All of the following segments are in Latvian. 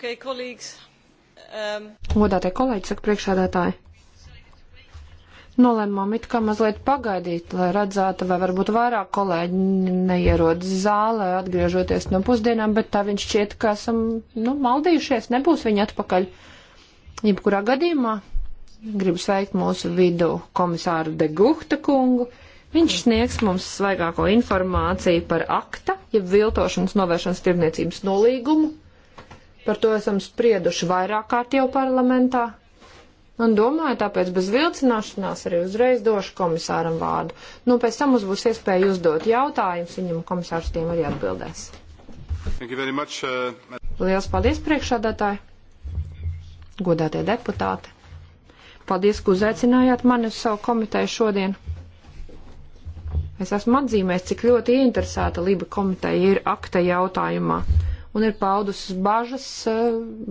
Okay, colleagues. Um... Godātie kolēģi, saka priekšādātāji. Nolēmām it kā mazliet pagaidīt, lai redzētu, vai varbūt vairāk kolēģi neierodas zālē, atgriežoties no pusdienām, bet tā viņš šķiet, ka esam, nu, maldījušies, nebūs viņa atpakaļ. Jebkurā gadījumā gribu sveikt mūsu vidu komisāru de Guhta kungu. Viņš sniegs mums svaigāko informāciju par akta, jeb ja viltošanas novēršanas tirniecības nolīgumu, Par to esam sprieduši vairāk kārt jau parlamentā. Un domāju, tāpēc bez vilcināšanās arī uzreiz došu komisāram vārdu. Nu, pēc tam mums būs iespēja uzdot jautājumus, viņam komisārs tiem arī atbildēs. Much, uh... Lielas paldies priekšādātāji, godātie deputāti. Paldies, ka uzaicinājāt mani uz savu komiteju šodien. Es esmu atzīmējis, cik ļoti ieinteresēta Liba komiteja ir akta jautājumā un ir paudusi bažas e,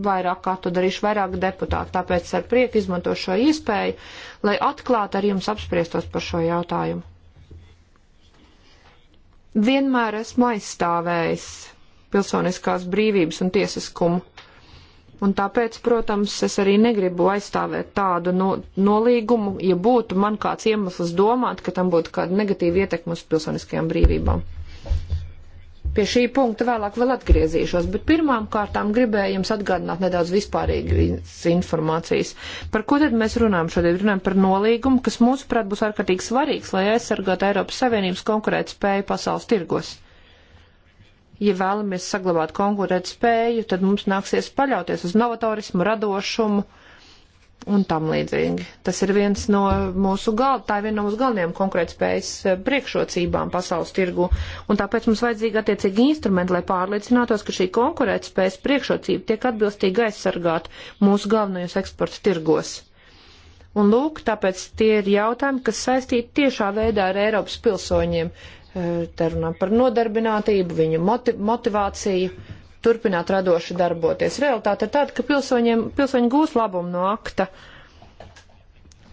vairāk kā to darīšu vairāk deputāti. Tāpēc ar prieku izmanto šo iespēju, lai atklāt ar jums apspriestos par šo jautājumu. Vienmēr esmu aizstāvējis pilsoniskās brīvības un tiesiskumu. Un tāpēc, protams, es arī negribu aizstāvēt tādu no, nolīgumu, ja būtu man kāds iemesls domāt, ka tam būtu kāda negatīva ietekme uz pilsoniskajām brīvībām. Pie šī punkta vēlāk vēl atgriezīšos, bet pirmām kārtām gribēju jums atgādināt nedaudz vispārīgas informācijas. Par ko tad mēs runājam šodien? Runājam par nolīgumu, kas mūsuprāt būs ārkārtīgi svarīgs, lai aizsargātu Eiropas Savienības konkurētspēju pasaules tirgos. Ja vēlamies saglabāt konkurētspēju, tad mums nāksies paļauties uz novatorismu, radošumu un tam līdzīgi. Tas ir viens no mūsu gal, tā ir viena no mūsu galvenajām konkurētspējas eh, priekšrocībām pasaules tirgu, un tāpēc mums vajadzīgi attiecīgi instrumenti, lai pārliecinātos, ka šī konkurētspējas priekšrocība tiek atbilstīgi aizsargāta mūsu galvenajos eksporta tirgos. Un lūk, tāpēc tie ir jautājumi, kas saistīti tiešā veidā ar Eiropas pilsoņiem. Eh, te runām par nodarbinātību, viņu motiv motivāciju turpināt radoši darboties. Realtāte ir tāda, ka pilsoņi gūs labumu no akta.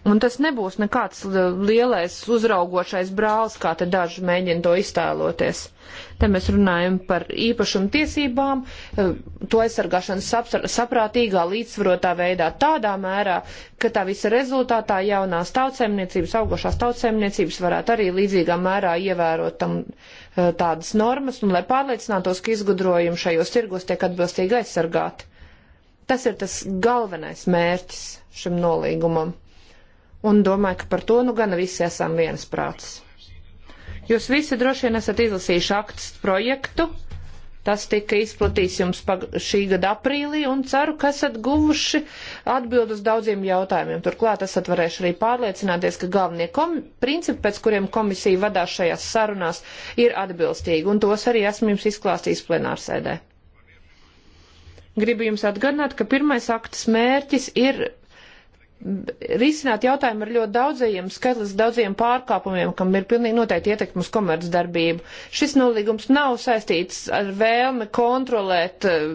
Un tas nebūs nekāds uh, lielais uzraugošais brālis, kā te daži mēģina to iztēloties. Te mēs runājam par īpašumu tiesībām, uh, to aizsargāšanu saprātīgā, līdzsvarotā veidā, tādā mērā, ka tā visa rezultātā jaunās tautsēmniecības, augošās tautsēmniecības varētu arī līdzīgā mērā ievērot tam Eh, tādas normas un lai pārliecinātos, ka izgudrojumi šajos tirgos tiek atbilstīgi aizsargāti. Tas ir tas galvenais mērķis šim nolīgumam. Un domāju, ka par to nu gana visi esam viensprāts. Jūs visi droši vien esat izlasījuši akts projektu, Tas tika izplatīts jums šī gada aprīlī un ceru, ka esat guvuši atbild uz daudziem jautājumiem. Turklāt esat varējuši arī pārliecināties, ka galvenie principi, pēc kuriem komisija vadās šajās sarunās, ir atbilstīgi, un tos arī esmu jums izklāstījis plenārsēdē. Gribu jums atgādināt, ka pirmais aktas mērķis ir risināt jautājumu ar ļoti daudzajiem, skaitlis daudziem pārkāpumiem, kam ir pilnīgi noteikti ietekmi uz komercdarbību. Šis nolīgums nav saistīts ar vēlmi kontrolēt eh,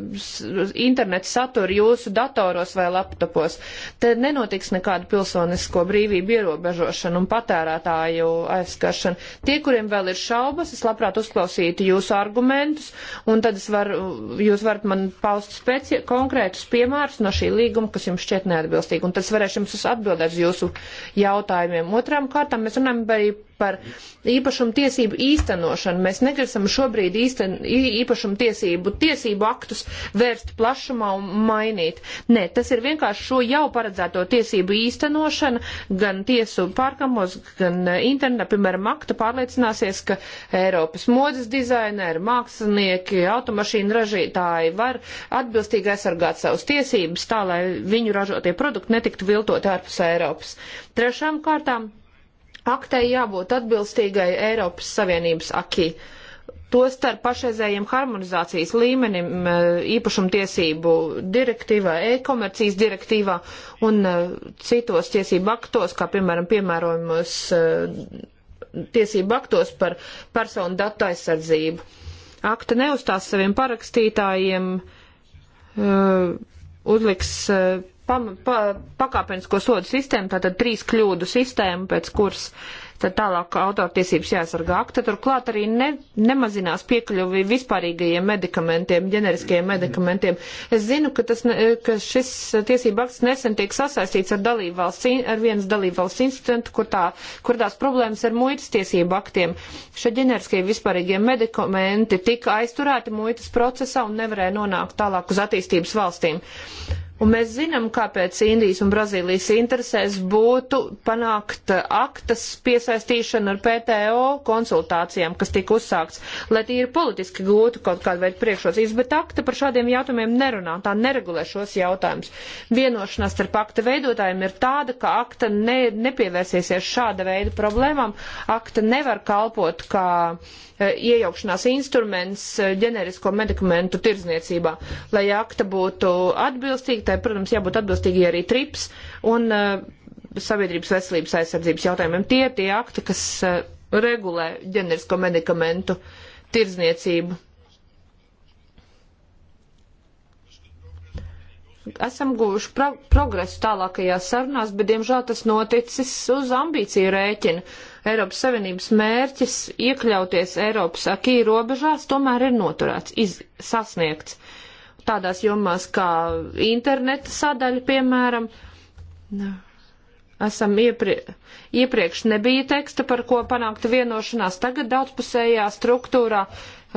internetu saturu jūsu datoros vai laptopos. Te nenotiks nekāda pilsonisko brīvību ierobežošana un patērētāju aizskaršana. Tie, kuriem vēl ir šaubas, es labprāt uzklausītu jūsu argumentus, un tad var, jūs varat man paust konkrētus piemērus no šī līguma, kas jums šķiet neatbilstīgi, un tas varēs vienkārši jums atbildēt uz jūsu jautājumiem. Otrām kārtām mēs runājam par par īpašumu tiesību īstenošanu. Mēs negrasam šobrīd īsten, īpašumu tiesību, tiesību aktus vērst plašumā un mainīt. Nē, tas ir vienkārši šo jau paredzēto tiesību īstenošana gan tiesu pārkamos, gan internetā, piemēram, aktu pārliecināsies, ka Eiropas modes dizaineri, mākslinieki, automašīnu ražītāji var atbilstīgi aizsargāt savus tiesības tā, lai viņu ražotie produkti netiktu viltoti ārpus Eiropas. Trešām kārtām Aktai jābūt atbilstīgai Eiropas Savienības akī. Tostarp pašreizējiem harmonizācijas līmenim, e, īpašumtiesību direktīvā, e-komercijas direktīvā un e, citos tiesību aktos, kā piemēram piemērojumos e, tiesību aktos par personu datu aizsardzību. Akta neuzstās saviem parakstītājiem, uzliks pa, pa, pakāpenisko sodu sistēmu, tātad trīs kļūdu sistēmu, pēc kuras tad tālāk autortiesības jāsargā akta. Turklāt arī ne, nemazinās piekļuvi vispārīgajiem medikamentiem, ģeneriskajiem medikamentiem. Es zinu, ka, tas, ka šis tiesība akts nesen tiek sasaistīts ar, valsts, ar vienas dalībvalsts institūtu, kur, tā, kur tās problēmas ar muitas tiesību aktiem. Šie ģeneriskie vispārīgie medikamenti tika aizturēti muitas procesā un nevarēja nonākt tālāk uz attīstības valstīm. Un mēs zinām, kāpēc Indijas un Brazīlijas interesēs būtu panākt aktas piesaistīšanu ar PTO konsultācijām, kas tika uzsākts, lai tīri politiski gūtu kaut kādu veidu priekšrocības, bet akta par šādiem jautājumiem nerunā, tā neregulē šos jautājumus. Vienošanās starp akta veidotājiem ir tāda, ka akta ne, nepievērsīsies šāda veida problēmām, akta nevar kalpot kā e, iejaukšanās instruments e, ģenerisko medikamentu tirdzniecībā, lai akta būtu atbilstīga politikai, protams, jābūt atbilstīgi arī trips un uh, sabiedrības veselības aizsardzības jautājumiem. Tie tie akti, kas uh, regulē ģenerisko medikamentu tirdzniecību. Esam guvuši pro progresu tālākajās sarunās, bet, diemžēl, tas noticis uz ambīciju rēķina. Eiropas Savienības mērķis iekļauties Eiropas akī robežās tomēr ir noturēts, iz, sasniegts. Uh, tādās jomās kā interneta sadaļa, piemēram. Esam ieprie, iepriekš nebija teksta, par ko panākta vienošanās. Tagad daudzpusējā struktūrā uh,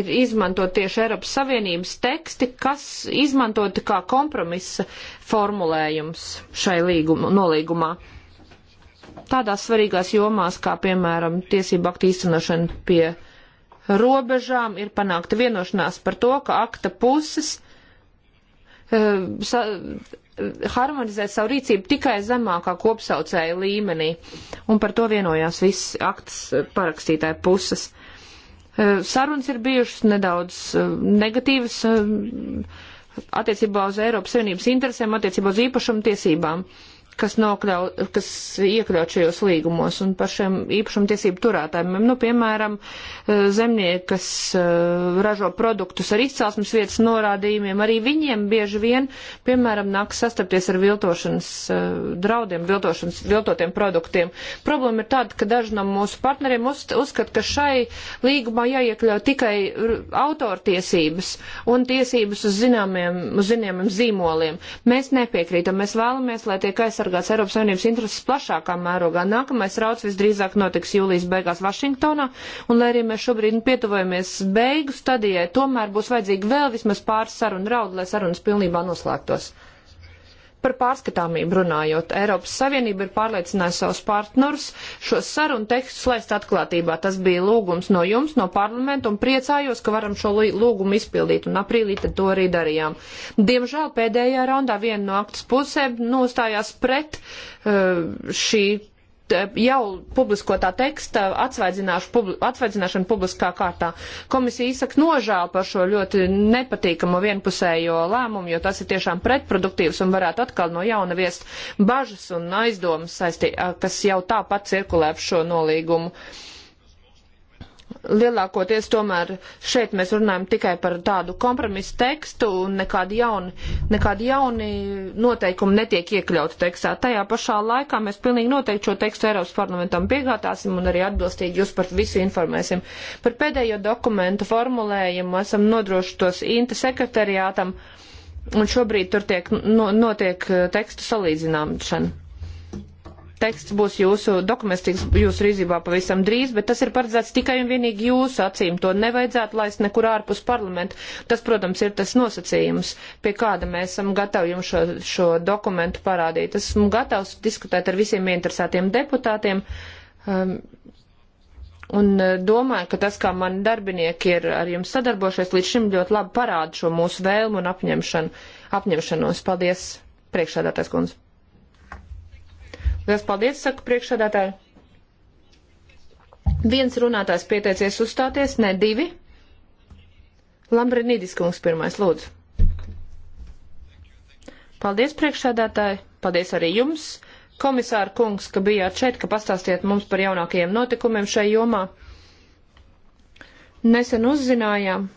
ir izmantot tieši Eiropas Savienības teksti, kas izmantoti kā kompromisa formulējums šai līguma, nolīgumā. Tādās svarīgās jomās, kā piemēram tiesību aktu īstenošana pie uh, robežām ir panākta vienošanās par to, ka akta puses eh, sa, harmonizē savu rīcību tikai zemākā kopsaucēja līmenī, un par to vienojās visas aktas parakstītāja puses. Eh, sarunas ir bijušas nedaudz eh, negatīvas attiecībā uz Eiropas Savienības interesēm, attiecībā uz īpašumu tiesībām. Uh, kas, nokļau, kas iekļaut šajos līgumos un par šiem īpašumtiesību turētājiem. Nu, piemēram, eh, zemnieki, kas eh, ražo produktus ar izcelsmes vietas norādījumiem, arī viņiem bieži vien, piemēram, nāk sastapties ar viltošanas eh, draudiem, viltošanas, viltotiem produktiem. Problēma ir tāda, ka daži no mūsu partneriem uz, uzskata, ka šai līgumā jāiekļaut tikai autortiesības un tiesības uz zināmiem, uz zināmiem zīmoliem. Mēs nepiekrītam, mēs vēlamies, lai tiek aizsargāti aizsargās Eiropas Savienības intereses plašākā mērogā. Nākamais rauds visdrīzāk notiks jūlijas beigās Vašingtonā, un lai arī mēs šobrīd pietuvojamies beigu stadijai, tomēr būs vajadzīgi vēl vismaz pāris sarunu raudu, lai sarunas pilnībā noslēgtos. Par pārskatāmību runājot, Eiropas Savienība ir pārliecinājusi savus partnerus šos sarunu tekstus laist atklātībā. Tas bija lūgums no jums, no parlamenta, un priecājos, ka varam šo lūgumu izpildīt, un aprīlī tad to arī darījām. Diemžēl pēdējā raundā viena no aktas pusēm nostājās pret uh, šī Eh, jau publiskotā teksta publi, atsvaidzināšanu publiskā kārtā. Komisija izsaka nožēlu par šo ļoti nepatīkamo vienpusējo lēmumu, jo tas ir tiešām pretproduktīvs un varētu atkal no jauna viest bažas un aizdomas, saistī, kas jau tāpat cirkulē ap šo nolīgumu. Uh, lielākoties tomēr šeit mēs runājam tikai par tādu kompromisu tekstu un nekādi jauni, nekādi jauni noteikumi netiek iekļauti tekstā. Tajā pašā laikā mēs pilnīgi noteikti šo tekstu Eiropas parlamentam piegādāsim un arī atbilstīgi jūs par visu informēsim. Par pēdējo dokumentu formulējumu esam nodrošutos Inta sekretariātam un šobrīd tur tiek, no, notiek eh, tekstu salīdzināšana teksts būs jūsu dokuments, tiks jūsu rīzībā pavisam drīz, bet tas ir paredzēts tikai un vienīgi jūsu acīm. To nevajadzētu laist nekur ārpus parlamentu. Tas, protams, ir tas nosacījums, pie kāda mēs esam gatavi jums šo, šo dokumentu parādīt. Esmu gatavs diskutēt ar visiem interesētiem deputātiem. Um, un uh, domāju, ka tas, kā mani darbinieki ir ar jums sadarbojušies, līdz šim ļoti labi parāda šo mūsu vēlmu un apņemšanu, apņemšanos. Paldies, priekšsēdētājs kundze. Liels paldies, saka priekšsādātāji. Viens runātājs pieteicies uzstāties, ne divi. Lambrinīdis kungs pirmais, lūdzu. Paldies, priekšsādātāji. Paldies arī jums, komisāra kungs, ka bijāt šeit, ka pastāstījāt mums par jaunākajiem notikumiem šai jomā. Nesen uzzinājām,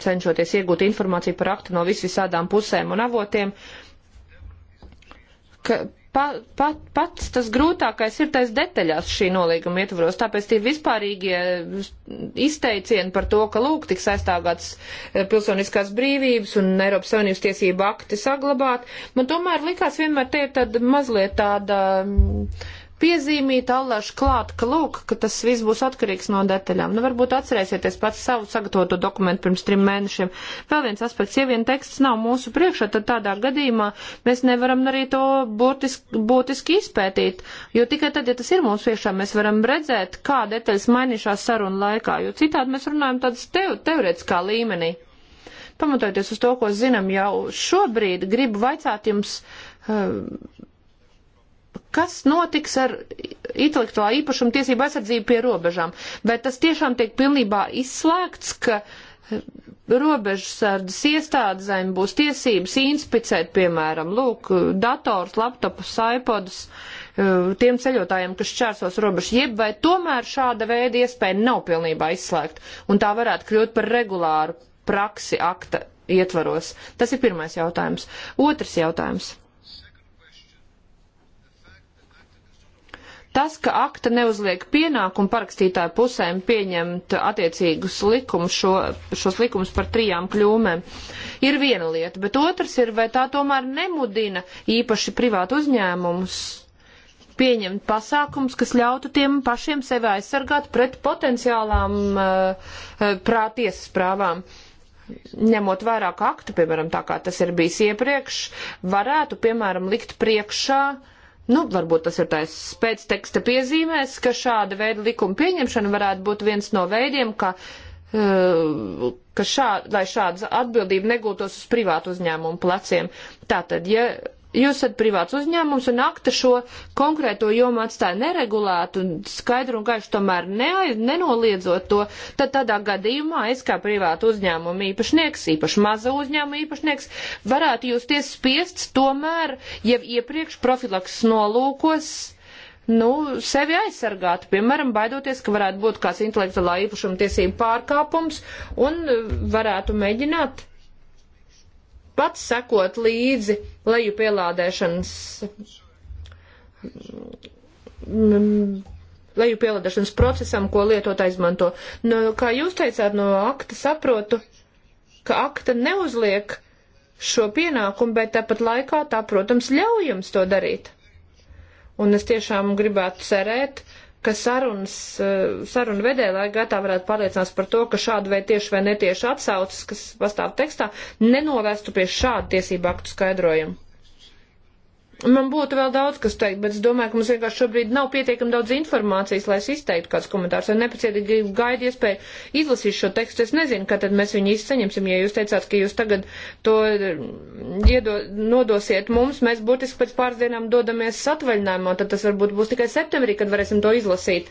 cenšoties iegūt informāciju par aktu no visvisādām pusēm un avotiem, uh, ka pat, pat, pats tas grūtākais ir tais detaļās šī nolīguma ietvaros, tāpēc tie vispārīgie izteicieni par to, ka lūk, tiks aizstāvāts eh, pilsoniskās brīvības un Eiropas Savienības tiesība akti saglabāt, man tomēr likās vienmēr tie ir tad mazliet tāda. Um, piezīmīt, allaž klāt, ka lūk, ka tas viss būs atkarīgs no detaļām. Nu, varbūt atcerēsieties pats savu sagatavoto dokumentu pirms trim mēnešiem. Vēl viens aspekts, ja vien teksts nav mūsu priekšā, tad tādā gadījumā mēs nevaram arī to būtiski, būtiski izpētīt, jo tikai tad, ja tas ir mūsu priekšā, mēs varam redzēt, kā detaļas mainīšās sarunu laikā, jo citādi mēs runājam tādas te teorētiskā līmenī. Pamatojoties uz to, ko zinām jau šobrīd, gribu vaicāt jums, uh, kas notiks ar intelektuālā īpašuma tiesību aizsardzību pie robežām. Vai tas tiešām tiek pilnībā izslēgts, ka robežsardas iestādēm būs tiesības inspicēt, piemēram, lūk, dators, laptopus, iPodus eh, tiem ceļotājiem, kas šķērsos robežu, jeb vai tomēr šāda veida iespēja nav pilnībā izslēgta un tā varētu kļūt par regulāru praksi akta ietvaros? Tas ir pirmais jautājums. Otrs jautājums. Tas, ka akta neuzliek pienākumu parakstītāju pusēm pieņemt attiecīgus likumus, šo, šos likumus par trijām kļūmēm, ir viena lieta, bet otrs ir, vai tā tomēr nemudina īpaši privātu uzņēmumus pieņemt pasākums, kas ļautu tiem pašiem sevi aizsargāt pret potenciālām uh, prā, tiesas prāvām ņemot vairāk aktu, piemēram, tā kā tas ir bijis iepriekš, varētu, piemēram, likt priekšā uh, Nu, varbūt tas ir tais pēcteksta piezīmēs, ka šāda veida likuma pieņemšana varētu būt viens no veidiem, ka, eh, ka šā, lai šāda atbildība negultos uz privātu uzņēmumu pleciem. Tātad, ja jūs esat privāts uzņēmums un akta šo konkrēto jomu atstāja neregulētu un skaidru un gaišu tomēr ne, nenoliedzot to, tad tādā gadījumā es kā privāta uzņēmuma īpašnieks, īpaši maza uzņēmuma īpašnieks, varētu jūs ties spiests tomēr jau iepriekš profilaks nolūkos. Nu, sevi aizsargāt, piemēram, baidoties, ka varētu būt kāds intelektuālā īpašuma tiesība pārkāpums un varētu mēģināt pats sekot līdzi leju pielādēšanas mm, leju pielādēšanas procesam, ko lietot aizmanto. Nu, kā jūs teicāt, no akta saprotu, ka akta neuzliek šo pienākumu, bet tāpat laikā tā, protams, ļauj jums to darīt. Un es tiešām gribētu cerēt, uh, ka sarunas, eh, sarunu vedēja, lai gatā varētu pārliecinās par to, ka šādu vai tieši vai netieši atsaucas, kas pastāv tekstā, nenovestu pie šādu tiesību aktu skaidrojumu. Man būtu vēl daudz, kas teikt, bet es domāju, ka mums vienkārši šobrīd nav pietiekami daudz informācijas, lai es izteiktu kāds komentārs. Ar nepacietīgi gaidu iespēju izlasīt šo tekstu. Es nezinu, kad tad mēs viņu izsaņemsim. Ja jūs teicāt, ka jūs tagad to mm, iedo, nodosiet mums, mēs būtiski pēc pāris dienām dodamies atvaļinājumā, tad tas varbūt būs tikai septembrī, kad varēsim to izlasīt,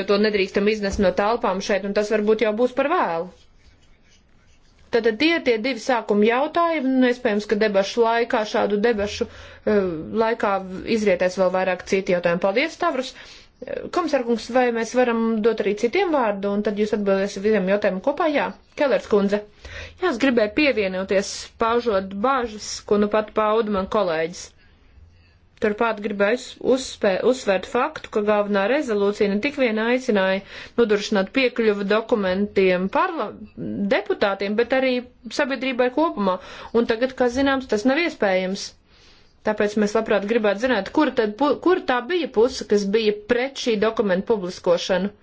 jo to nedrīkstam iznest no telpām šeit, un tas varbūt jau būs par vēlu. Tad tie ir tie divi sākuma jautājumi, un nu, iespējams, ka debašu laikā, šādu debašu eh, laikā izrietēs vēl vairāk citi jautājumi. Paldies, Tavrus! Komisārkungs, vai mēs varam dot arī citiem vārdu, un tad jūs atbildēsiet visiem jautājumiem kopā? Jā, Kellers kundze. Jā, es gribēju pievienoties, paužot bāžas, ko nu pat pauda man kolēģis. Turklāt gribēju uzsvērt faktu, ka galvenā rezolūcija ne tik vien aicināja nodrošināt piekļuvu dokumentiem parla deputātiem, bet arī sabiedrībai kopumā. Un tagad, kā zināms, tas nav iespējams. Tāpēc mēs labprāt gribētu zināt, kur, tad, kur tā bija puse, kas bija pret šī dokumenta publiskošanu.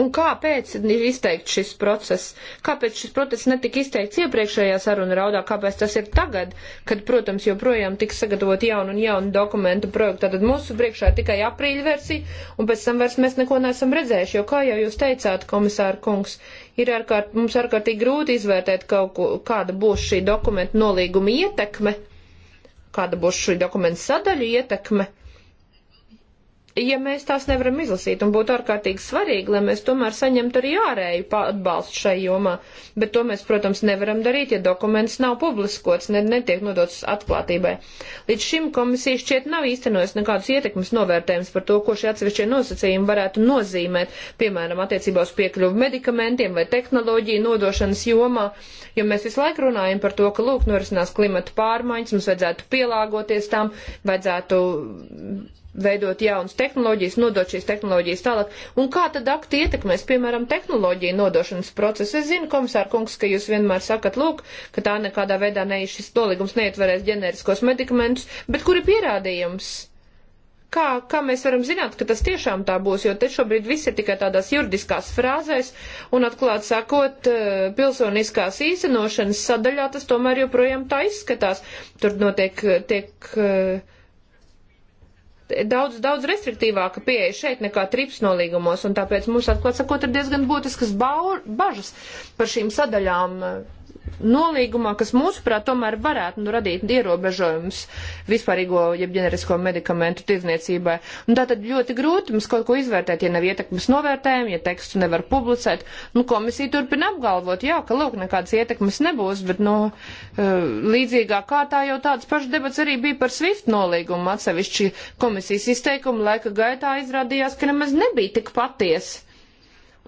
Un kāpēc ir izteikts šis process? Kāpēc šis process netika izteikts iepriekšējā saruna raudā? Kāpēc tas ir tagad, kad, protams, joprojām tiks sagatavot jaunu un jaunu dokumentu projektu? Tātad mūsu priekšā ir tikai aprīļa versija, un pēc tam vairs mēs neko neesam redzējuši, jo, kā jau jūs teicāt, komisāra kungs, ir ārkārt, mums ārkārtīgi grūti izvērtēt kaut ko, kāda būs šī dokumenta nolīguma ietekme, kāda būs šī dokumenta sadaļa ietekme ja mēs tās nevaram izlasīt, un būtu ārkārtīgi svarīgi, lai mēs tomēr saņemtu arī ārēju atbalstu šai jomā, bet to mēs, protams, nevaram darīt, ja dokuments nav publiskots, ne, netiek nodots atklātībai. Līdz šim komisija šķiet nav īstenojusi nekādus ietekmes novērtējums par to, ko šie atsevišķie nosacījumi varētu nozīmēt, piemēram, attiecībā uz piekļuvu medikamentiem vai tehnoloģiju nodošanas jomā, jo mēs visu laiku runājam par to, ka, lūk, norisinās klimata pārmaiņas, mums vajadzētu pielāgoties tām, vajadzētu veidot jaunas tehnoloģijas, nodot šīs tehnoloģijas tālāk. Un kā tad akti ietekmēs, piemēram, tehnoloģiju nodošanas procesu? Es zinu, komisār kungs, ka jūs vienmēr sakat, lūk, ka tā nekādā veidā ne šis nolīgums neietverēs ģeneriskos medikamentus, bet kur ir pierādījums? Kā, kā mēs varam zināt, ka tas tiešām tā būs, jo te šobrīd viss ir tikai tādās juridiskās frāzēs, un atklāt sakot, eh, pilsoniskās īstenošanas sadaļā tas tomēr joprojām tā izskatās. Tur notiek, eh, tiek, uh, daudz, daudz restriktīvāka pieeja šeit nekā trips nolīgumos, un tāpēc mums atklāt sakot ir diezgan būtiskas baur, bažas par šīm sadaļām nolīgumā, kas mūsuprāt tomēr varētu nu, radīt ierobežojumus vispārīgo jeb ģenerisko medikamentu tirdzniecībai. Un tātad ļoti grūti mums kaut ko izvērtēt, ja nav ietekmes novērtējumi, ja tekstu nevar publicēt. Nu, komisija turpina apgalvot, jā, ka lūk, nekādas ietekmes nebūs, bet, nu, eh, līdzīgā kārtā jau tāds pašs debats arī bija par SWIFT nolīgumu atsevišķi komisijas izteikumu laika gaitā izrādījās, ka nemaz nebija tik patiesi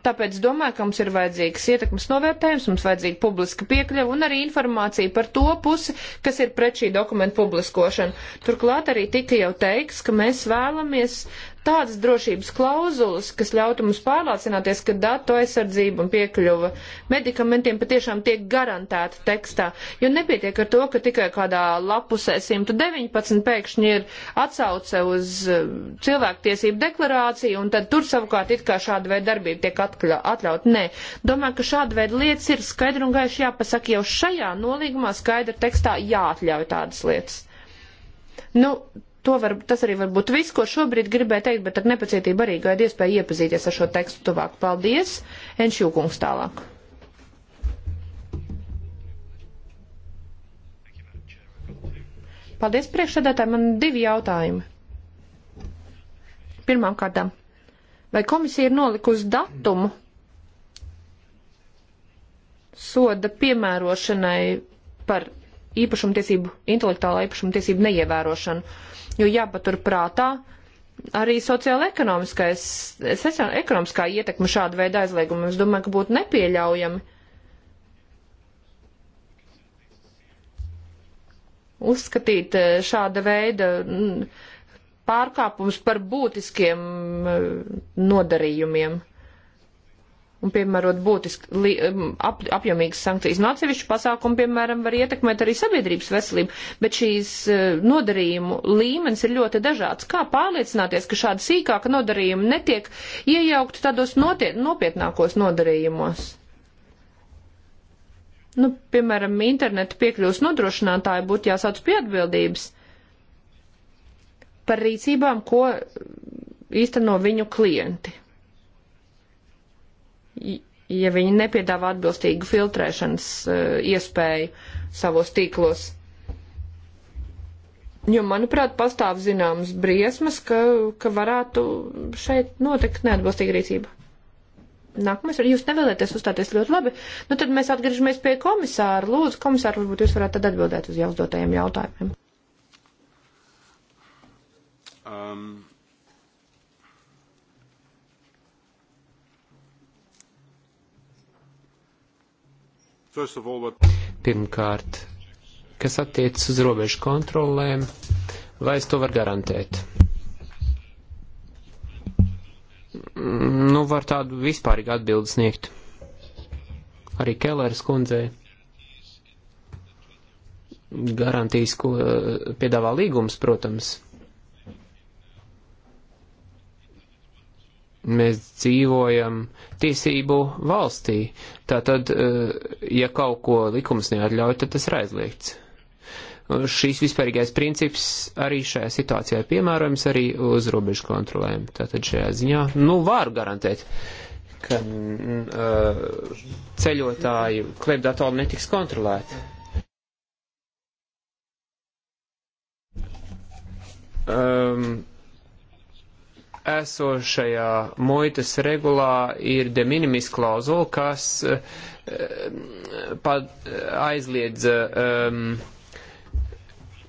Tāpēc domāju, ka mums ir vajadzīgs ietekmes novērtējums, mums vajadzīga publiska piekļuva un arī informācija par to pusi, kas ir pret šī dokumenta publiskošanu. Turklāt arī tika jau teiks, ka mēs vēlamies tādas drošības klauzulas, kas ļautu mums pārliecināties, ka datu aizsardzība un piekļuva medikamentiem patiešām tiek garantēta tekstā. Jo nepietiek ar to, ka tikai kādā lapusē 119 pēkšņi ir atsauce uz eh, cilvēktiesību deklarāciju, un tad tur savukārt it kā šāda veida darbība tiek atkļa, atļaut. Nē, domāju, ka šāda veida lietas ir skaidri un gaiši jāpasaka jau šajā nolīgumā skaidri tekstā jāatļauj tādas lietas. Nu, var, tas arī var būt viss, ko šobrīd gribēju teikt, bet ar nepacietību arī gaidu iespēju iepazīties ar šo tekstu tuvāk. Paldies, Enšjūkungs tālāk. Paldies priekšsēdētāji, man divi jautājumi. Pirmām kārtām, vai komisija ir nolikusi datumu soda piemērošanai par īpašumtiesību, intelektuālā īpašumtiesību neievērošanu? jo jāpaturprātā arī sociāla-ekonomiskais, ekonomiskā ietekme šāda veida aizlieguma. Es domāju, ka būtu nepieļaujami. Uzskatīt eh, šāda veida mm, pārkāpumus par būtiskiem eh, nodarījumiem un piemērot būtiski li, um, ap, apjomīgas sankcijas. No atsevišķu pasākumu, piemēram, var ietekmēt arī sabiedrības veselību, bet šīs uh, nodarījumu līmenis ir ļoti dažāds. Kā pārliecināties, ka šāda sīkāka nodarījuma netiek iejaukt tādos notiet, nopietnākos nodarījumos? Nu, piemēram, interneta piekļūs nodrošinātāji būtu jāsauc pie atbildības par rīcībām, ko īsteno viņu klienti ja viņi nepiedāvā atbilstīgu filtrēšanas eh, iespēju savos tīklos. Jo, manuprāt, pastāv zināmas briesmas, ka, ka varētu šeit notikt neatbilstīga rīcība. Nākamais ir, jūs nevēlēties uzstāties ļoti labi, nu tad mēs atgriežamies pie komisāra. Lūdzu, komisāra, varbūt jūs varētu tad atbildēt uz jau uzdotajiem jautājumiem. Um. Pirmkārt, kas attiecas uz robežu kontrolēm, vai es to varu garantēt? Nu, var tādu vispārīgu atbildi sniegt. Arī Kelleris kundzei garantijas, ko piedāvā līgums, protams, Mēs dzīvojam tiesību valstī. Tātad, eh, ja kaut ko likums neatļauj, tad tas ir aizliegts. Šīs vispārīgais princips arī šajā situācijā piemērojams arī uz robežu kontrolēm. Tātad šajā ziņā, nu, var garantēt, ka uh, ceļotāju klēpdatoru netiks kontrolēti. Um, ehm, esošajā muitas regulā ir de minimis klauzula, kas uh, eh, pat aizliedz um,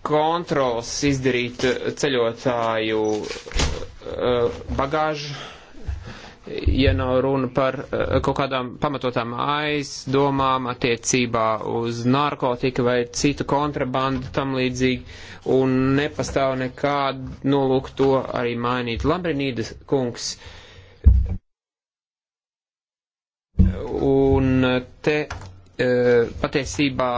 kontrols izdarīt ceļotāju uh, bagāžu ja nav runa par eh, kaut kādām pamatotām aizdomām attiecībā uz narkotika vai citu kontrabandu tam līdzīgi, un nepastāv nekāda nolūka to arī mainīt. Lambrinīdas kungs. Un te eh, patiesībā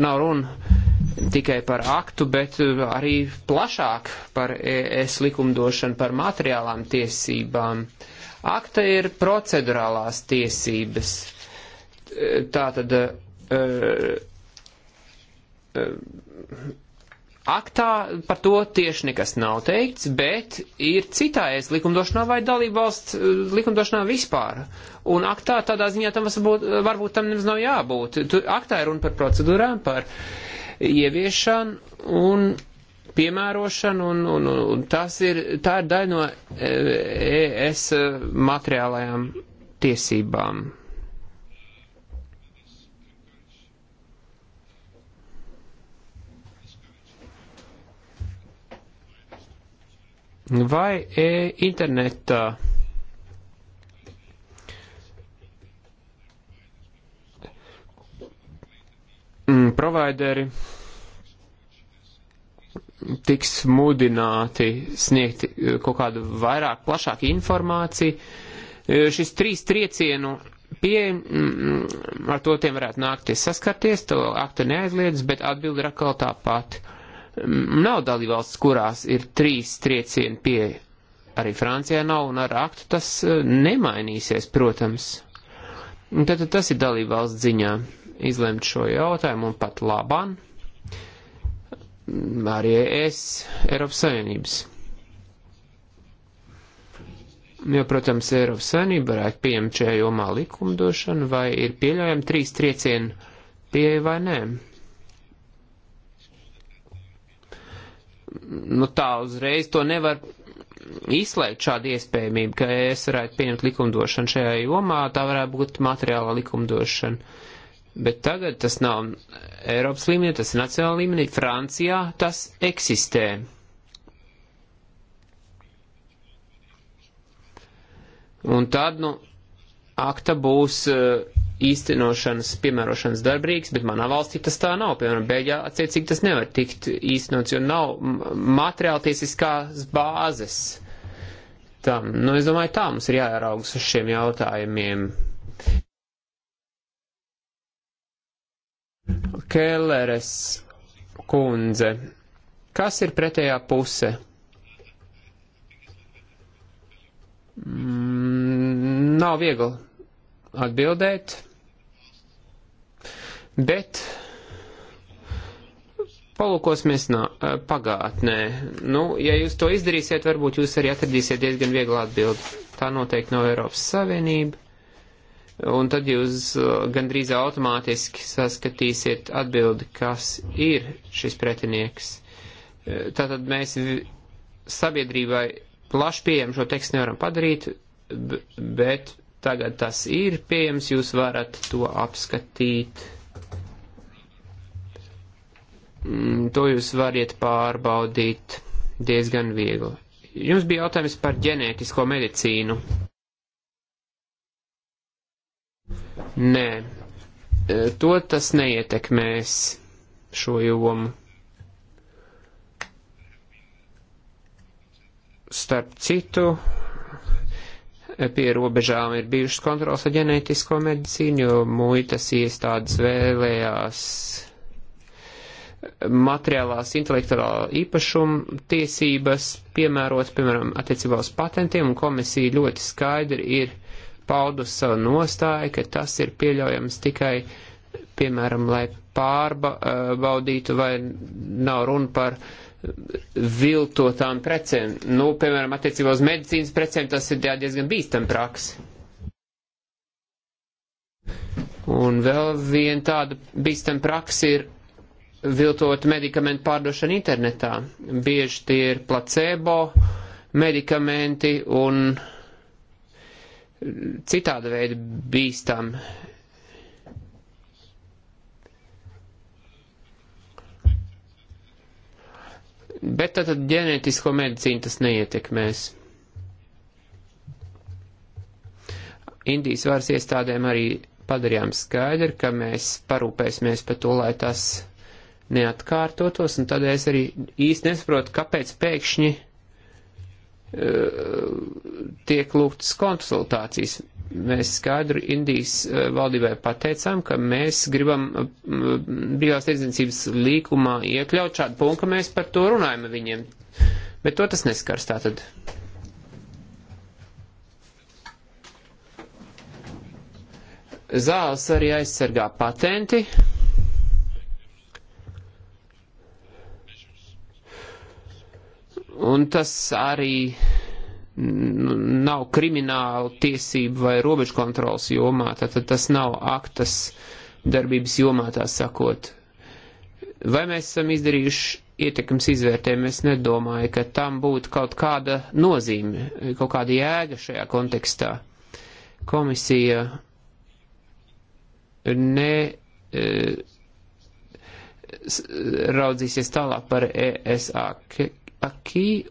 nav runa tikai par aktu, bet eh, arī plašāk par ES likumdošanu, par materiālām tiesībām Akta ir procedurālās tiesības. Tātad. Eh, eh, aktā par to tieši nekas nav teikts, bet ir citājies likumdošanā vai dalībvalsts eh, likumdošanā vispār. Un aktā tādā ziņā tam varbūt, varbūt tam nemaz nav jābūt. Tur aktā ir runa par procedūrām, par ieviešanu un piemērošanu, un, un, un tas ir, tā ir daļa no ES e materiālajām tiesībām. Vai e interneta provideri tiks mudināti sniegt eh, kaut kādu vairāk, plašāku informāciju. Eh, šis trīs triecienu pieeja, mm, mm, ar to tiem varētu nākties saskarties, to akta neaizliedz, bet atbildi ir atkal tā pati. Mm, nav dalībvalsts, kurās ir trīs triecienu pieeja. Arī Francijā nav, un ar aktu tas eh, nemainīsies, protams. Tad, tad tas ir dalībvalsts ziņā izlemt šo jautājumu un pat labāk arī es Eiropas Savienības. Jo, protams, Eiropas Savienība varētu pieņemt šajā jomā likumdošanu, vai ir pieļaujami trīs triecienu pieeja vai nē. Nu tā uzreiz to nevar izslēgt šādu iespējamību, ka es varētu pieņemt likumdošanu šajā jomā, tā varētu būt materiālā likumdošana. Uh, Bet tagad tas nav Eiropas līmenī, tas ir nacionāla līmenī. Francijā tas eksistē. Un tad, nu, akta būs eh, īstenošanas, piemērošanas darbrīgs, bet manā valstī tas tā nav. Piemēram, Beļģijā attiecīgi tas nevar tikt īstenots, jo nav materiāltiesiskās bāzes tam. Nu, es domāju, tā mums ir jāraugas uz šiem jautājumiem. Kelleres kundze, kas ir pretējā puse? Mm, nav viegli atbildēt, bet palūkosimies nā, eh, pagātnē. Nu, ja jūs to izdarīsiet, varbūt jūs arī atradīsiet diezgan vieglu atbildi. Tā noteikti nav Eiropas Savienība un tad jūs uh, gandrīz automātiski saskatīsiet atbildi, kas ir šis pretinieks. Uh, tātad mēs sabiedrībai plaši pieejam šo tekstu nevaram padarīt, bet tagad tas ir pieejams, jūs varat to apskatīt. Mm, to jūs variet pārbaudīt diezgan viegli. Jums bija jautājums par ģenētisko medicīnu. Nē, e, to tas neietekmēs šo jomu. Starp citu, pie robežām ir bijušas kontrols ar ģenētisko medicīnu, jo muitas iestādes vēlējās materiālās intelektuālā īpašuma tiesības piemērot, piemēram, attiecībā uz patentiem, un komisija ļoti skaidri ir paudusi savu nostāju, ka tas ir pieļaujams tikai, piemēram, lai pārbaudītu, vai nav runa par viltotām precēm. Nu, piemēram, attiecībā uz medicīnas precēm tas ir diezgan bīstam praksi. Un vēl viena tāda bīstam praksi ir viltot medikamentu pārdošana internetā. Bieži tie ir placebo medikamenti un uh, citāda veida bīstam. Bet tad ģenētisko medicīnu tas neietekmēs. Indijas varas iestādēm arī padarījām skaidru, ka mēs parūpēsimies par to, lai tas neatkārtotos, un tad es arī īsti nesaprotu, kāpēc pēkšņi tiek lūgtas konsultācijas. Mēs skaidru Indijas eh, valdībai pateicām, ka mēs gribam mm, brīvās tirdzniecības līkumā iekļaut šādu punktu, ka mēs par to runājam viņiem. Bet to tas neskars tātad. Zāles arī aizsargā patenti. Un tas arī nav krimināla tiesība vai robežu kontrols jomā, tātad tas nav aktas darbības jomā, tā sakot. Vai mēs esam izdarījuši ietekmes izvērtējumu, es nedomāju, ka tam būtu kaut kāda nozīme, kaut kāda jēga šajā kontekstā. Komisija ne. E, raudzīsies tālāk par ESAK akī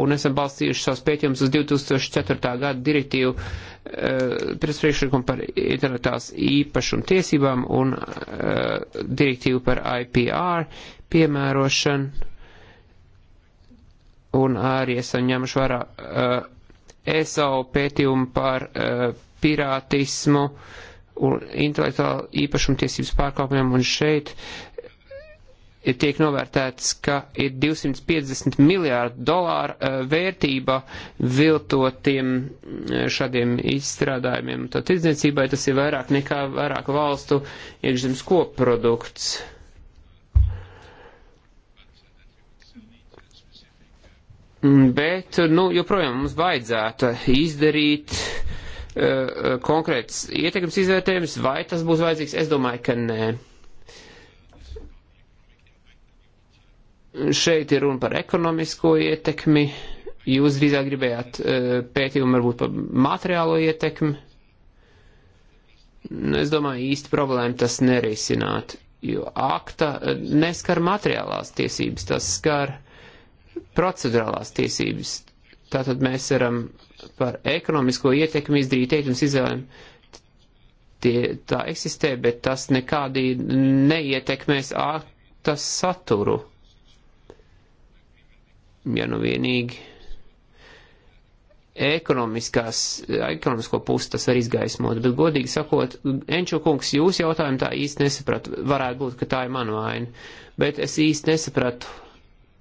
un esam balstījuši savus pētījumus uz 2004. gada direktīvu uh, eh, pēc priekšlikuma par internetās īpašumu tiesībām un uh, direktīvu par IPR piemērošanu. Un arī esam ņemuši vērā uh, ESO pētījumu par uh, pirātismu un intelektuālu īpašumu tiesības pārkāpumiem un šeit uh, tiek novērtēts, ka ir 250 miljārdu dolāru eh, vērtība viltotiem eh, šādiem izstrādājumiem. Tad tirdzniecībai tas ir vairāk nekā vairāk valstu iekšzemes koprodukts. Mm, bet, nu, joprojām mums vajadzētu izdarīt uh, konkrēts ietekmes izvērtējums, vai tas būs vajadzīgs, es domāju, ka nē. Uh, Šeit ir runa par ekonomisko ietekmi, jūs drīzāk gribējāt e, pētījumu varbūt par materiālo ietekmi. Nu, es domāju, īsti problēma tas nerisināt, jo akta e, neskar materiālās tiesības, tas skar procedurālās tiesības. Tātad mēs varam par ekonomisko ietekmi izdarīt teikums izvēlēm. Tie, tā eksistē, bet tas nekādī neietekmēs akta saturu ja nu vienīgi ekonomiskās, ekonomisko pusi tas var izgaismot, bet godīgi sakot, Enču kungs, jūs jautājumu tā īsti nesapratu, varētu būt, ka tā ir mana vaina, bet es īsti nesapratu,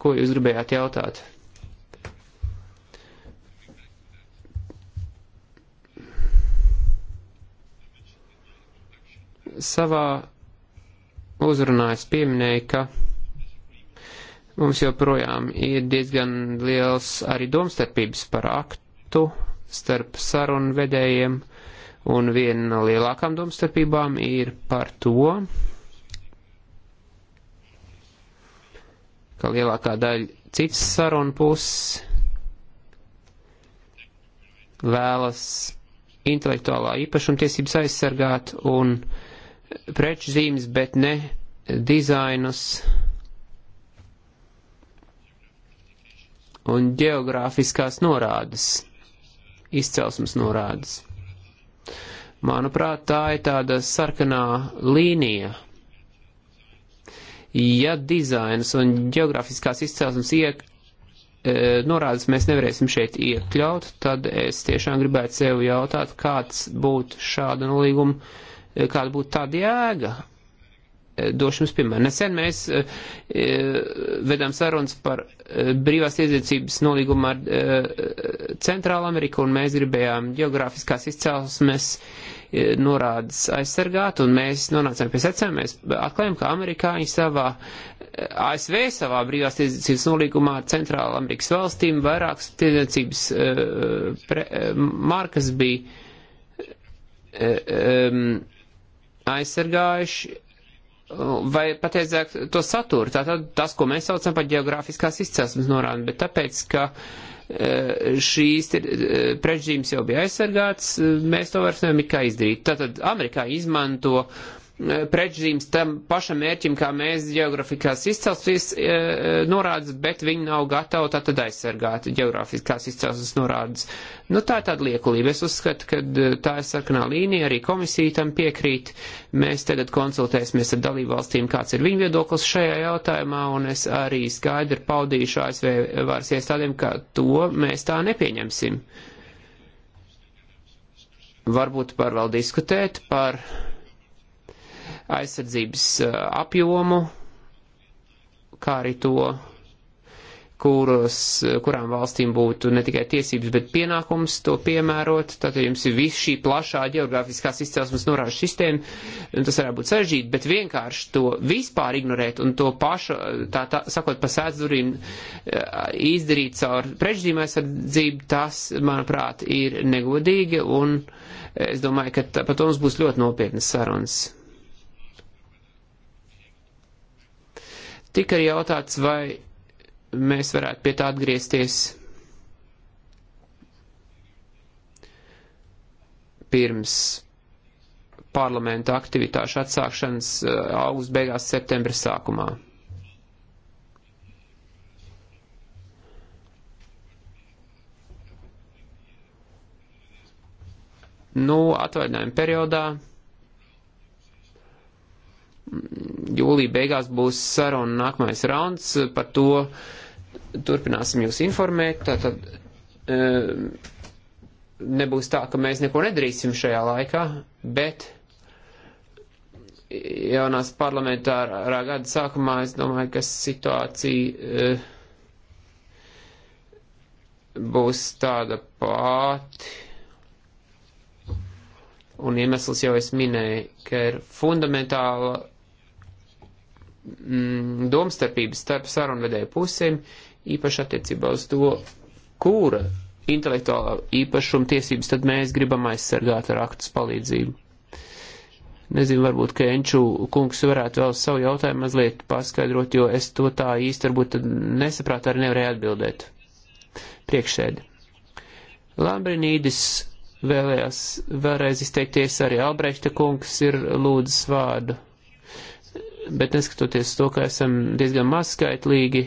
ko jūs gribējāt jautāt. Savā uzrunā es pieminēju, ka Mums joprojām ir diezgan liels arī domstarpības par aktu starp sarunu vedējiem, un viena no lielākām domstarpībām ir par to, ka lielākā daļa citas sarunu puses vēlas intelektuālā īpašuma tiesības aizsargāt un preču zīmes, bet ne dizainus. un geogrāfiskās norādes, izcelsmes norādes. Manuprāt, tā ir tāda sarkanā līnija. Ja dizains un geogrāfiskās izcelsmes iek, e, norādes mēs nevarēsim šeit iekļaut, tad es tiešām gribētu sev jautāt, kāds būtu šāda nolīguma, e, kāda būtu tāda jēga Došu jums piemēru. Nesen mēs e, e vedām sarunas par e, brīvās iezīcības nolīgumu ar e, Centrālu Ameriku, un mēs gribējām geogrāfiskās izcelsmes e, norādes aizsargāt, un mēs nonācām pie secēm, mēs atklājām, ka amerikāņi savā e, ASV savā brīvās tirdzniecības nolīgumā ar Centrālu Amerikas valstīm vairākas tirdzniecības uh, markas bija uh, um, aizsargājuši vai pateicāk to saturu. Tātad tas, ko mēs saucam par geogrāfiskās izcelsmes norādi, bet tāpēc, ka e, šīs e, prežģījums jau bija aizsargāts, e, mēs to vairs nevaram ikā izdarīt. Tātad Amerikā izmanto uh, pretzīmes tam pašam mērķim, kā mēs geografiskās izcelsmes e, e, norādes, bet viņi nav gatavi tātad aizsargāt geografiskās izcelsmes norādes. Nu, tā ir tāda liekulība. Es uzskatu, ka e, tā ir sarkanā līnija, arī komisija tam piekrīt. Mēs tagad konsultēsimies ar dalībvalstīm, kāds ir viņu viedoklis šajā jautājumā, un es arī skaidri paudīšu ASV varas iestādēm, ka to mēs tā nepieņemsim. Varbūt par vēl diskutēt par aizsardzības eh, apjomu, kā arī to, kuros, eh, kurām valstīm būtu ne tikai tiesības, bet pienākums to piemērot. Tātad jums ir viss šī plašā geogrāfiskās izcelsmes norāžu sistēma, un tas varētu būt sarežģīti, bet vienkārši to vispār ignorēt un to pašu, eh, tā, tā sakot, pa sēdzurīm izdarīt caur prežģīm aizsardzību, tas, manuprāt, ir negodīgi, un es domāju, ka pat mums būs ļoti nopietnas sarunas. Tika arī jautāts, vai mēs varētu pie tā atgriezties pirms parlamenta aktivitāšu atsākšanas eh, augusta beigās, septembra sākumā. Nu, atvaļinājuma periodā jūlija beigās būs saruna nākamais rauns, par to turpināsim jūs informēt, tātad eh, nebūs tā, ka mēs neko nedarīsim šajā laikā, bet jaunās parlamentārā gada sākumā es domāju, ka situācija eh, būs tāda pati. Un iemesls jau es minēju, ka ir fundamentāla mm, domstarpības starp sarunvedēju pusēm, īpaši attiecībā uz to, kura intelektuālā īpašuma tiesības tad mēs gribam aizsargāt ar aktus palīdzību. Nezinu, varbūt, ka Enču kungs varētu vēl savu jautājumu mazliet paskaidrot, jo es to tā īsti varbūt nesaprātu arī nevarēju atbildēt. Priekšsēdi. Lambrinīdis vēlējās vēlreiz izteikties, arī Albrehta kungs ir lūdzis vārdu bet neskatoties to, ka esam diezgan mazskaitlīgi,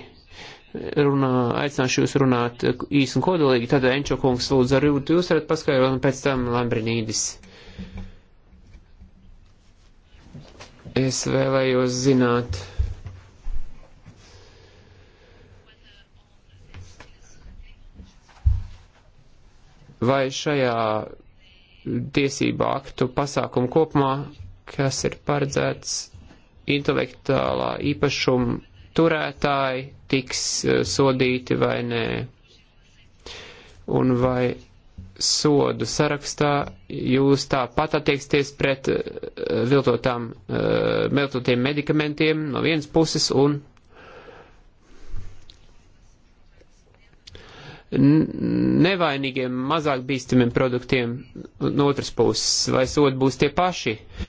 runā, aicināšu jūs runāt īsi un kodolīgi, tad Enčo kungs lūdzu arī jūs varat paskaidrot un pēc tam Lambrinīdis. Es vēlējos zināt. Vai šajā tiesību aktu pasākumu kopumā, kas ir paredzēts intelektuālā īpašuma turētāji tiks eh, sodīti vai nē. Un vai sodu sarakstā jūs tāpat attieksties pret eh, viltotām, viltotiem eh, medikamentiem no vienas puses un nevainīgiem, mazāk bīstamiem produktiem no otras puses, vai sodi būs tie paši? Uh,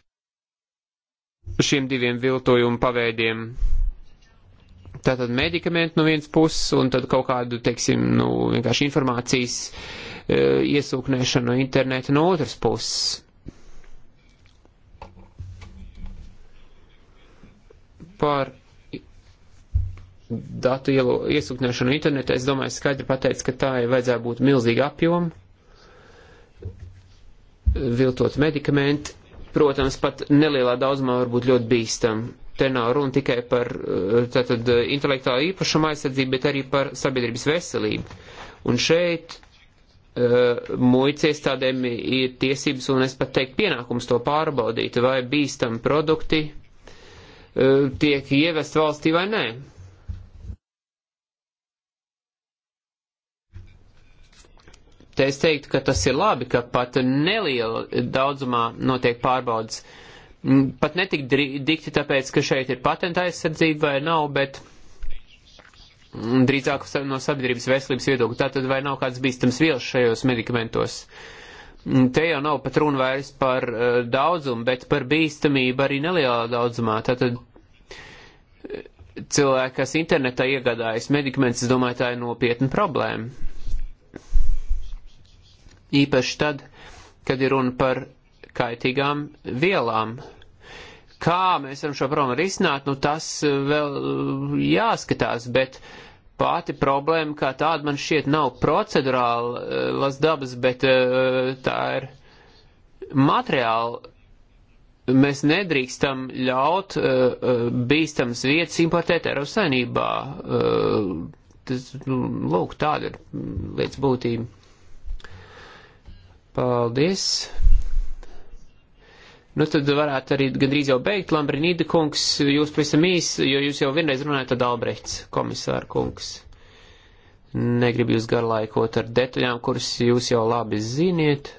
šiem diviem viltojumu paveidiem. Tātad medikamenti no vienas puses un tad kaut kādu, teiksim, nu, vienkārši informācijas e, iesūknēšanu no interneta no otras puses. Par datu iesūknēšanu internetā, es domāju, skaidri pateicu, ka tā ir vajadzētu būt milzīga apjoma, viltot medikamenti, protams, pat nelielā daudzumā var būt ļoti bīstam. Te nav runa tikai par eh, tātad, eh, intelektuālo īpašumu aizsardzību, bet arī par sabiedrības veselību. Un šeit uh, muitas iestādēm ir tiesības un es pat teiktu pienākums to pārbaudīt, vai bīstami produkti uh, tiek ievest valstī vai nē. Te es teiktu, ka tas ir labi, ka pat neliela daudzumā notiek pārbaudas. Mm, pat netik dikti tāpēc, ka šeit ir patenta aizsardzība vai nav, bet mm, drīzāk no sabiedrības veselības viedokļa. Tātad vai nav kāds bīstams vielas šajos medikamentos? Mm, te jau nav pat runa vairs par uh, daudzumu, bet par bīstamību arī nelielā daudzumā. Tātad eh, cilvēki, kas internetā iegādājas medikamentus, es domāju, tā ir nopietna problēma īpaši tad, kad ir runa par kaitīgām vielām. Kā mēs varam šo problēmu risināt, nu tas vēl uh, jāskatās, bet pati problēma kā tāda man šķiet nav procedurālas uh, dabas, bet uh, tā ir materiāla. Mēs nedrīkstam ļaut uh, bīstams vietas importēt Eiropas saimnībā. Uh, tas, nu, lūk, tāda ir mm, lietas būtība. Paldies. Nu, tad varētu arī gandrīz jau beigt, Lambrinīda kungs, jūs pavisam īsi, jo jūs jau vienreiz runājat, tad Albrechts, komisāra kungs. Negribu jūs garlaikot ar detaļām, kuras jūs jau labi ziniet.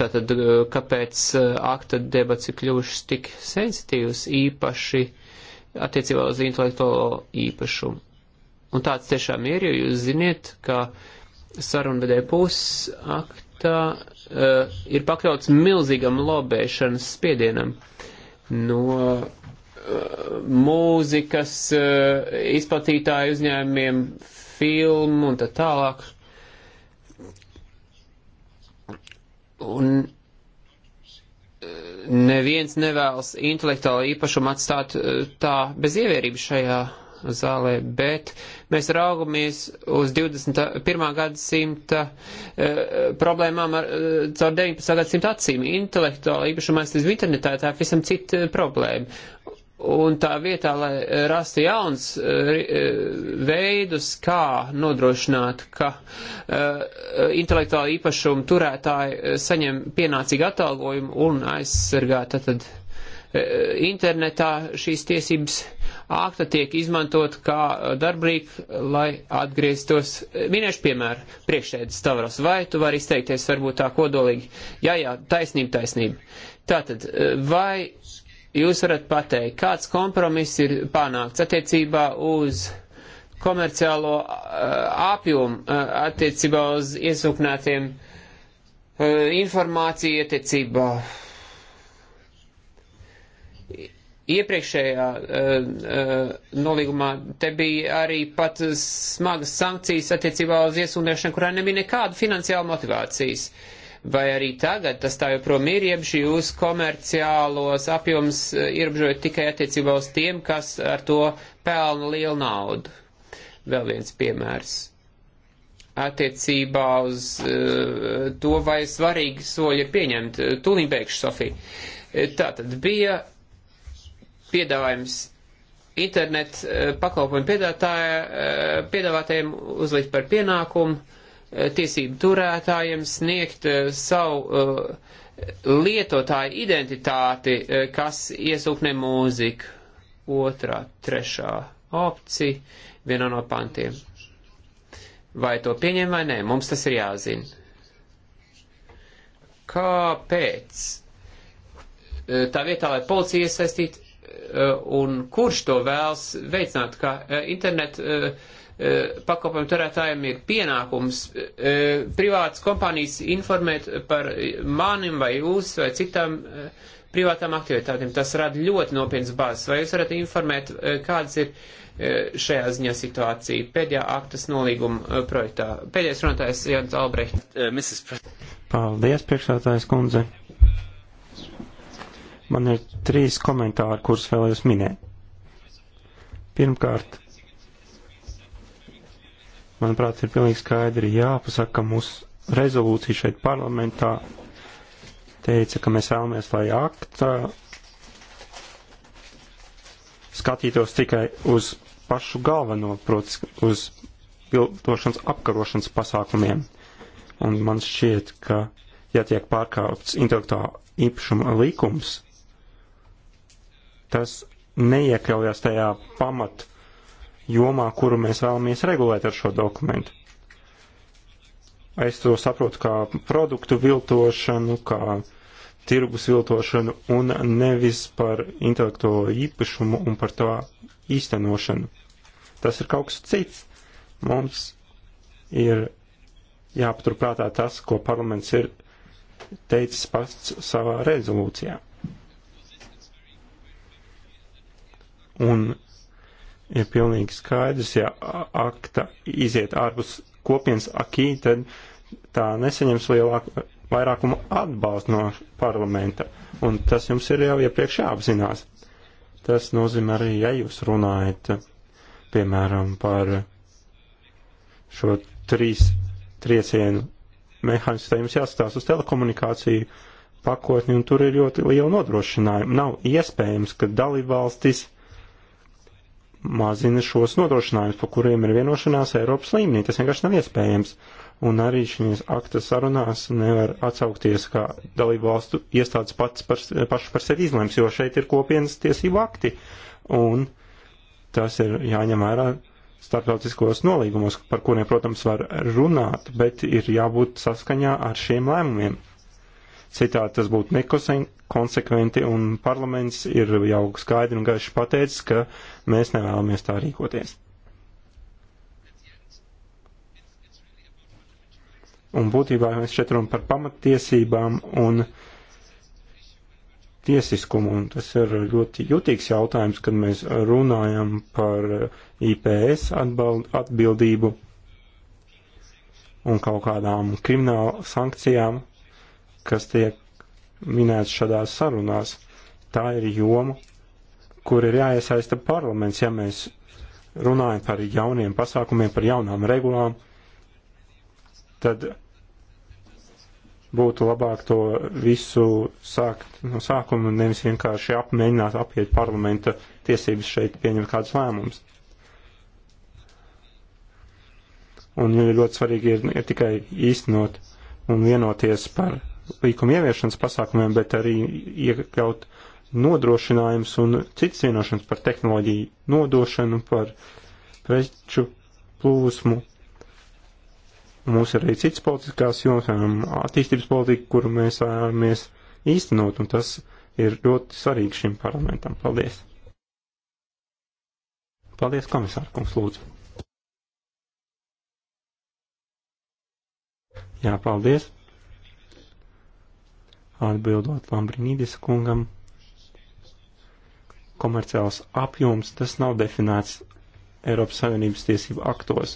Tātad, kāpēc eh, akta debats ir kļuvušas tik sensitīvas īpaši attiecībā uz intelektuālo īpašumu? Un tāds tiešām ir, jo jūs ziniet, ka sarunvedē puses akta tā uh, ir pakļauts milzīgam lobēšanas spiedienam no uh, mūzikas uh, izplatītāju uzņēmumiem, filmu un tā tālāk. Un neviens nevēlas intelektuālo īpašumu atstāt uh, tā bez ievērības šajā zālē, bet mēs raugamies uz 21. gadsimta uh, problēmām ar, uh, caur 19. gadsimta acīm. Intelektuāla īpašuma aizsardzība internetā tā ir visam cita eh, problēma. Un tā vietā, lai rastu jauns uh, veidus, kā nodrošināt, ka uh, intelektuāla īpašuma turētāji saņem pienācīgu atalgojumu un aizsargā tātad uh, internetā šīs tiesības. Uh, akta tiek izmantot kā darbrīk, lai atgrieztos, minēšu piemēru, priekšēdus Tavros, vai tu vari izteikties varbūt tā kodolīgi, jā, jā, taisnība, taisnība. Tātad, vai jūs varat pateikt, kāds kompromiss ir panākts attiecībā uz komerciālo apjomu, attiecībā uz iesūknētiem informāciju, attiecībā Iepriekšējā uh, uh, nolīgumā te bija arī pat smagas sankcijas attiecībā uz iesūdzēšanu, kurā nebija nekāda finansiāla motivācijas. Vai arī tagad tas tā joprojām ir, jeb šī jūs komerciālos apjoms eh, ierobežojat tikai attiecībā uz tiem, kas ar to pelna lielu naudu. Vēl viens piemērs attiecībā uz uh, to, vai svarīgi soļi ir pieņemti. Tūlīt beigšu, Sofija. Tātad bija piedāvājums internet eh, pakalpojumu eh, piedāvātājiem uzlikt par pienākumu eh, tiesību turētājiem sniegt savu lietotāju identitāti, kas iesūknē mūziku. Otrā, trešā opcija, viena no pantiem. Vai to pieņem vai nē, mums tas ir jāzina. Kāpēc? Tā vietā, lai policija iesaistītu Eh, un kurš to vēlas veicināt, kā eh, internetu eh, pakalpojumu turētājiem ir pienākums privātas kompānijas informēt par manim vai jūs vai citām privātām aktivitātēm. Tas rada ļoti nopietnas bāzes. Vai jūs varat informēt, kādas ir šajā ziņā situācija pēdējā aktas nolīguma projektā? Pēdējais runātājs Jānis Albrecht. Paldies, priekšsētājs kundze. Man ir trīs komentāri, kurus vēlējos minēt. Pirmkārt, manuprāt, ir pilnīgi skaidri jāpasaka, ka mūsu rezolūcija šeit parlamentā teica, ka mēs vēlamies, lai akta skatītos tikai uz pašu galveno, protams, uz viltošanas apkarošanas pasākumiem. Un man šķiet, ka, ja tiek pārkāpts intelektuālā īpašuma likums, tas neiekļaujās tajā pamat jomā, kuru mēs vēlamies regulēt ar šo dokumentu. Es to saprotu kā produktu viltošanu, kā tirgus viltošanu un nevis par intelektuālo īpašumu un par tā īstenošanu. Tas ir kaut kas cits. Mums ir jāpaturprātā tas, ko parlaments ir teicis pats savā rezolūcijā. Un ir pilnīgi skaidrs, ja akta iziet ārpus kopienas akī, tad tā nesaņems lielāku vairākumu atbalstu no parlamenta. Un tas jums ir jau iepriekš jāapzinās. Tas nozīmē arī, ja jūs runājat, piemēram, par šo trīs triecienu mehānismu, tad jums jāskatās uz telekomunikāciju pakotni, un tur ir ļoti liela nodrošinājuma. Nav iespējams, ka dalībvalstis mazina šos nodrošinājumus, par kuriem ir vienošanās Eiropas līmenī. Tas vienkārši nav iespējams. Un arī šīs akta sarunās nevar atsaukties, kā dalību valstu iestādes pats par, paši par sevi izlems, jo šeit ir kopienas tiesību akti. Un tas ir jāņem vērā starptautiskos nolīgumos, par kuriem, protams, var runāt, bet ir jābūt saskaņā ar šiem lēmumiem. Citādi tas būtu nekonsekventi, un parlaments ir jau skaidri un gaiši pateicis, ka mēs nevēlamies tā rīkoties. Un būtībā mēs šeit runājam par pamattiesībām un tiesiskumu, un tas ir ļoti jutīgs jautājums, kad mēs runājam par IPS atbald, atbildību un kaut kādām kriminālu sankcijām kas tiek minēts šādās sarunās. Tā ir joma, kur ir jāiesaista parlaments, ja mēs runājam par jauniem pasākumiem, par jaunām regulām, tad būtu labāk to visu sākt no sākuma, nevis vienkārši apmēģināt apiet parlamenta tiesības šeit pieņemt kādus lēmumus. Un ļoti svarīgi ir, ir tikai īstenot un vienoties par līkuma ieviešanas pasākumiem, bet arī iekļaut nodrošinājums un citas vienošanas par tehnoloģiju nodošanu, par preču plūsmu. Mums ir arī citas politiskās jomas, attīstības politika, kuru mēs vēlamies īstenot, un tas ir ļoti svarīgi šim parlamentam. Paldies! Paldies, komisārkums, lūdzu! Jā, paldies! atbildot Lambrinīdis kungam, komerciāls apjoms, tas nav definēts Eiropas Savienības tiesību aktos.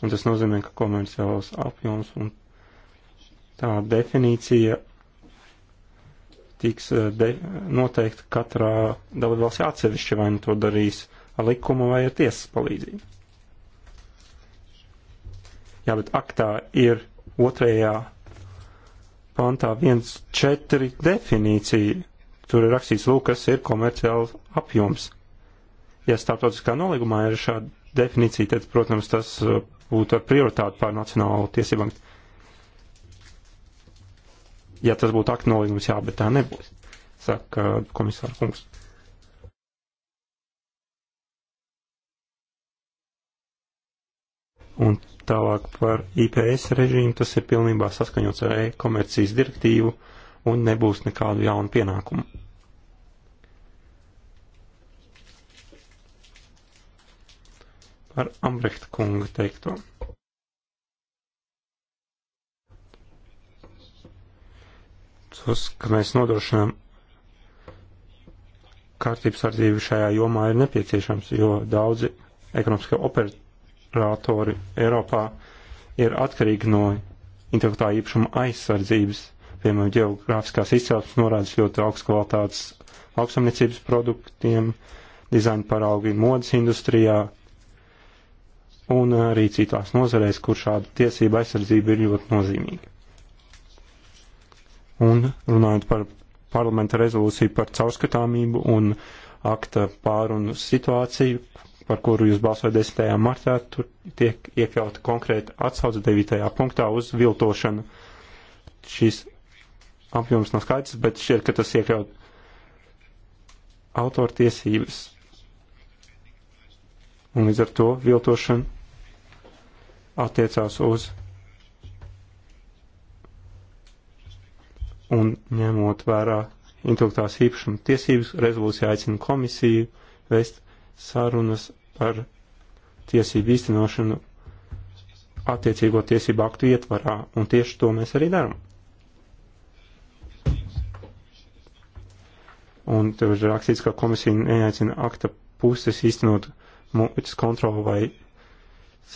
Un tas nozīmē, ka komerciāls apjoms un tā definīcija tiks eh, de noteikta katrā dalībvalstī atsevišķi, vai nu to darīs ar likumu vai ar tiesas palīdzību. Jā, bet aktā ir otrajā pantā 1.4 definīcija. Tur ir rakstīts, lūk, kas ir komerciāls apjoms. Ja starptautiskā nolīgumā ir šāda definīcija, tad, protams, tas uh, būtu ar prioritāti pār nacionālu tiesībām. Ja tas būtu aktu nolīgums, jā, bet tā nebūs, saka uh, komisāra kungs. Un Tālāk par IPS režīmu tas ir pilnībā saskaņots ar e-komercijas direktīvu un nebūs nekādu jaunu pienākumu. Par Ambrehta kunga teikto. Tos, ka mēs nodrošinām kārtības ardību šajā jomā ir nepieciešams, jo daudzi ekonomiskie operatīvi operatori Eiropā ir atkarīgi no intelektuālā īpašuma aizsardzības, piemēram, geogrāfiskās izcelsmes norādes ļoti augsts kvalitātes lauksamniecības produktiem, dizaina paraugi modas industrijā un arī citās nozarēs, kur šāda tiesība aizsardzība ir ļoti nozīmīga. Un runājot par parlamenta rezolūciju par caurskatāmību un akta pārunu situāciju, par kuru jūs balsojat 10. martā, tur tiek iekļauta konkrēta atsauce 9. punktā uz viltošanu. Šis apjoms nav skaidrs, bet šķiet, ka tas iekļaut autortiesības. Un līdz ar to viltošana attiecās uz un ņemot vērā intelektuālās īpašuma tiesības, rezolūcija aicina komisiju vēst sarunas par tiesību īstenošanu attiecīgo tiesību aktu ietvarā, un tieši to mēs arī darām. Un tev ir rakstīts, ka komisija neaicina akta puses īstenot muitas kontroli vai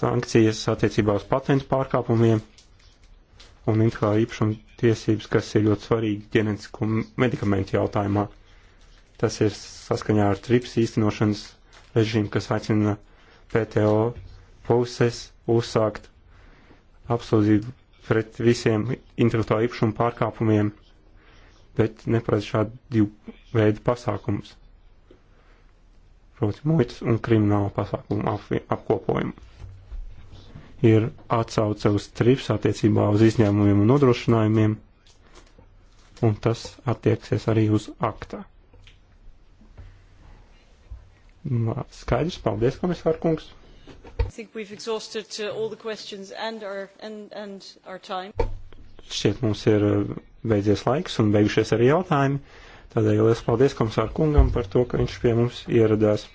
sankcijas attiecībā uz patentu pārkāpumiem un intelektuālā īpašuma tiesības, kas ir ļoti svarīgi ģenētisku medikamentu jautājumā. Tas ir saskaņā ar trips īstenošanas režīmu, kas aicina PTO puses uzsākt apsūdzību pret visiem intelektuālā īpašuma pārkāpumiem, bet neparedz šādu divu veidu pasākumus. Proti, muitas un krimināla pasākumu ap, apkopojumu. Ir atsauce uz trips attiecībā uz izņēmumiem un nodrošinājumiem, un tas attieksies arī uz aktā. Mm, skaidrs, paldies, komisāra kungs. Uh, and our, and, and our Šķiet, mums ir uh, beidzies laiks un beigušies arī jautājumi. Tādēļ liels paldies komisāra kungam par to, ka viņš pie mums ieradās.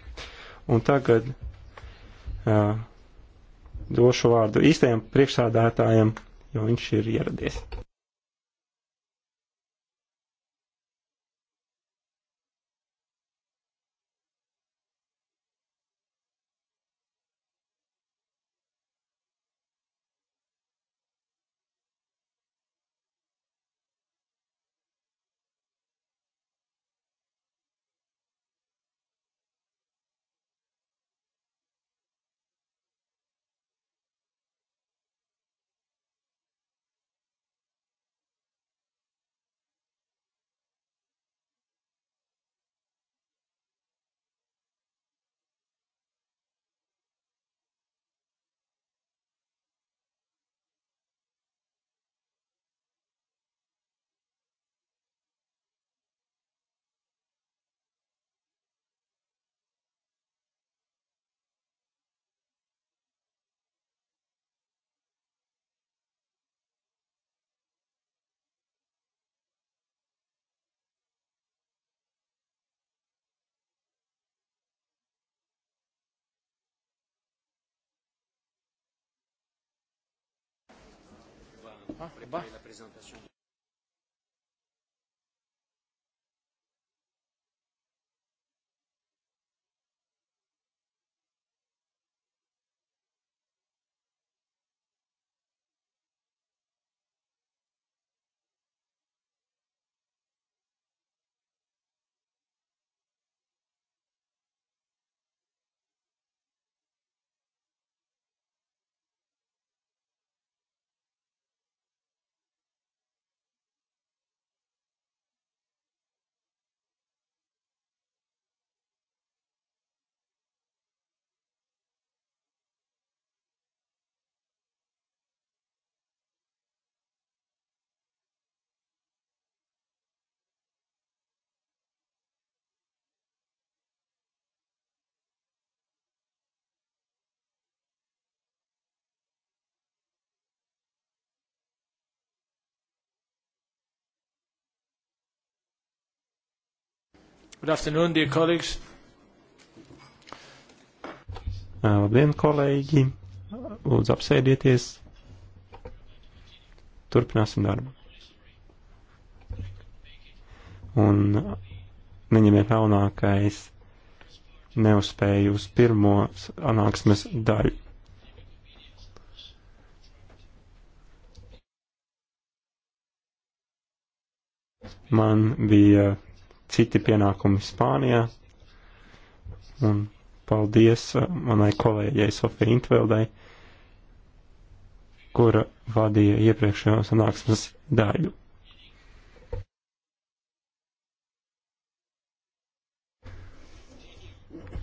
Un tagad uh, došu vārdu īstajam priekšsādātājam, jo viņš ir ieradies. ah, bah. Good afternoon, dear colleagues. Uh, labdien, kolēģi! Lūdzu, apsēdieties! Turpināsim darbu. Un neņemiet ļaunā, ka es neuzspēju uz pirmo sanāksmes daļu. Man bija citi pienākumi Spānijā. Un paldies uh, manai kolēģei Sofija Intveldai, kura vadīja iepriekšējo sanāksmes daļu.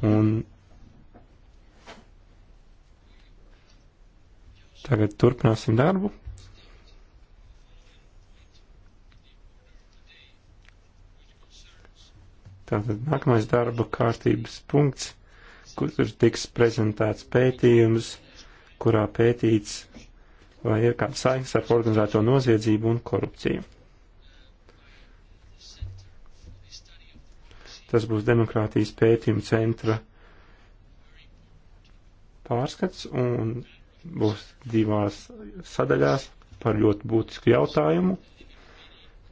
Un tagad turpināsim darbu. Tātad nākamais darba kārtības punkts, kur tiks prezentēts pētījums, kurā pētīts, vai ir kāda saiknes ar organizēto noziedzību un korupciju. Tas būs demokrātijas pētījuma centra pārskats un būs divās sadaļās par ļoti būtisku jautājumu,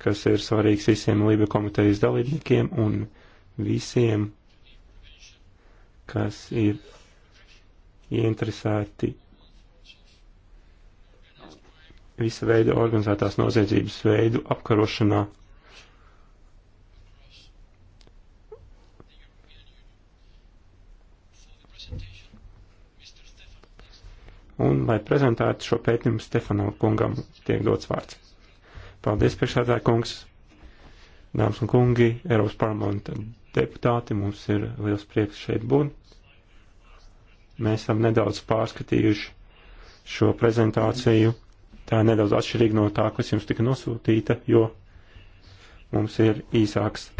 kas ir svarīgs visiem Lība komitejas dalībniekiem un visiem, kas ir ieinteresēti visa veida organizētās noziedzības veidu apkarošanā. Un, lai prezentētu šo pētījumu, Stefanam kungam tiek dots vārds. Paldies, priekšādāja kungs, dāmas un kungi, Eiropas parlamenta deputāti, mums ir liels prieks šeit būt. Mēs esam nedaudz pārskatījuši šo prezentāciju. Tā ir nedaudz atšķirīga no tā, kas jums tika nosūtīta, jo mums ir īsāks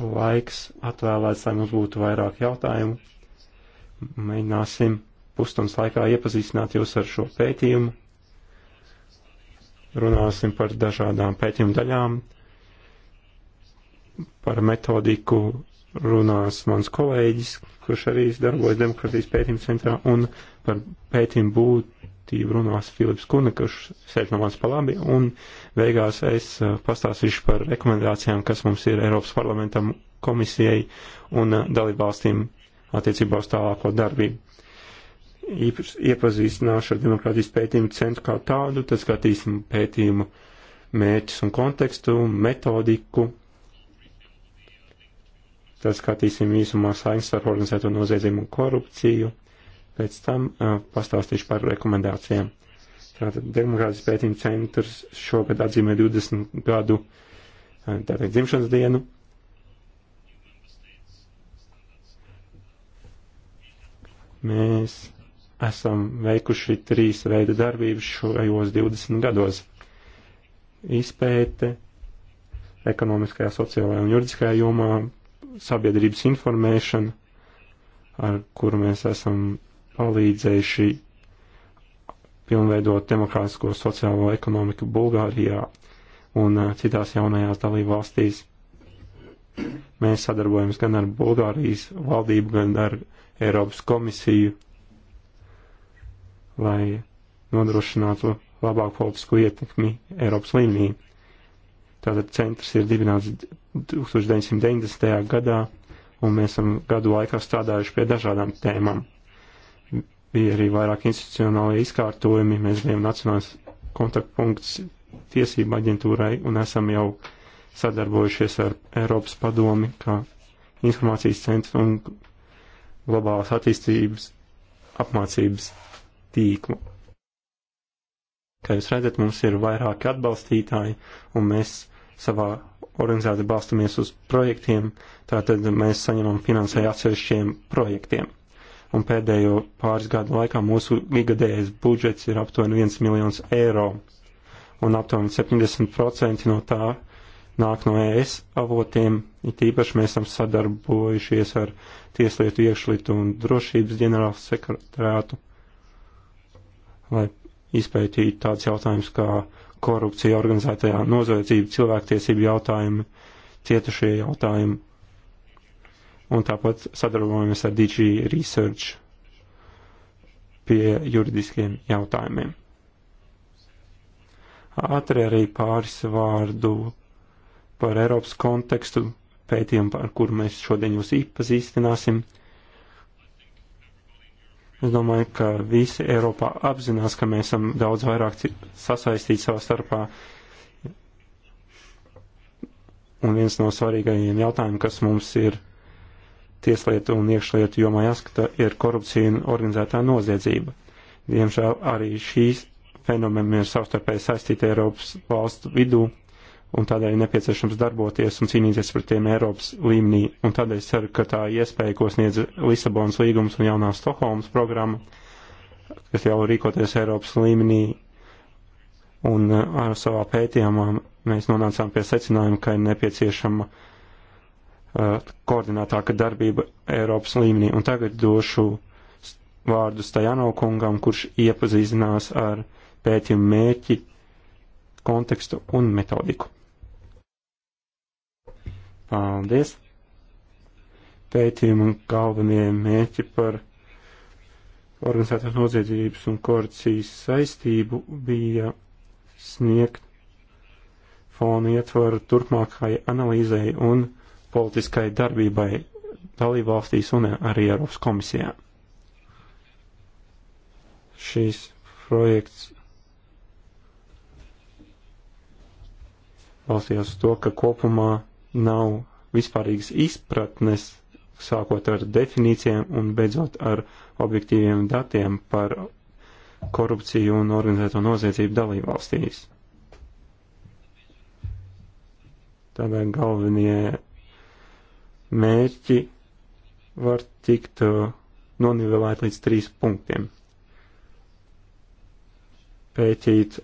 laiks atvēlēts, lai mums būtu vairāk jautājumu. Mēģināsim pusstundas laikā iepazīstināt jūs ar šo pētījumu. Runāsim par dažādām pētījumu daļām, par metodiku runās mans kolēģis, kurš arī darbojas Demokratijas pētījuma centrā, un par pētījumu būtību runās Filips Kuna, kurš sēž no mans pa labi, un beigās es uh, pastāstīšu par rekomendācijām, kas mums ir Eiropas parlamentam komisijai un uh, dalībvalstīm attiecībā uz tālāko darbību. Īpaši iepazīstināšu ar Demokratijas pētījumu centru kā tādu, tad skatīsim pētījumu mērķus un kontekstu, metodiku, Tad skatīsim īsumā saistību starp organizēto noziedzību un korupciju. Pēc tam uh, pastāstīšu par rekomendācijām. Tātad Demokrātijas pētījuma centrs šogad atzīmē 20 gadu tātad, dzimšanas dienu. Mēs esam veikuši trīs veidu darbības šajos 20 gados. Izpēte ekonomiskajā, sociālajā un juridiskajā jomā, sabiedrības informēšana, ar kuru mēs esam palīdzējuši pilnveidot demokrātisko sociālo ekonomiku Bulgārijā un citās jaunajās dalībvalstīs. Mēs sadarbojamies gan ar Bulgārijas valdību, gan ar Eiropas komisiju, lai nodrošinātu labāku politisku ietekmi Eiropas līmenī. Tātad centrs ir dibināts 1990. gadā, un mēs esam gadu laikā strādājuši pie dažādām tēmām. Bija arī vairāk institucionālie izkārtojumi, mēs bijām nacionāls kontaktpunkts tiesība aģentūrai un esam jau sadarbojušies ar Eiropas padomi, kā informācijas centru un globālās attīstības apmācības tīklu. Kā jūs redzat, mums ir vairāki atbalstītāji, un mēs savā organizēti balstamies uz projektiem, tātad mēs saņemam finansēju atsevišķiem projektiem. Un pēdējo pāris gadu laikā mūsu gigadējas budžets ir aptuveni 1 miljons eiro, un aptuveni 70% no tā nāk no ES avotiem, it īpaši mēs esam sadarbojušies ar Tieslietu iekšlietu un drošības ģenerālu sekretārātu, lai izpētītu tāds jautājums kā korupcija, organizētajā nozveicība, cilvēktiesību jautājumi, cietušie jautājumi. Un tāpat sadarbojamies ar DG Research pie juridiskiem jautājumiem. Ātri arī pāris vārdu par Eiropas kontekstu pētījumu, par kuru mēs šodien jūs īpazīstināsim. Uh, Es domāju, ka visi Eiropā apzinās, ka mēs esam daudz vairāk sasaistīti savā starpā. Un viens no svarīgajiem jautājumiem, kas mums ir tieslietu un iekšlietu jomā jāskata, ir korupcija un organizētā noziedzība. Diemžēl arī šīs fenomeni ir savstarpēji saistīti Eiropas valstu vidū, un tādēļ ir nepieciešams darboties un cīnīties par tiem Eiropas līmenī. Un tādēļ es ceru, ka tā iespēja, ko sniedz Lisabonas līgums un jaunā Stokholmas programma, kas jau rīkoties Eiropas līmenī, un uh, ar savā pētījumā mēs nonācām pie secinājuma, ka ir nepieciešama uh, koordinētāka darbība Eiropas līmenī. Un tagad došu vārdu Stajano kungam, kurš iepazīstinās ar pētījumu mērķi, kontekstu un metodiku. Paldies! Pētījuma galvenie mērķi par organizētās noziedzības un korupcijas saistību bija sniegt fonu ietvaru turpmākai analīzei un politiskai darbībai dalībvalstīs un arī Eiropas komisijā. Šīs projekts balstījās uz to, ka kopumā nav vispārīgas izpratnes, sākot ar definīcijiem un beidzot ar objektīviem datiem par korupciju un organizēto noziedzību dalībvalstīs. Tādēļ galvenie mērķi var tikt uh, nonivelēt līdz trīs punktiem. Pētīt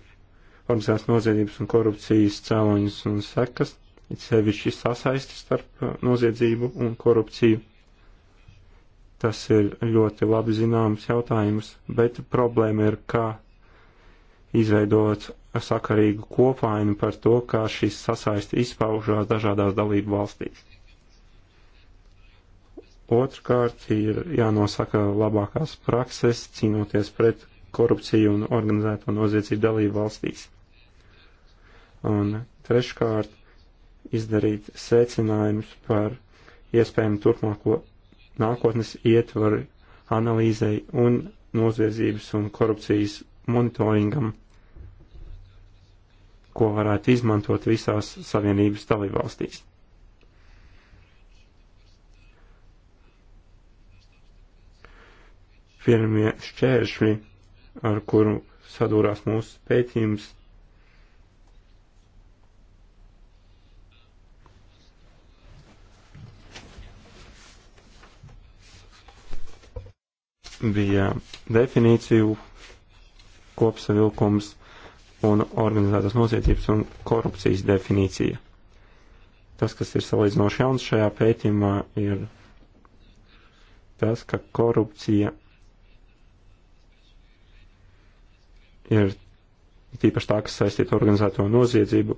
organizētas noziedzības un korupcijas cēloņus un sekas, it sevišķi sasaisti starp uh, noziedzību un korupciju. Tas ir ļoti labi zināms jautājums, bet problēma ir, kā izveidot sakarīgu kopainu par to, kā šis sasaisti izpaužās dažādās dalību valstīs. Otrkārt ir jānosaka labākās prakses cīnoties pret korupciju un organizēto noziedzību dalību valstīs. Un treškārt izdarīt secinājumus par iespējamu turpmāko nākotnes ietvaru analīzei un noziedzības un korupcijas monitoringam, ko varētu izmantot visās Savienības dalībvalstīs. Pirmie šķēršļi, ar kuru sadūrās mūsu pētījums, bija definīciju kopsavilkums un organizētas nosietības un korupcijas definīcija. Tas, kas ir salīdzinoši jauns šajā pētījumā, ir tas, ka korupcija ir tīpaši tā, kas saistīta organizēto noziedzību,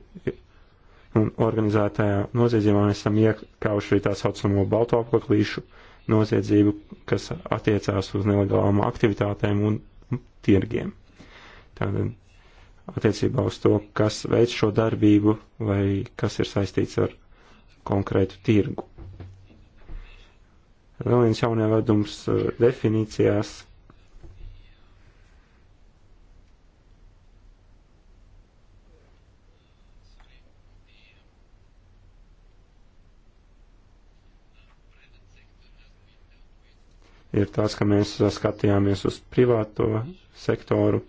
un organizētajā noziedzībā mēs esam iekļaujuši arī tā saucamo balto apaklīšu, uh, noziedzību, kas attiecās uz nelegālām aktivitātēm un tirgiem. Tātad attiecībā uz to, kas veic šo darbību vai kas ir saistīts ar konkrētu tirgu. Vēl viens jaunievedums eh, definīcijās ir tas, ka mēs skatījāmies uz privāto sektoru,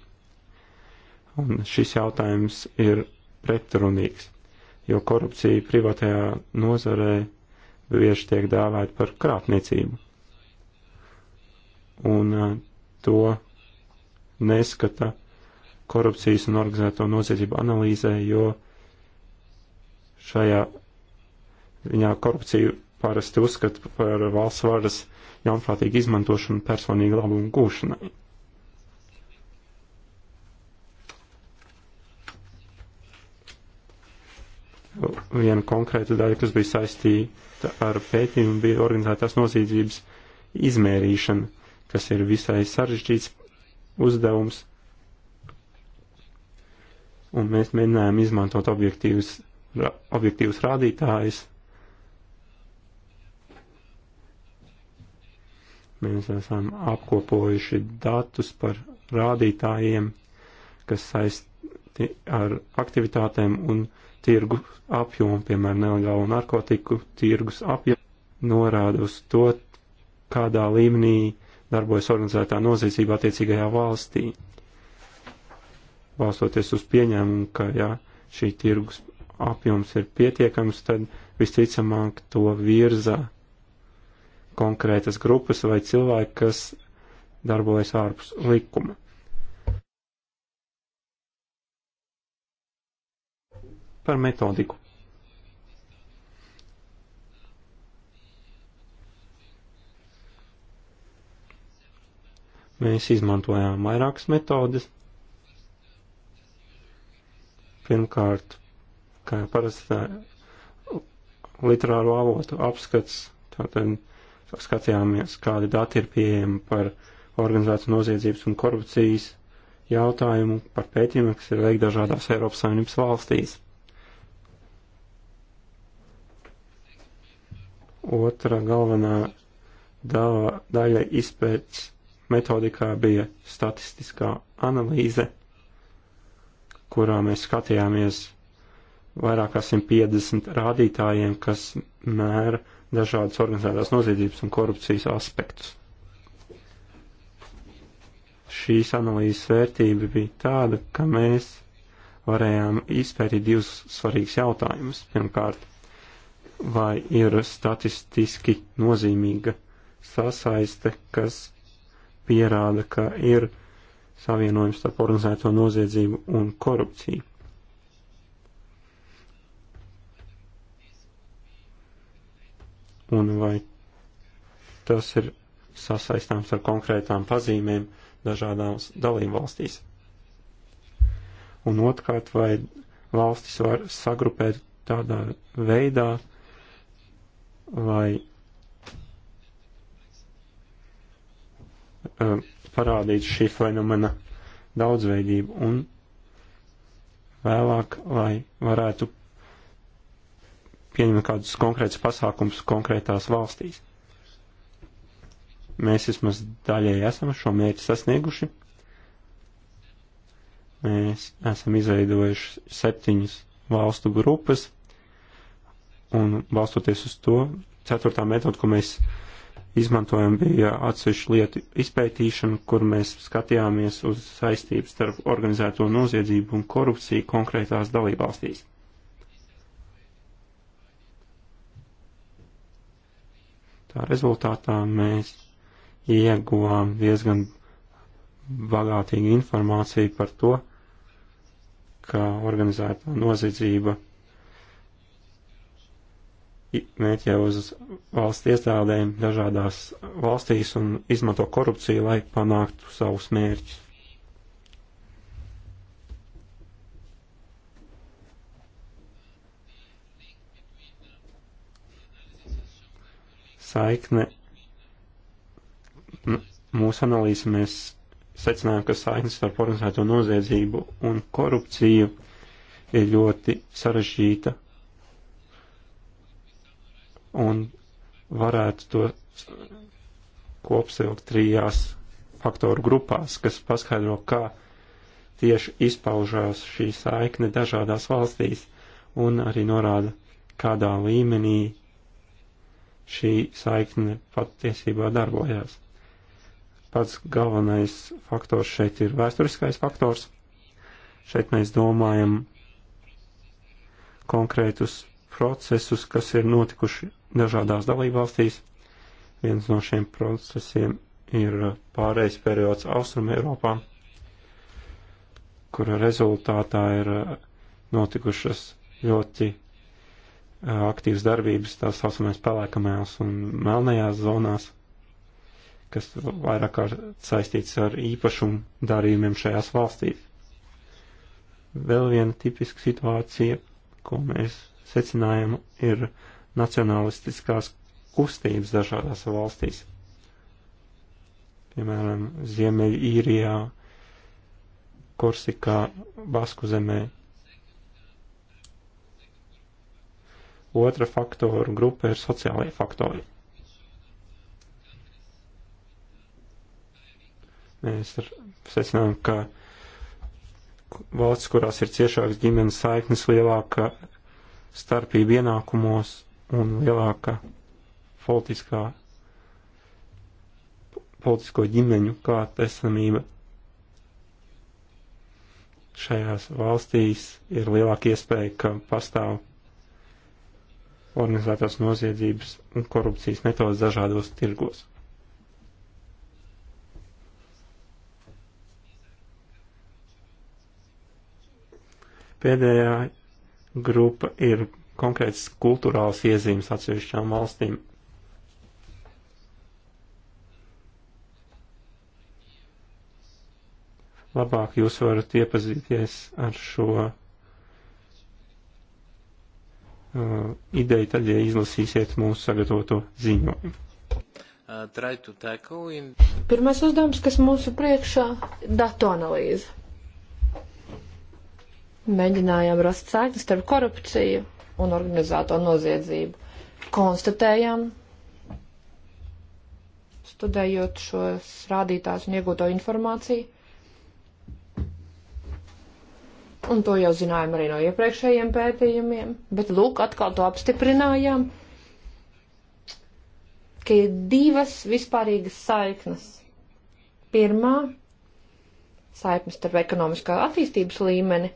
un šis jautājums ir pretrunīgs, jo korupcija privātajā nozarē bieži tiek dāvēta par krāpniecību. Un eh, to neskata korupcijas un organizēto noziedzību analīzē, jo šajā viņā korupciju parasti uzskata par valsts varas ļaunprātīga izmantošana personīga labuma gūšanai. Viena konkrēta daļa, kas bija saistīta ar pētījumu, bija organizētās noziedzības izmērīšana, kas ir visai sarežģīts uzdevums. Un mēs mēģinājām izmantot objektīvus, objektīvus rādītājus, Mēs esam apkopojuši datus par rādītājiem, kas saisti ar aktivitātēm un tirgu apjomu, piemēram, nelegālu narkotiku tirgus apjomu, norāda uz to, kādā līmenī darbojas organizētā noziedzība attiecīgajā valstī. Balstoties uz pieņēmumu, ka, ja šī tirgus apjoms ir pietiekams, tad visticamāk to virza konkrētas grupas vai cilvēki, kas darbojas ārpus likuma. Par metodiku. Mēs izmantojām vairākas metodes. Pirmkārt, kā parasti literāro avotu apskats, tātad skatījāmies, kādi dati ir pieejami par organizētas noziedzības un korupcijas jautājumu, par pētījumiem, kas ir veikti dažādās Eiropas Savienības valstīs. Otra galvenā da daļa izpētes metodikā bija statistiskā analīze, kurā mēs skatījāmies vairāk kā 150 rādītājiem, kas mēra dažādas organizētās noziedzības un korupcijas aspektus. Šīs analīzes vērtība bija tāda, ka mēs varējām izpētīt divus svarīgus jautājumus. Pirmkārt, vai ir statistiski nozīmīga sasaiste, kas pierāda, ka ir savienojums starp organizēto noziedzību un korupciju. un vai tas ir sasaistāms ar konkrētām pazīmēm dažādās dalībvalstīs. Un otrkārt, vai valstis var sagrupēt tādā veidā, lai um, parādītu šī fenomena daudzveidību un vēlāk, lai varētu pieņemam kādus konkrētus pasākums konkrētās valstīs. Mēs vismaz daļēji esam šo mērķi sasnieguši. Mēs esam izveidojuši septiņas valstu grupas, un balstoties uz to, ceturtā metoda, ko mēs izmantojam, bija atsevišķu lietu izpētīšana, kur mēs skatījāmies uz saistību starp organizēto noziedzību un korupciju konkrētās dalībvalstīs. Tā rezultātā mēs ieguvām diezgan bagātīgu informāciju par to, ka organizētā noziedzība mēķē uz valsts iestādēm dažādās valstīs un izmanto korupciju, lai panāktu savus mērķus. saikne, mūsu analīze mēs secinājām, ka saiknes starp organizēto noziedzību un korupciju ir ļoti sarežģīta un varētu to kopsilgt trijās faktoru grupās, kas paskaidro, kā tieši izpaužās šī saikne dažādās valstīs un arī norāda, kādā līmenī šī saikne patiesībā darbojās. Pats galvenais faktors šeit ir vēsturiskais faktors. Šeit mēs domājam konkrētus procesus, kas ir notikuši dažādās dalībvalstīs. Viens no šiem procesiem ir pārējais periods Austrum Eiropā, kura rezultātā ir notikušas ļoti aktīvas darbības tās saucamais pelēkamajās un melnajās zonās, kas vairāk kā saistīts ar īpašumu darījumiem šajās valstīs. Vēl viena tipiska situācija, ko mēs secinājam, ir nacionalistiskās kustības dažādās valstīs. Piemēram, Ziemeļīrijā, Korsikā, Basku zemē, Otra faktoru grupa ir sociālajie faktori. Mēs secinām, ka valsts, kurās ir ciešāks ģimenes saiknes, lielāka starpība ienākumos un lielāka politiskā, politisko ģimeņu klātesamība šajās valstīs ir lielāka iespēja, ka pastāv organizētās noziedzības un korupcijas metodas dažādos tirgos. Pēdējā grupa ir konkrētas kultūrāls iezīmes atsevišķām valstīm. Labāk jūs varat iepazīties ar šo Uh, ideju tad, ja izlasīsiet mūsu sagatavoto ziņojumu. Uh, Pirmais uzdevums, kas mūsu priekšā - datu analīze. Mēģinājām rast saikni starp korupciju un organizēto noziedzību. Konstatējām, studējot šos rādītājus un iegūto informāciju, un to jau zinājām arī no iepriekšējiem pētījumiem, bet lūk, atkal to apstiprinājām, ka ir divas vispārīgas saiknes. Pirmā saikne starp ekonomiskā attīstības līmeni,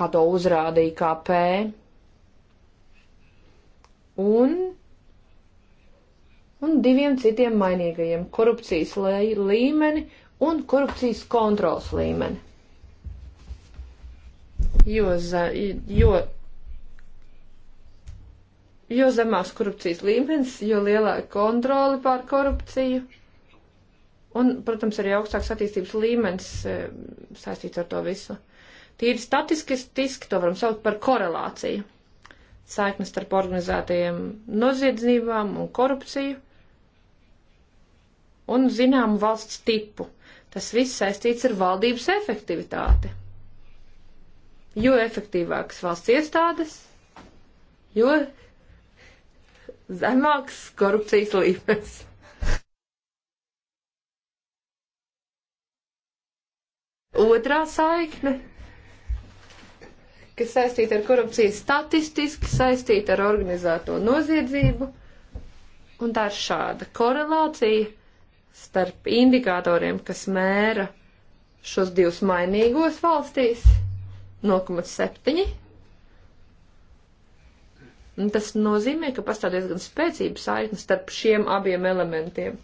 kā to uzrādīja KP, un, un diviem citiem mainīgajiem - korupcijas līmeni un korupcijas kontrols līmeni jo, jo, jo zemāks korupcijas līmenis, jo lielāka kontrole pār korupciju. Un, protams, arī augstāks attīstības līmenis e, saistīts ar to visu. Tīri statistiski to varam saukt par korelāciju. Saiknes starp organizētajiem noziedzībām un korupciju un zināmu valsts tipu. Tas viss saistīts ar valdības efektivitāti jo efektīvākas valsts iestādes, jo zemāks korupcijas līmenis. Otrā saikne, kas saistīta ar korupciju, statistiski saistīta ar organizēto noziedzību, un tā ir šāda korelācija starp indikatoriem, kas mēra šos divus mainīgos valstīs 0,7. Un tas nozīmē, ka pastāv diezgan spēcīga saikne starp šiem abiem elementiem.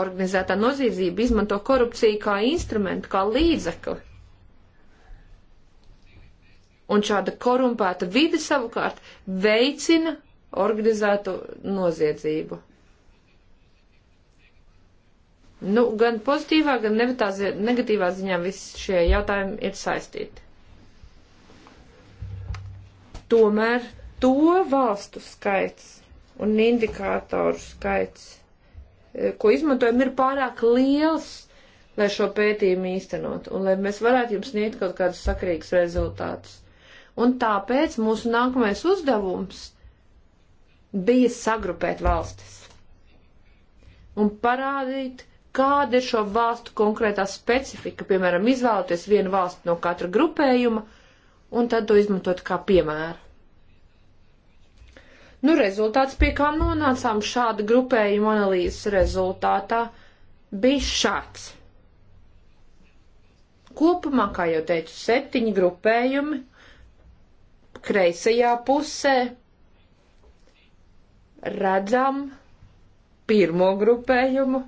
Organizētā noziedzība izmanto korupciju kā instrumentu, kā līdzekli. Un šāda korumpēta vide savukārt veicina organizēto noziedzību. Nu, gan pozitīvā, gan negatīvā ziņā visi šie jautājumi ir saistīti. Tomēr to valstu skaits un indikātoru skaits, e, ko izmantojam, ir pārāk liels, lai šo pētījumu īstenot un lai mēs varētu jums sniegt kaut kādus sakrīgus rezultātus. Un tāpēc mūsu nākamais uzdevums bija sagrupēt valstis un parādīt, kāda ir šo valstu konkrētā specifika, piemēram, izvēlēties vienu valstu no katra grupējuma un tad to izmantot kā piemēru. Nu, rezultāts, pie kā nonācām šāda grupējuma analīzes rezultātā, bija šāds. Kopumā, kā jau teicu, septiņi grupējumi kreisajā pusē redzam pirmo grupējumu,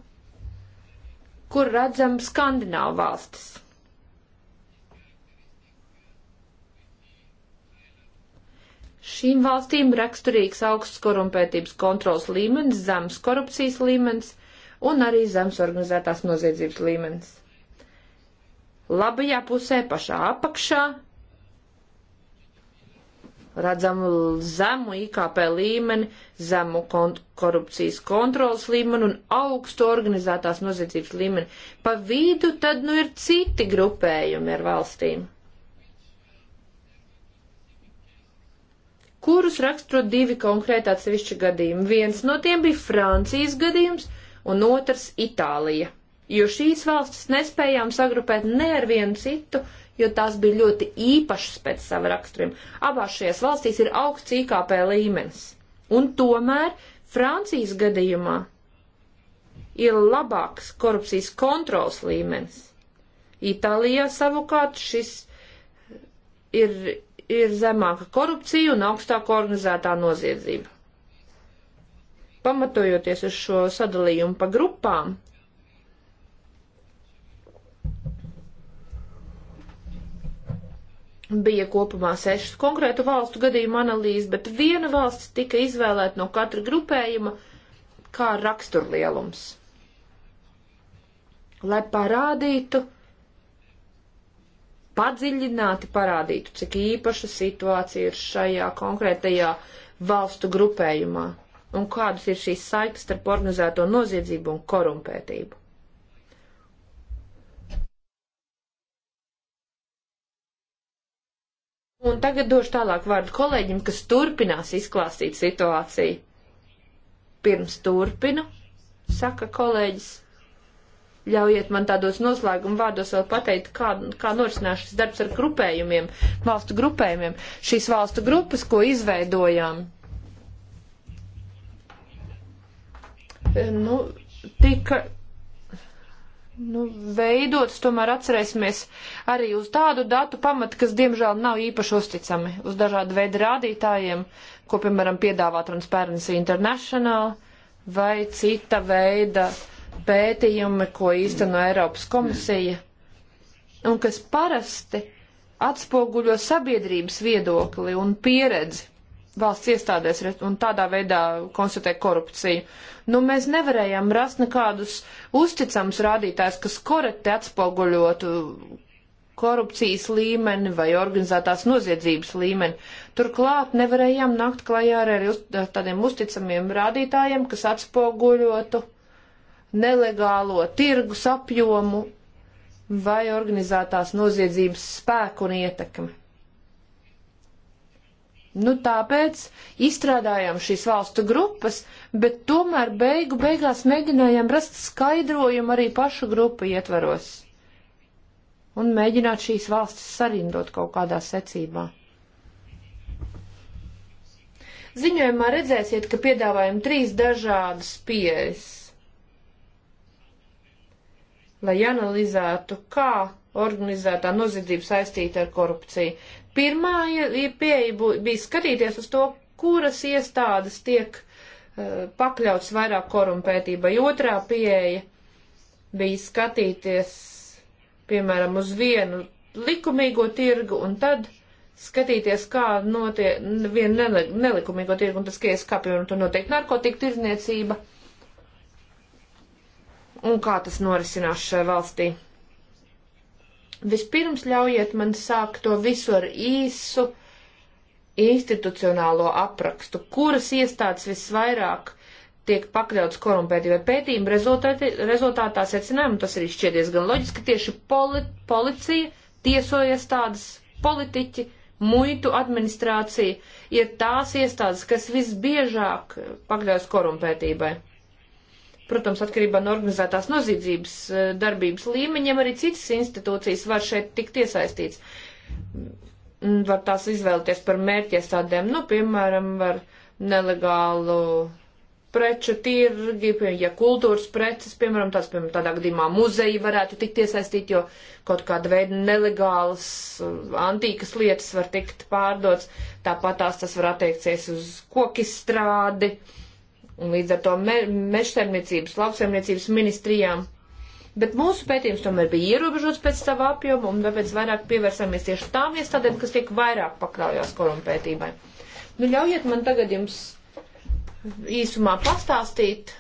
kur redzam Skandināvu valstis. Šīm valstīm raksturīgs augsts korumpētības kontrols līmenis, zems korupcijas līmenis un arī zems organizētās noziedzības līmenis. Labajā pusē pašā apakšā redzam zemu IKP līmeni, zemu kont korupcijas kontrolas līmeni un augstu organizētās noziedzības līmeni. Pa vidu tad nu ir citi grupējumi ar valstīm. kurus raksturo divi konkrēti atsevišķi gadījumi. Viens no tiem bija Francijas gadījums, un otrs Itālija. Jo šīs valstis nespējām sagrupēt ne ar vienu citu, uh, jo tās bija ļoti īpašas pēc sava raksturiem. Abās šajās valstīs ir augsts IKP līmenis. Un tomēr Francijas gadījumā ir labāks korupcijas kontrols līmenis. Itālijā savukārt šis ir, ir zemāka korupcija un augstāka organizētā noziedzība. Pamatojoties uz šo sadalījumu pa grupām, bija kopumā sešas konkrētu valstu gadījumu analīzes, bet viena valsts tika izvēlēta no katra grupējuma kā raksturlielums, lai parādītu, padziļināti parādītu, cik īpaša situācija ir šajā konkrētajā valstu grupējumā un kādas ir šīs saites starp organizēto noziedzību un korumpētību. Un tagad došu tālāk vārdu kolēģim, kas turpinās izklāstīt situāciju. Pirms turpinu, saka kolēģis. Ļaujiet man tādos noslēguma vārdos vēl pateikt, kā, kā norisinās šis darbs ar grupējumiem, valstu grupējumiem. Šīs valstu grupas, ko izveidojām, nu, tika nu, veidots, tomēr atcerēsimies arī uz tādu datu pamatu, kas diemžēl nav īpaši uzticami, uz dažādu veidu rādītājiem, ko, piemēram, piedāvā Transparency International vai cita veida pētījumi, ko īsteno Eiropas komisija, un kas parasti atspoguļo sabiedrības viedokli un pieredzi valsts iestādēs un tādā veidā konstatē korupciju. Nu, mēs nevarējām rast nekādus uzticams rādītājs, kas korekti atspoguļotu korupcijas līmeni vai organizētās noziedzības līmeni. Turklāt nevarējām nākt klajā ar uz, tādiem uzticamiem rādītājiem, kas atspoguļotu nelegālo tirgus apjomu vai organizētās noziedzības spēku un ietekmi. Nu, tāpēc izstrādājām šīs valstu grupas, bet tomēr beigu beigās mēģinājām rast skaidrojumu arī pašu grupu ietvaros un mēģināt šīs valstis sarindot kaut kādā secībā. Ziņojumā redzēsiet, ka piedāvājam trīs dažādas pieejas, lai analizētu, kā organizētā noziedzība saistīta ar korupciju. Pirmā pieeja bija skatīties uz to, kuras iestādes tiek uh, pakļauts vairāk korumpētībai. Otrā pieeja bija skatīties, piemēram, uz vienu likumīgo tirgu un tad skatīties, kā notiek viena nelikumīgo tirgu, un tas, ka es kā, piemēram, tur notiek narkotika tirzniecība, un kā tas norisinās šajā valstī. Vispirms ļaujiet man sākt to visu ar īsu institucionālo aprakstu, kuras iestādes visvairāk tiek pakļauts korumpētībai pētījumu rezultātā secinājumu, tas arī šķiet diezgan loģiski, tieši poli, policija, tiesojas tādas, politiķi, muitu administrācija ir tās iestādes, kas visbiežāk pakļaujas korumpētībai. Protams, atkarībā no organizētās noziedzības eh, darbības līmeņiem arī citas institūcijas var šeit tikt iesaistīts. Mm, var tās izvēlēties par mērķiestādēm, nu, piemēram, var nelegālu preču tirgi, ja kultūras preces, piemēram, tāds, piemēram, tādā gadījumā muzeji varētu tikt iesaistīti, jo kaut kāda veida nelegālas eh, antīkas lietas var tikt pārdots, tāpat tās tas var attiekties uz kokistrādi. strādi un līdz ar to me, mežsaimniecības, lauksaimniecības ministrijām. Bet mūsu pētījums tomēr bija ierobežots pēc sava apjoma, un tāpēc vairāk pievērsāmies tieši tām iestādēm, kas tiek vairāk pakļaujās korumpētībai. Nu, ļaujiet man tagad jums īsumā pastāstīt,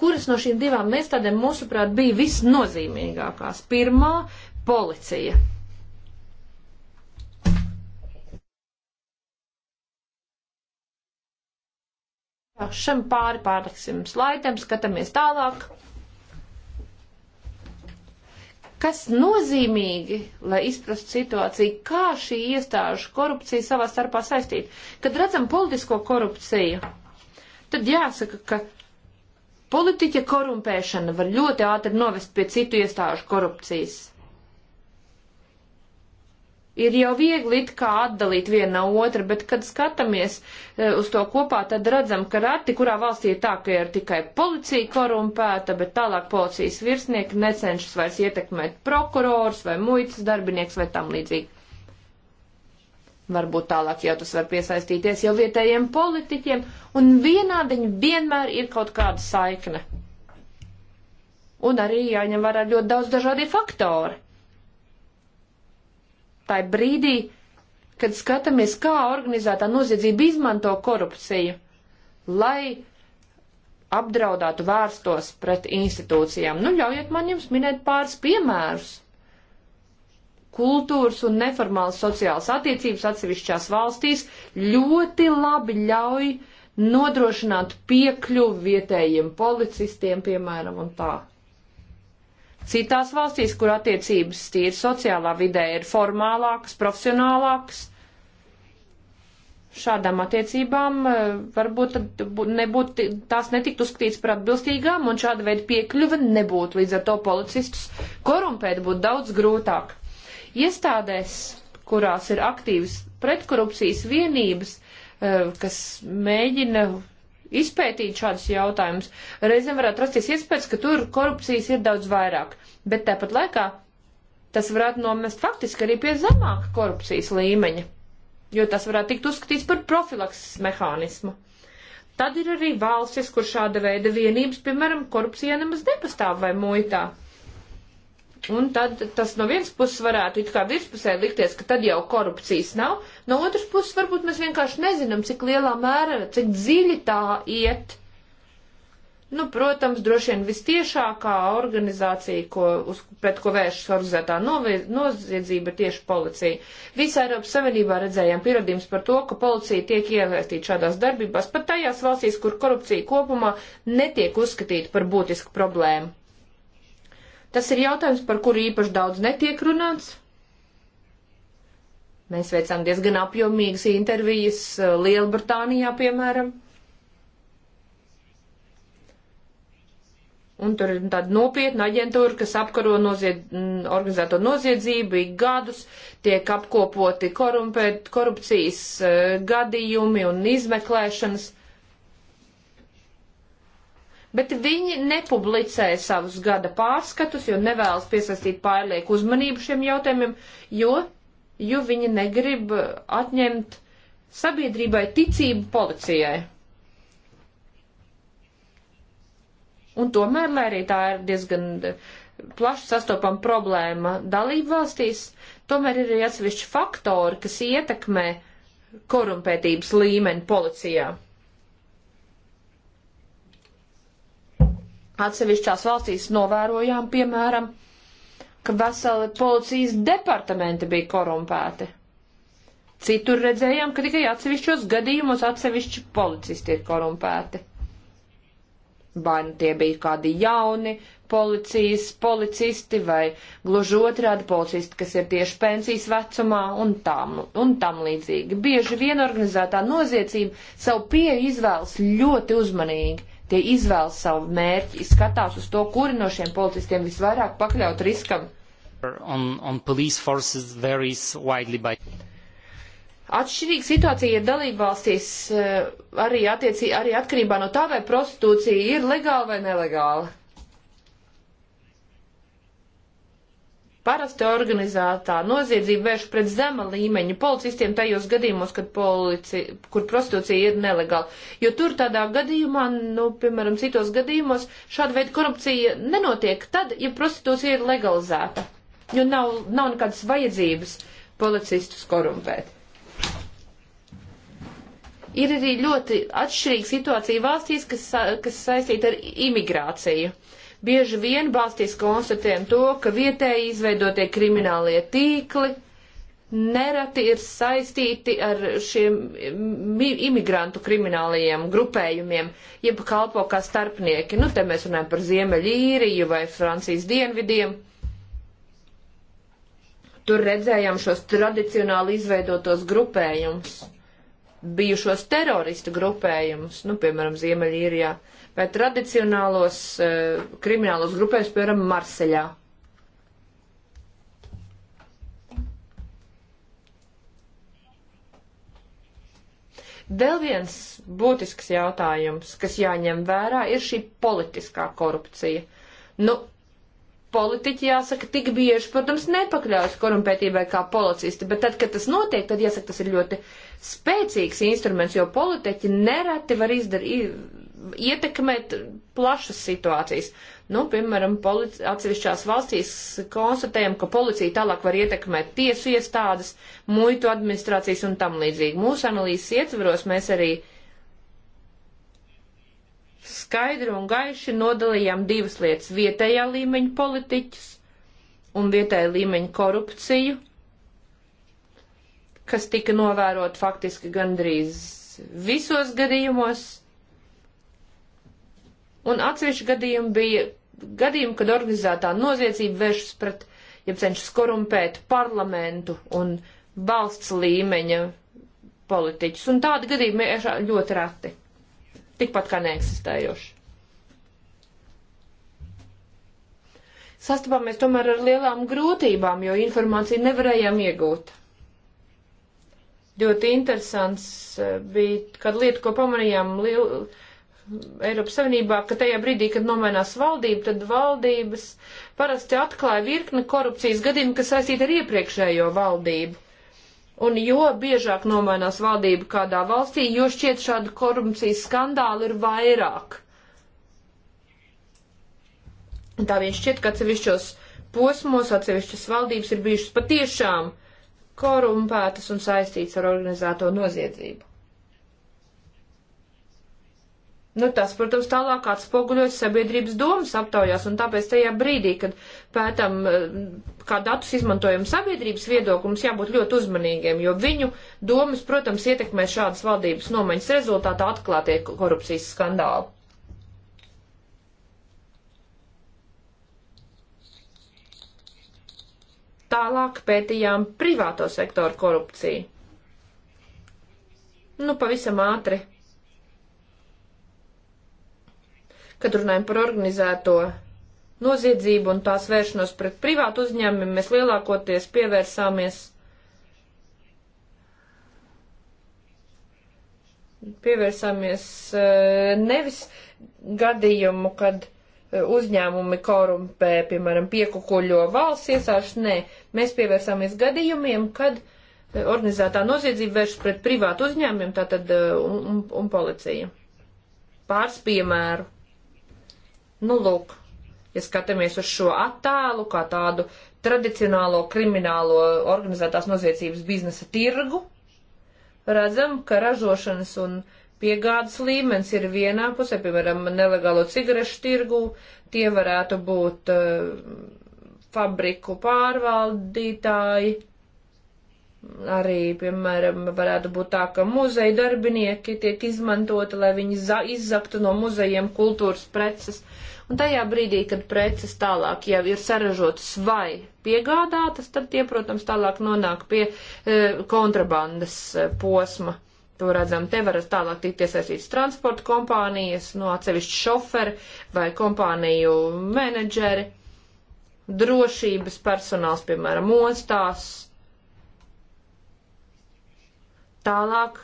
kuras no šīm divām iestādēm, mūsuprāt, bija visnozīmīgākās. Pirmā - policija Jā, šim pāri pārliksim slaidam, skatāmies tālāk. Kas nozīmīgi, lai izprastu situāciju, kā šī iestāžu korupcija savā starpā saistīta? Kad redzam politisko korupciju, tad jāsaka, ka politiķa korumpēšana var ļoti ātri novest pie citu iestāžu korupcijas. Ir jau viegli it kā atdalīt viena no otra, bet, kad skatāmies e, uz to kopā, tad redzam, ka rati, kurā valstī ir tā, ka ir tikai policija korumpēta, bet tālāk policijas virsnieki necenšas vairs ietekmēt prokurors vai muitas darbinieks vai tam līdzīgi. Varbūt tālāk jau tas var piesaistīties jau vietējiem politiķiem, un vienādiņi vienmēr ir kaut kāda saikne. Un arī jāņem vērā ļoti daudz dažādi faktori Tā ir brīdī, kad skatāmies, kā organizētā noziedzība izmanto korupciju, lai apdraudātu vērstos pret institūcijām. Nu, ļaujiet man jums minēt pāris piemērus. Kultūras un neformālas sociālas attiecības atsevišķās valstīs ļoti labi ļauj nodrošināt piekļuvi vietējiem policistiem, piemēram, un tā Citās valstīs, kur attiecības tīri sociālā vidē ir formālākas, profesionālākas, šādām attiecībām eh, varbūt nebūtu, tās netiktu uzskatīts par atbilstīgām, un šāda veida piekļuva nebūtu. Līdz ar to policistus korumpēt būtu daudz grūtāk. Iestādēs, kurās ir aktīvas pretkorupcijas vienības, eh, kas mēģina izpētīt šādus jautājumus, reizēm varētu rasties iespējas, ka tur korupcijas ir daudz vairāk. Bet tāpat laikā tas varētu nomest faktiski arī pie zemāka korupcijas līmeņa, jo tas varētu tikt uzskatīts par profilakses mehānismu. Tad ir arī valstis, kur šāda veida vienības, piemēram, korupcija nemaz nepastāv vai muitā. Un tad tas no vienas puses varētu it kā virspusē likties, ka tad jau korupcijas nav, no otras puses varbūt mēs vienkārši nezinām, cik lielā mērā, cik dziļi tā iet. Nu, protams, droši vien vistiešākā organizācija, ko, uz, pret ko vēršas organizētā noziedzība, ir tieši policija. Visā Eiropas Savienībā redzējām pierādījums par to, ka policija tiek ievērstīta šādās darbībās, pat tajās valstīs, kur korupcija kopumā netiek uzskatīta par būtisku problēmu. Tas ir jautājums, par kuru īpaši daudz netiek runāts. Mēs veicām diezgan apjomīgas intervijas eh, Lielbritānijā, piemēram. Un tur ir tāda nopietna aģentūra, kas apkaro nozied, mm, organizēto noziedzību ik gadus, tiek apkopoti korumpēt, korupcijas eh, gadījumi un izmeklēšanas. Uh, bet viņi nepublicē savus gada pārskatus, jo nevēlas piesaistīt pārlieku uzmanību šiem jautājumiem, jo, jo viņi negrib atņemt sabiedrībai ticību policijai. Un tomēr, lai arī tā ir diezgan plaši sastopama problēma dalību valstīs, tomēr ir arī atsevišķi faktori, kas ietekmē korumpētības līmeni policijā. Atsevišķās valstīs novērojām, piemēram, ka veseli policijas departamenti bija korumpēti. Citur redzējām, ka tikai atsevišķos gadījumos atsevišķi policisti ir korumpēti. Vai nu tie bija kādi jauni policijas policisti vai gluži otrādi policisti, kas ir tieši pensijas vecumā un tam, un tam līdzīgi. Bieži vien organizētā noziedzība savu pieeju izvēlas ļoti uzmanīgi Tie izvēlas savu mērķi, skatās uz to, kuri no šiem policistiem visvairāk pakļaut riskam. On, on by... Atšķirīga situācija ir dalībvalstīs eh, arī, attiecī, arī atkarībā no tā, vai prostitūcija ir legāla vai nelegāla. Parasti organizētā noziedzība vērš pret zema līmeņa policistiem tajos gadījumos, kad polici, kur prostitūcija ir nelegāla. Jo tur tādā gadījumā, nu, piemēram, citos gadījumos šāda veida korupcija nenotiek tad, ja prostitūcija ir legalizēta. Jo nav, nav nekādas vajadzības policistus korumpēt ir arī ļoti atšķirīga situācija valstīs, kas, kas saistīta ar imigrāciju bieži vien balstīs konstatējam to, ka vietēji izveidotie kriminālie tīkli nereti ir saistīti ar šiem imigrantu kriminālajiem grupējumiem, jeb kalpo kā starpnieki. Nu, te mēs runājam par Ziemeļīriju vai Francijas dienvidiem. Tur redzējām šos tradicionāli izveidotos grupējumus, bijušos teroristu grupējumus, nu, piemēram, Ziemeļīrijā. Uh, vai tradicionālos uh, kriminālos grupēs, piemēram, Marseļā. Vēl viens būtisks jautājums, kas jāņem vērā, ir šī politiskā korupcija. Nu, politiķi, jāsaka, tik bieži, protams, nepakļaujas korumpētībai kā policisti, bet tad, kad tas notiek, tad jāsaka, tas ir ļoti spēcīgs instruments, jo politiķi nereti var izdarīt, ietekmēt plašas situācijas. Nu, piemēram, atsevišķās valstīs konstatējam, ka policija tālāk var ietekmēt tiesu iestādes, muitu administrācijas un tam līdzīgi. Mūsu analīzes ietvaros mēs arī skaidri un gaiši nodalījām divas lietas - vietējā līmeņa politiķus un vietējā līmeņa korupciju, kas tika novērot faktiski gandrīz visos gadījumos un atsevišķi gadījumi bija gadījumi, kad organizētā noziedzība vēršas pret, ja cenšas korumpēt parlamentu un valsts līmeņa politiķus, un tādi gadījumi ir ļoti reti, tikpat kā neeksistējoši. Sastapāmies tomēr ar lielām grūtībām, jo informāciju nevarējām iegūt. Ļoti interesants eh, bija, kad lieta, ko pamanījām, liela Eiropas Savienībā, ka tajā brīdī, kad nomainās valdība, tad valdības parasti atklāja virkni korupcijas gadījumu, kas saistīta ar iepriekšējo valdību. Un jo biežāk nomainās valdība kādā valstī, jo šķiet šādu korupcijas skandālu ir vairāk. Un tā vien šķiet, ka atsevišķos posmos atsevišķas valdības ir bijušas patiešām korumpētas un saistītas ar organizēto noziedzību. Nu, tas, protams, tālāk atspoguļojas sabiedrības domas aptaujās, un tāpēc tajā brīdī, kad pētam, eh, kā datus izmantojam sabiedrības viedokli, mums jābūt ļoti uzmanīgiem, jo viņu domas, protams, ietekmē šādas valdības nomaiņas rezultātā atklātie korupcijas skandāli. Tālāk pētījām privāto sektoru korupciju. Nu, pavisam ātri kad runājam par organizēto noziedzību un tās vēršanos pret privātu uzņēmumiem, mēs lielākoties pievērsāmies pievērsāmies eh, nevis gadījumu, kad eh, uzņēmumi korumpē, piemēram, piekukuļo valsts iesāšas, nē, mēs pievērsāmies gadījumiem, kad eh, organizētā noziedzība vēršas pret privātu uzņēmumiem tātad, un, un, un policiju. Pāris piemēru Nu, lūk, ja skatāmies uz šo attēlu kā tādu tradicionālo kriminālo organizētās noziedzības biznesa tirgu, redzam, ka ražošanas un piegādes līmenis ir vienā pusē, piemēram, nelegālo cigarešu tirgu, tie varētu būt uh, fabriku pārvaldītāji, arī, piemēram, varētu būt tā, ka muzeja darbinieki tiek izmantoti, lai viņi izzaktu no muzejiem kultūras preces. Uh, un tajā brīdī, kad preces tālāk jau ir saražotas vai piegādātas, tad tie, protams, tālāk nonāk pie e, kontrabandas e, posma. To redzam, te var tālāk tikt iesaistīts transporta kompānijas, no atsevišķi šoferi vai kompāniju menedžeri, drošības personāls, piemēram, ostās. Tālāk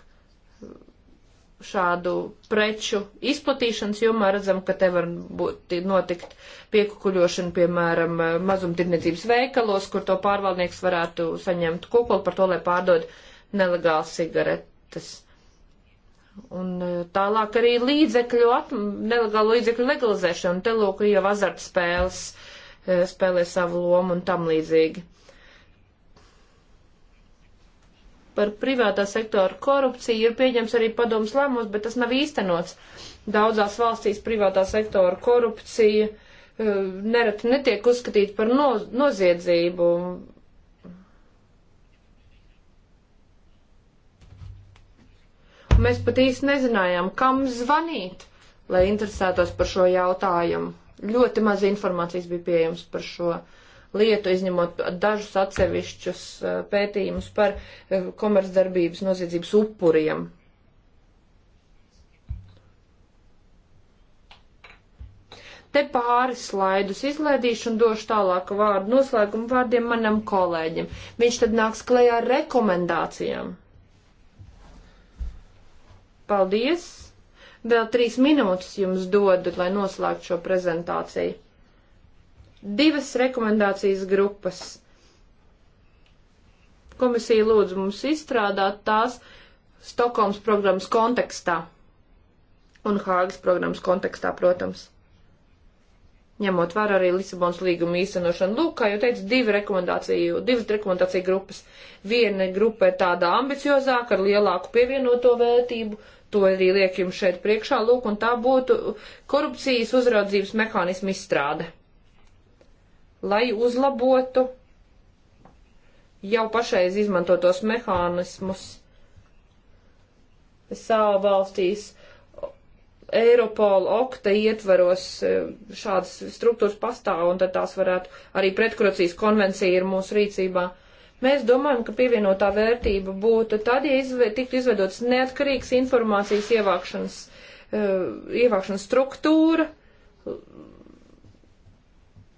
šādu preču izplatīšanas jomā redzam, ka te var būt notikt piekukuļošana, piemēram, mazumtirdzniecības veikalos, kur to pārvaldnieks varētu saņemt kukuli par to, lai pārdod nelegāli cigaretes. Un e, tālāk arī līdzekļu, nelegālu līdzekļu legalizēšana, te lūk, jau azartspēles e, spēlē savu lomu un tam līdzīgi. par privātā sektora korupciju ir pieņems arī padomas lēmums, bet tas nav īstenots. Daudzās valstīs privātā sektora korupcija uh, nereti netiek uzskatīta par no, noziedzību. Mēs pat īsti nezinājām, kam zvanīt, lai interesētos par šo jautājumu. Ļoti maz informācijas bija pieejams par šo jautājumu lietu, izņemot dažus atsevišķus eh, pētījumus par eh, komercdarbības noziedzības upuriem. Te pāris slaidus izlaidīšu un došu tālāku vārdu noslēgumu vārdiem manam kolēģim. Viņš tad nāks klajā ar rekomendācijām. Paldies! Vēl trīs minūtes jums dodu, lai noslēgtu šo prezentāciju divas rekomendācijas grupas. Komisija lūdz mums izstrādāt tās Stokholmas programmas kontekstā un Hāgas programmas kontekstā, protams. Ņemot vērā arī Lisabonas līguma īstenošanu, lūk, kā jau teicu, divi rekomendāciju, divas rekomendāciju grupas. Viena grupa ir tāda ambiciozāka, ar lielāku pievienoto vērtību, to arī liek jums šeit priekšā, lūk, un tā būtu korupcijas uzraudzības mehānismu izstrāde lai uzlabotu jau pašreiz izmantotos mehānismus savā valstīs. Eiropola okta ietveros e, šādas struktūras pastāv un tad tās varētu arī pretkorupcijas konvencija ir mūsu rīcībā. Mēs domājam, ka pievienotā vērtība būtu tad, ja izve, tiktu izvedots neatkarīgs informācijas ievākšanas, uh, ievākšanas struktūra,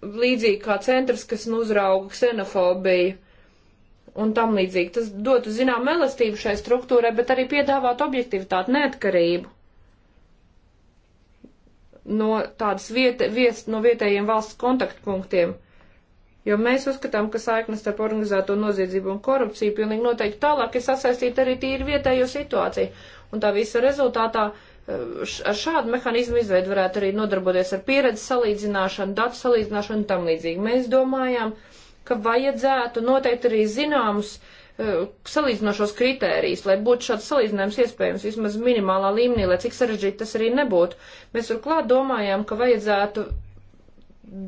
līdzīgi kā centrs, kas nu uzrauga ksenofobiju un tam līdzīgi. Tas dotu zinām elastību šai struktūrai, bet arī piedāvāt objektivitāti, neatkarību no tādas vieta, viet, no vietējiem valsts kontaktpunktiem. Jo mēs uzskatām, ka saiknes starp organizēto noziedzību un korupciju pilnīgi noteikti tālāk ir sasaistīta arī tīri vietējo situāciju. Un tā visa rezultātā uh, ar šādu mehānismu izveidu varētu arī nodarboties ar pieredzi salīdzināšanu, datu salīdzināšanu un tam līdzīgi. Mēs domājām, ka vajadzētu noteikti arī zināmus uh, salīdzinošos kritērijus, lai būtu šāds salīdzinājums iespējams vismaz minimālā līmenī, lai cik sarežģīti tas arī nebūtu. Mēs turklāt domājām, ka vajadzētu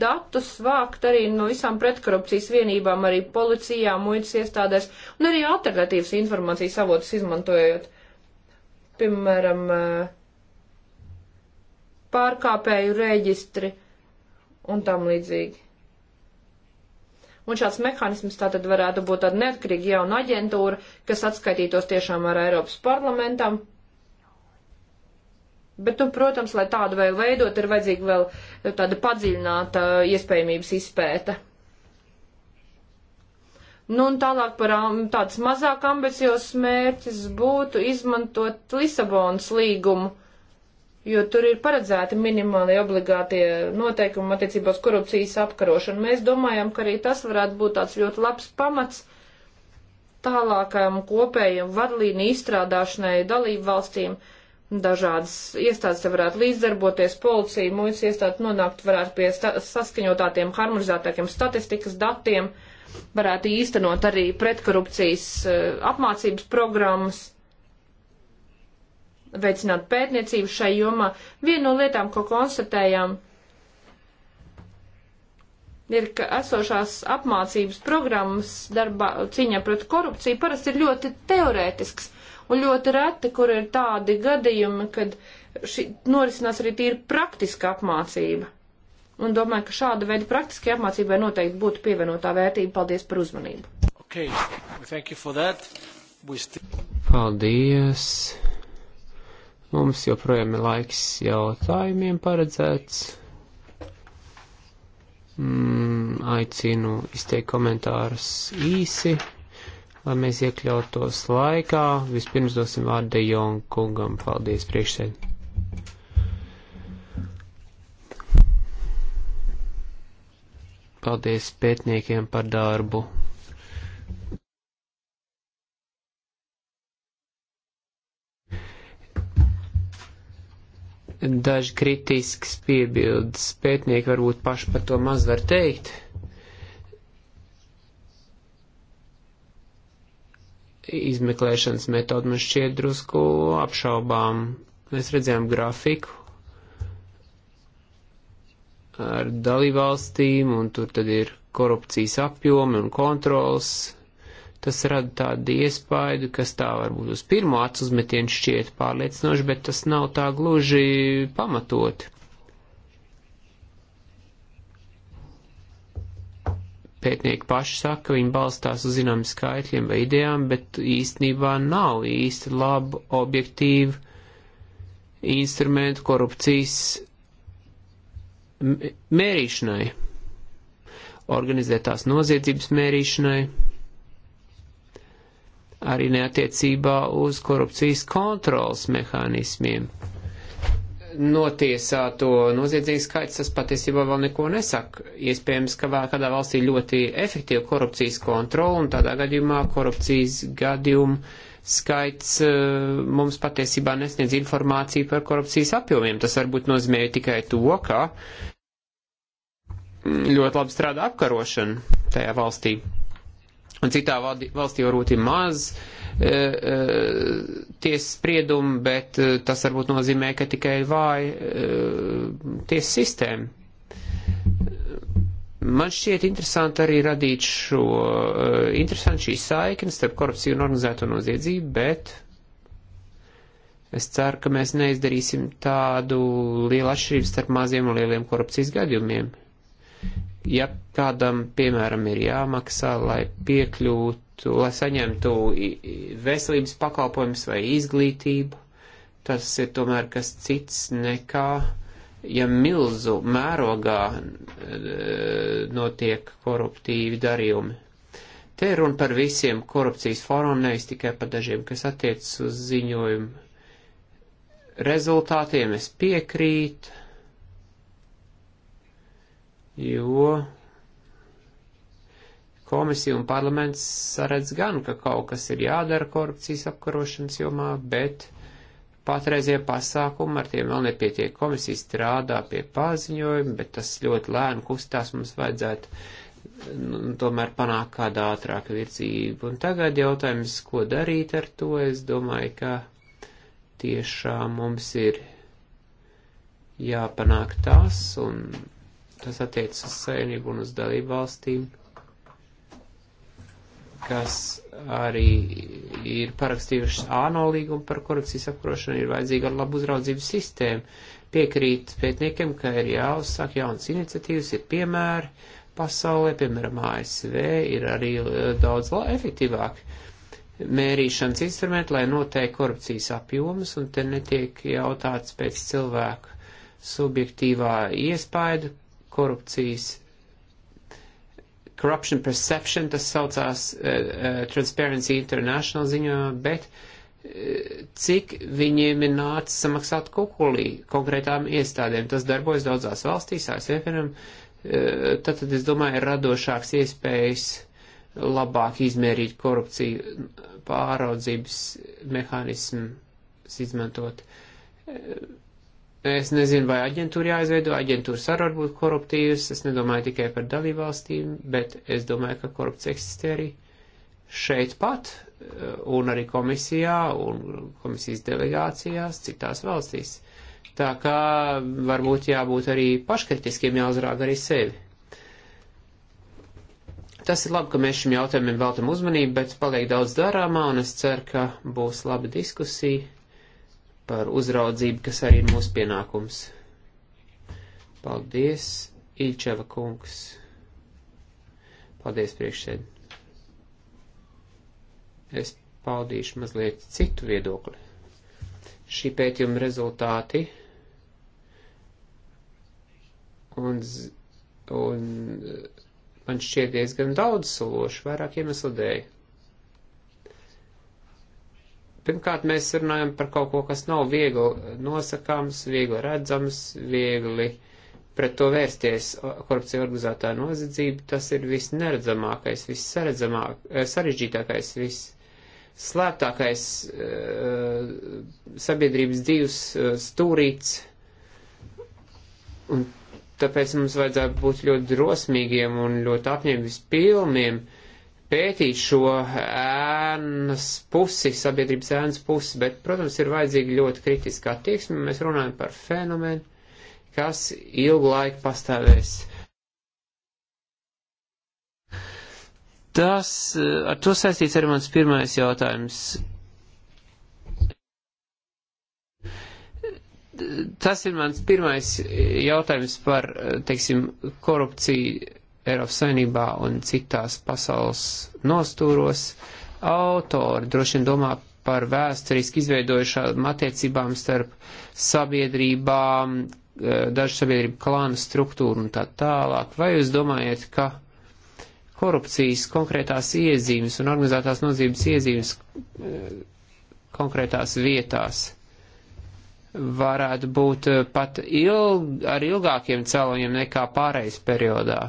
datus vākt arī no visām pretkorupcijas vienībām, arī policijā, muitas iestādēs un arī alternatīvas informācijas avotus izmantojot. Piemēram, uh, pārkāpēju reģistri un tam līdzīgi. Un šāds mehānisms tātad varētu būt tāda neatkarīga jauna aģentūra, kas atskaitītos tiešām ar Eiropas parlamentam. Bet, nu, protams, lai tādu vēl veidot, ir vajadzīga vēl tāda padziļināta iespējamības izpēta. Nu, un tālāk par um, tādas mazāk ambiciozas mērķis būtu izmantot Lisabonas līgumu jo tur ir paredzēti minimāli obligātie noteikumi attiecībā uz korupcijas apkarošanu. Mēs domājam, ka arī tas varētu būt tāds ļoti labs pamats tālākajam kopējam vadlīniju izstrādāšanai dalību valstīm. Dažādas iestādes te varētu līdzdarboties, policija, muļas iestādes nonākt varētu pie saskaņotātiem, harmonizētākiem statistikas datiem, varētu īstenot arī pretkorupcijas uh, apmācības programmas veicināt pētniecību šai jomā. Viena no lietām, ko konstatējām, ir, ka esošās apmācības programmas darbā cīņā pret korupciju parasti ir ļoti teorētisks un ļoti reti, kur ir tādi gadījumi, kad šī norisinās arī tīri praktiska apmācība. Un domāju, ka šāda veida praktiskajai apmācībai noteikti būtu pievienotā vērtība. Paldies par uzmanību. Okay. Paldies. Mums joprojām ir laiks jautājumiem paredzēts. Mm, aicinu izteikt komentārus īsi, lai mēs iekļautos laikā. Vispirms dosim vārdu Jonga kungam. Paldies priekšsēdētājiem! paldies pētniekiem par darbu. daži kritisks piebildes. Pētnieki varbūt paši par to maz var teikt. Izmeklēšanas metoda man šķiet drusku apšaubām. Mēs redzējām grafiku ar dalībvalstīm, un tur tad ir korupcijas apjomi un kontrols Tas rada tādu iespaidu, kas tā varbūt uz pirmo acu uzmetienu šķiet pārliecinoši, bet tas nav tā gluži pamatoti. Pētnieki paši saka, ka viņi balstās uz zināmiem skaitļiem vai idejām, bet īstenībā nav īsti labu objektīvu instrumentu korupcijas mērīšanai, organizētās noziedzības mērīšanai arī neatiecībā uz korupcijas kontrols mehānismiem. Notiesāto noziedzīgu skaits tas patiesībā vēl neko nesaka. Iespējams, ka vēl kādā valstī ļoti efektīva korupcijas kontrola un tādā gadījumā korupcijas gadījumu skaits eh, mums patiesībā nesniedz informāciju par korupcijas apjomiem. Tas varbūt nozīmē tikai to, ka ļoti labi strādā apkarošana tajā valstī un citā valstī varbūt ir maz e, e, tiesas spriedumu, bet e, tas varbūt nozīmē, ka tikai ir vāja e, tiesas sistēma. Man šķiet interesanti arī radīt šo, e, interesanti šī saikne starp korupciju un organizēto noziedzību, bet es ceru, ka mēs neizdarīsim tādu lielu atšķirību starp maziem un lieliem korupcijas gadījumiem ja kādam, piemēram, ir jāmaksā, lai piekļūtu, lai saņemtu veselības pakalpojumus vai izglītību, tas ir tomēr kas cits nekā, ja milzu mērogā eh, notiek koruptīvi darījumi. Te ir runa par visiem korupcijas formām, nevis tikai par dažiem, kas attiecas uz ziņojumu rezultātiem. Es piekrītu jo komisija un parlaments saredz gan, ka kaut kas ir jādara korupcijas apkarošanas jomā, bet patreizie pasākumi ar tiem vēl nepietiek. Komisija strādā pie paziņojuma, bet tas ļoti lēni kustās mums vajadzētu nu, tomēr panākt kādu ātrāku virzību. Un tagad jautājums, ko darīt ar to, es domāju, ka tiešām mums ir jāpanāk tas, un Tas attiec uz savienību un uz dalību valstīm, kas arī ir parakstījušas āno līgumu par korupcijas apkarošanu, ir vajadzīga ar labu uzraudzības sistēmu. Piekrīt pētniekiem, ka ir jāuzsāk jaunas iniciatīvas, ir piemēri pasaulē, piemēram, ASV, ir arī eh, daudz efektīvāk mērīšanas instrumenti, lai noteikti korupcijas apjomus, un te netiek jautāts pēc cilvēku subjektīvā iespaidu, korupcijas. Corruption Perception, tas saucās uh, Transparency International ziņā, bet uh, cik viņiem ir nācis samaksāt kukulī konkrētām iestādēm. Tas darbojas daudzās valstīs, ASV, piemēram, uh, tad, tad es domāju, ir radošāks iespējas labāk izmērīt korupciju, pāraudzības mehānismus izmantot. Uh, Es nezinu, vai aģentūra jāizveido, aģentūras arī var būt koruptīvas, es nedomāju tikai par dalībvalstīm, bet es domāju, ka korupcija eksistē arī šeit pat, un arī komisijā, un komisijas delegācijās citās valstīs. Tā kā varbūt jābūt arī paškritiskiem, jāuzrāda arī sevi. Tas ir labi, ka mēs šim jautājumam veltam uzmanību, bet paliek daudz darāmā, un es ceru, ka būs laba diskusija par uzraudzību, kas arī ir mūsu pienākums. Paldies, Ilčeva kungs. Paldies, priekšsēd. Es paudīšu mazliet citu viedokli. Šī pētījuma rezultāti un, un eh, man šķiet diezgan daudz sološi, vairāk iemeslu dēļ. Pirmkārt, mēs runājam par kaut ko, kas nav viegli nosakāms, viegli redzams, viegli pret to vērsties korupcija organizētā nozadzība. Tas ir viss neredzamākais, viss eh, sarežģītākais, viss slēptākais eh, sabiedrības dzīves eh, stūrīts. Un tāpēc mums vajadzētu būt ļoti drosmīgiem un ļoti apņēmības pilniem pētīt šo ēnas pusi, sabiedrības ēnas pusi, bet, protams, ir vajadzīga ļoti kritiska attieksme. Mēs runājam par fenomenu, kas ilgu laiku pastāvēs. Tas, ar to saistīts arī mans pirmais jautājums. Tas ir mans pirmais jautājums par, teiksim, korupciju Eiropas Savienībā un citās pasaules nostūros, autori droši vien domā par vēsturiski izveidojušām attiecībām starp sabiedrībām, eh, dažu sabiedrību klānu struktūru un tā tālāk. Vai jūs domājat, ka korupcijas konkrētās iezīmes un organizētās nozības iezīmes eh, konkrētās vietās varētu būt pat ilg, ar ilgākiem cēloņiem nekā pārējais periodā?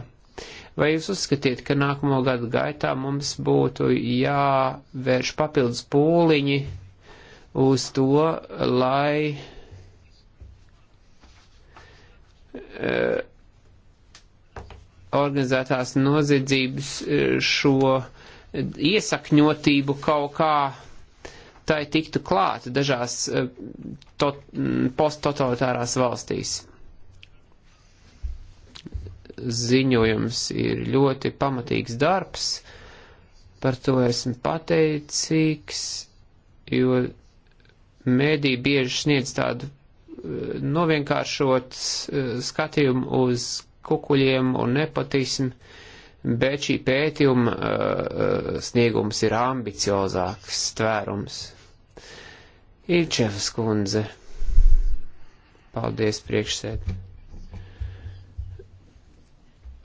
Vai jūs uzskatiet, ka nākamo gadu gaitā mums būtu jāvērš papildus pūliņi uz to, lai e, organizētās noziedzības e, šo iesakņotību kaut kā tai tiktu klāta dažās e, to, posttotalitārās valstīs ziņojums ir ļoti pamatīgs darbs, par to esmu pateicīgs, jo mēdī bieži sniedz tādu eh, novienkāršot eh, skatījumu uz kukuļiem un nepatīsmu, bet šī pētījuma eh, sniegums ir ambiciozāks tvērums. Ilčevas kundze. Paldies priekšsēdētājai.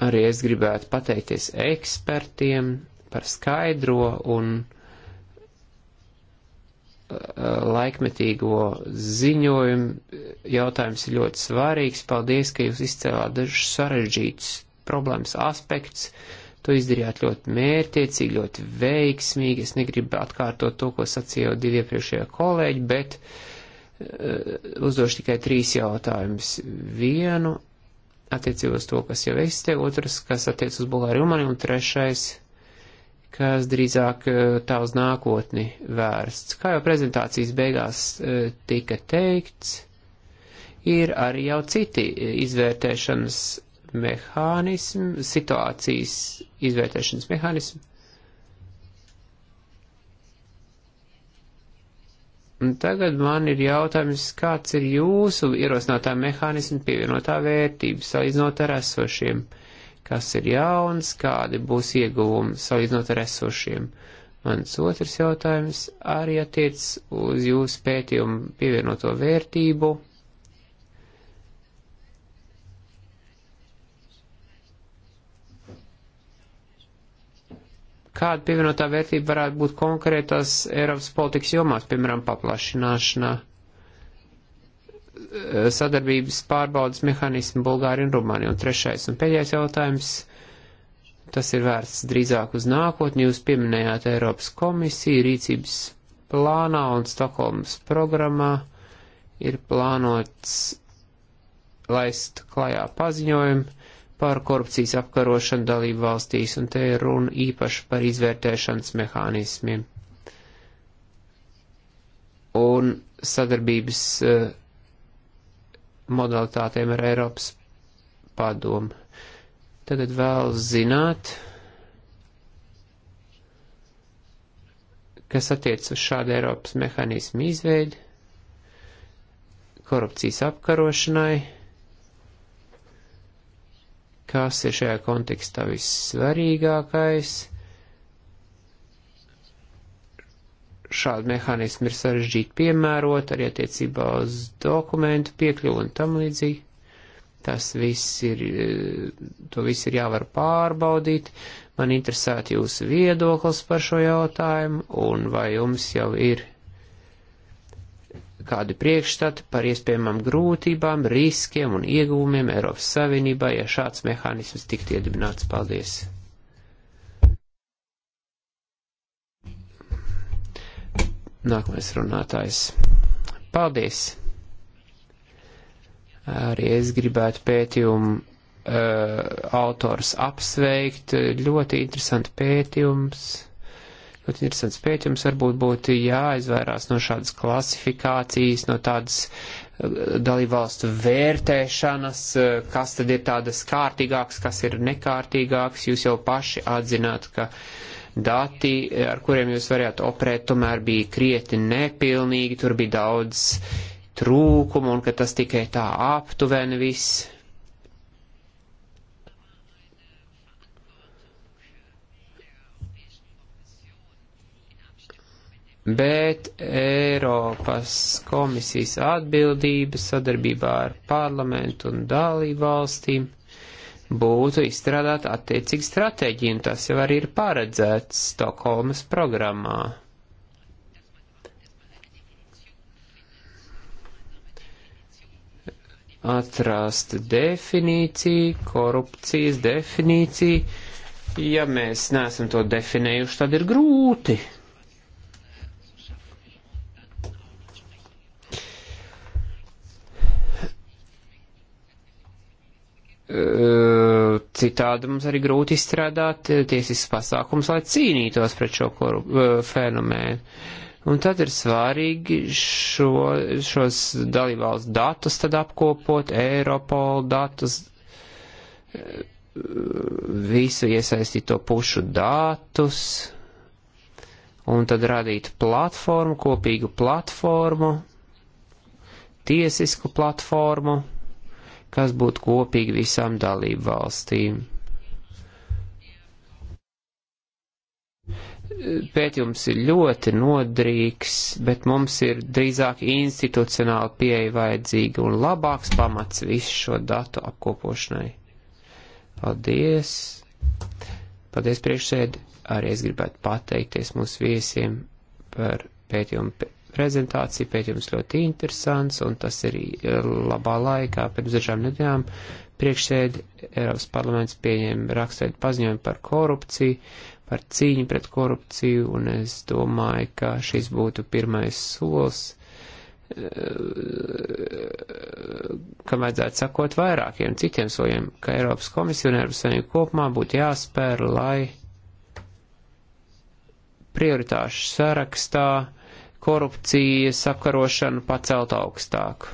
Arī es gribētu pateikties ekspertiem par skaidro un uh, laikmetīgo ziņojumu. Jautājums ir ļoti svarīgs. Paldies, ka jūs izcēlāt dažus sarežģītus problēmas aspektus. To izdarījāt ļoti mērtiecīgi, ļoti veiksmīgi. Es negribu atkārtot to, ko sacīja jau divi iepriekšējie kolēģi, bet uh, uzdošu tikai trīs jautājumus. Vienu attiecībā uz to, kas jau eksistē, otrs, kas attiec uz Bulgāriju un mani, un trešais, kas drīzāk e, tā uz nākotni vērsts. Kā jau prezentācijas beigās e, tika teikts, ir arī jau citi e, izvērtēšanas mehānismi, situācijas izvērtēšanas mehānismi, Un tagad man ir jautājums, kāds ir jūsu ierosinātā mehānisma pievienotā vērtība salīdzinot ar esošiem? Kas ir jauns, kādi būs ieguvumi salīdzinot ar esošiem? Mans otrs jautājums arī attiec uz jūsu pētījumu pievienoto vērtību kāda pievienotā vērtība varētu būt konkrētās Eiropas politikas jomās, piemēram, paplašināšanā e, sadarbības pārbaudas mehānismu Bulgāriju un Rumāniju. Un trešais un pēdējais jautājums, tas ir vērsts drīzāk uz nākotni, jūs pieminējāt Eiropas komisiju rīcības plānā un Stokholmas programmā ir plānots laist klajā paziņojumu par korupcijas apkarošanu dalību valstīs, un te ir runa īpaši par izvērtēšanas mehānismiem un sadarbības uh, modalitātēm ar Eiropas padomu. Tagad vēl zināt, kas attiec uz šādu Eiropas mehānismu izveidi, korupcijas apkarošanai kas ir šajā kontekstā vissvarīgākais. Šādu mehānismu ir sarežģīti piemērot arī attiecībā uz dokumentu piekļuvu un tam līdzīgi. Tas viss ir, to viss ir jāvar pārbaudīt. Man interesētu jūsu viedoklis par šo jautājumu un vai jums jau ir kādu priekšstatu par iespējamām grūtībām, riskiem un iegūmiem Eiropas Savienībā, ja šāds mehānisms tiktu iedibināts. Paldies! Nākamais runātājs. Paldies! Arī es gribētu pētījumu uh, autors apsveikt. Ļoti interesanti pētījums ļoti interesants pētījums, varbūt būtu jāizvairās no šādas klasifikācijas, no tādas eh, dalībvalstu vērtēšanas, eh, kas tad ir tādas kārtīgākas, kas ir nekārtīgākas. Jūs jau paši atzināt, ka dati, eh, ar kuriem jūs varējāt operēt, tomēr bija krietni nepilnīgi, tur bija daudz trūkumu un ka tas tikai tā aptuveni viss bet Eiropas komisijas atbildība sadarbībā ar parlamentu un dalību valstīm būtu izstrādāt attiecīgi stratēģiju, un tas jau arī ir paredzēts Stokholmas programmā. Atrast definīciju, korupcijas definīciju. Ja mēs neesam to definējuši, tad ir grūti Eh, citādi mums arī grūti izstrādāt eh, tiesisks pasākums, lai cīnītos pret šo koru, eh, fenomēnu. Un tad ir svarīgi šo, šos dalībvalsts datus tad apkopot, Eiropol datus, visu iesaistīto pušu datus, un tad radīt platformu, kopīgu platformu, tiesisku platformu kas būtu kopīgi visām dalību valstīm. Pētījums ir ļoti nodrīgs, bet mums ir drīzāk institucionāla pieeja vajadzīga un labāks pamats visu šo datu apkopošanai. Paldies! Paldies priekšsēdi! Arī es gribētu pateikties mūsu viesiem par pētījumu prezentācija, pētījums ļoti interesants, un tas ir e, labā laikā. Pirms dažām nedēļām priekšsēdi Eiropas parlaments pieņēma rakstēt paziņojumu par korupciju, par cīņu pret korupciju, un es domāju, ka šis būtu pirmais solis, e, kam vajadzētu sakot vairākiem citiem soļiem, ka Eiropas komisija un Eiropas Savienība kopumā būtu jāspēr, lai prioritāšu sarakstā uh, korupcijas apkarošanu pacelt augstāk.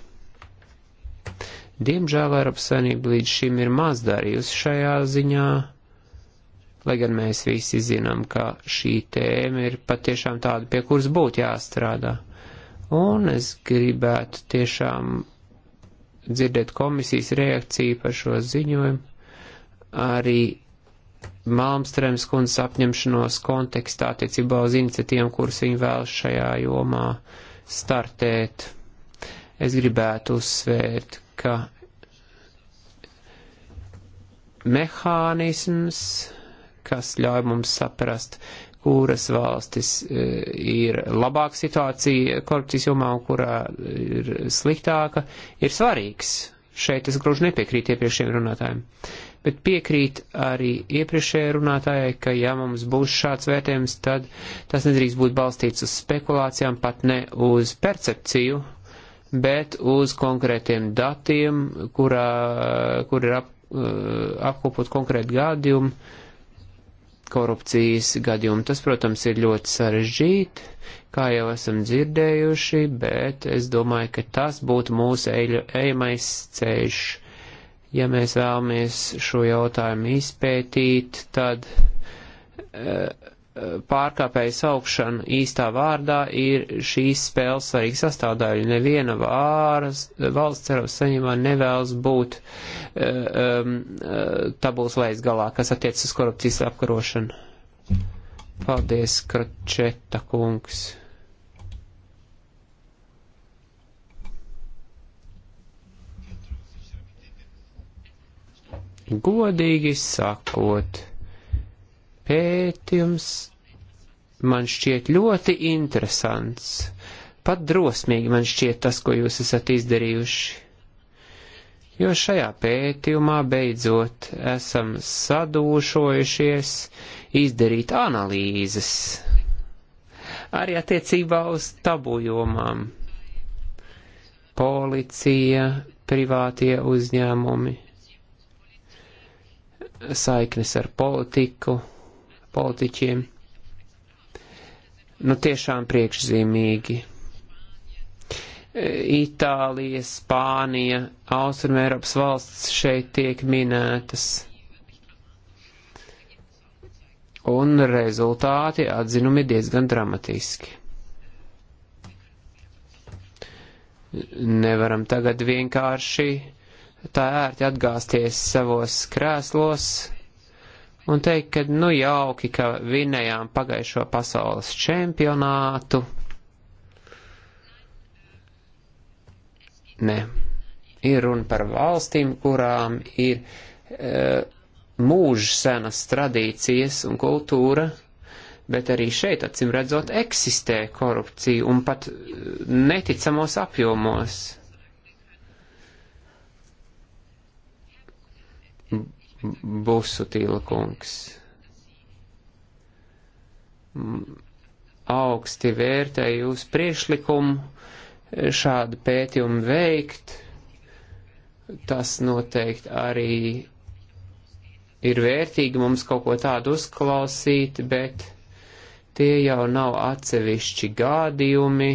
Diemžēl Eiropas Savienība līdz šim ir maz darījusi šajā ziņā, lai gan mēs visi zinām, ka šī tēma ir patiešām tāda, pie kuras būtu jāstrādā. Un es gribētu tiešām dzirdēt komisijas reakciju par šo ziņojumu, arī Malmstrēms kundzes apņemšanos kontekstā attiecībā uz iniciatīvām, kuras viņi vēl šajā jomā startēt. Es gribētu uzsvērt, ka mehānisms, kas ļauj mums saprast, kuras valstis e, ir labāka situācija korupcijas jomā un kurā ir sliktāka, ir svarīgs. Šeit es gluži nepiekrītu iepriekšējiem runātājiem. Uh, bet piekrīt arī iepriekšējai runātājai, ka ja mums būs šāds vērtējums, tad tas nedrīkst būt balstīts uz spekulācijām, pat ne uz percepciju, bet uz konkrētiem datiem, kurā, kur ir ap, eh, apkopot konkrēti gadījumi, korupcijas gadījumi. Tas, protams, ir ļoti sarežģīti, kā jau esam dzirdējuši, bet es domāju, ka tas būtu mūsu ejamais ceļš Ja mēs vēlamies šo jautājumu izpētīt, tad eh, pārkāpēja saukšana īstā vārdā ir šīs spēles svarīga sastāvdaļa. Neviena vāras, valsts ceros saņemā nevēlas būt eh, um, eh, tabulas lejas galā, kas attiecas uz korupcijas apkarošanu. Paldies, Kročeta kungs. Godīgi sakot, pētījums man šķiet ļoti interesants. Pat drosmīgi man šķiet tas, ko jūs esat izdarījuši. Jo šajā pētījumā beidzot esam sadūšojušies izdarīt analīzes arī attiecībā uz tabujomām. Policija, privātie uzņēmumi saiknes ar politiku, politiķiem. Nu, tiešām priekšzīmīgi. Itālija, Spānija, Austrum Eiropas valsts šeit tiek minētas. Un rezultāti atzinumi diezgan dramatiski. Nevaram tagad vienkārši tā ērti atgāzties savos krēslos un teikt, ka nu jauki, ka vinējām pagājušo pasaules čempionātu. Nē, ir runa par valstīm, kurām ir e, mūžsenas tradīcijas un kultūra, bet arī šeit, acīm redzot, eksistē korupcija un pat neticamos apjomos. Busutīla kungs. Augsti vērtēju jūs priešlikumu šādu pētījumu veikt. Tas noteikti arī ir vērtīgi mums kaut ko tādu uzklausīt, bet tie jau nav atsevišķi gādījumi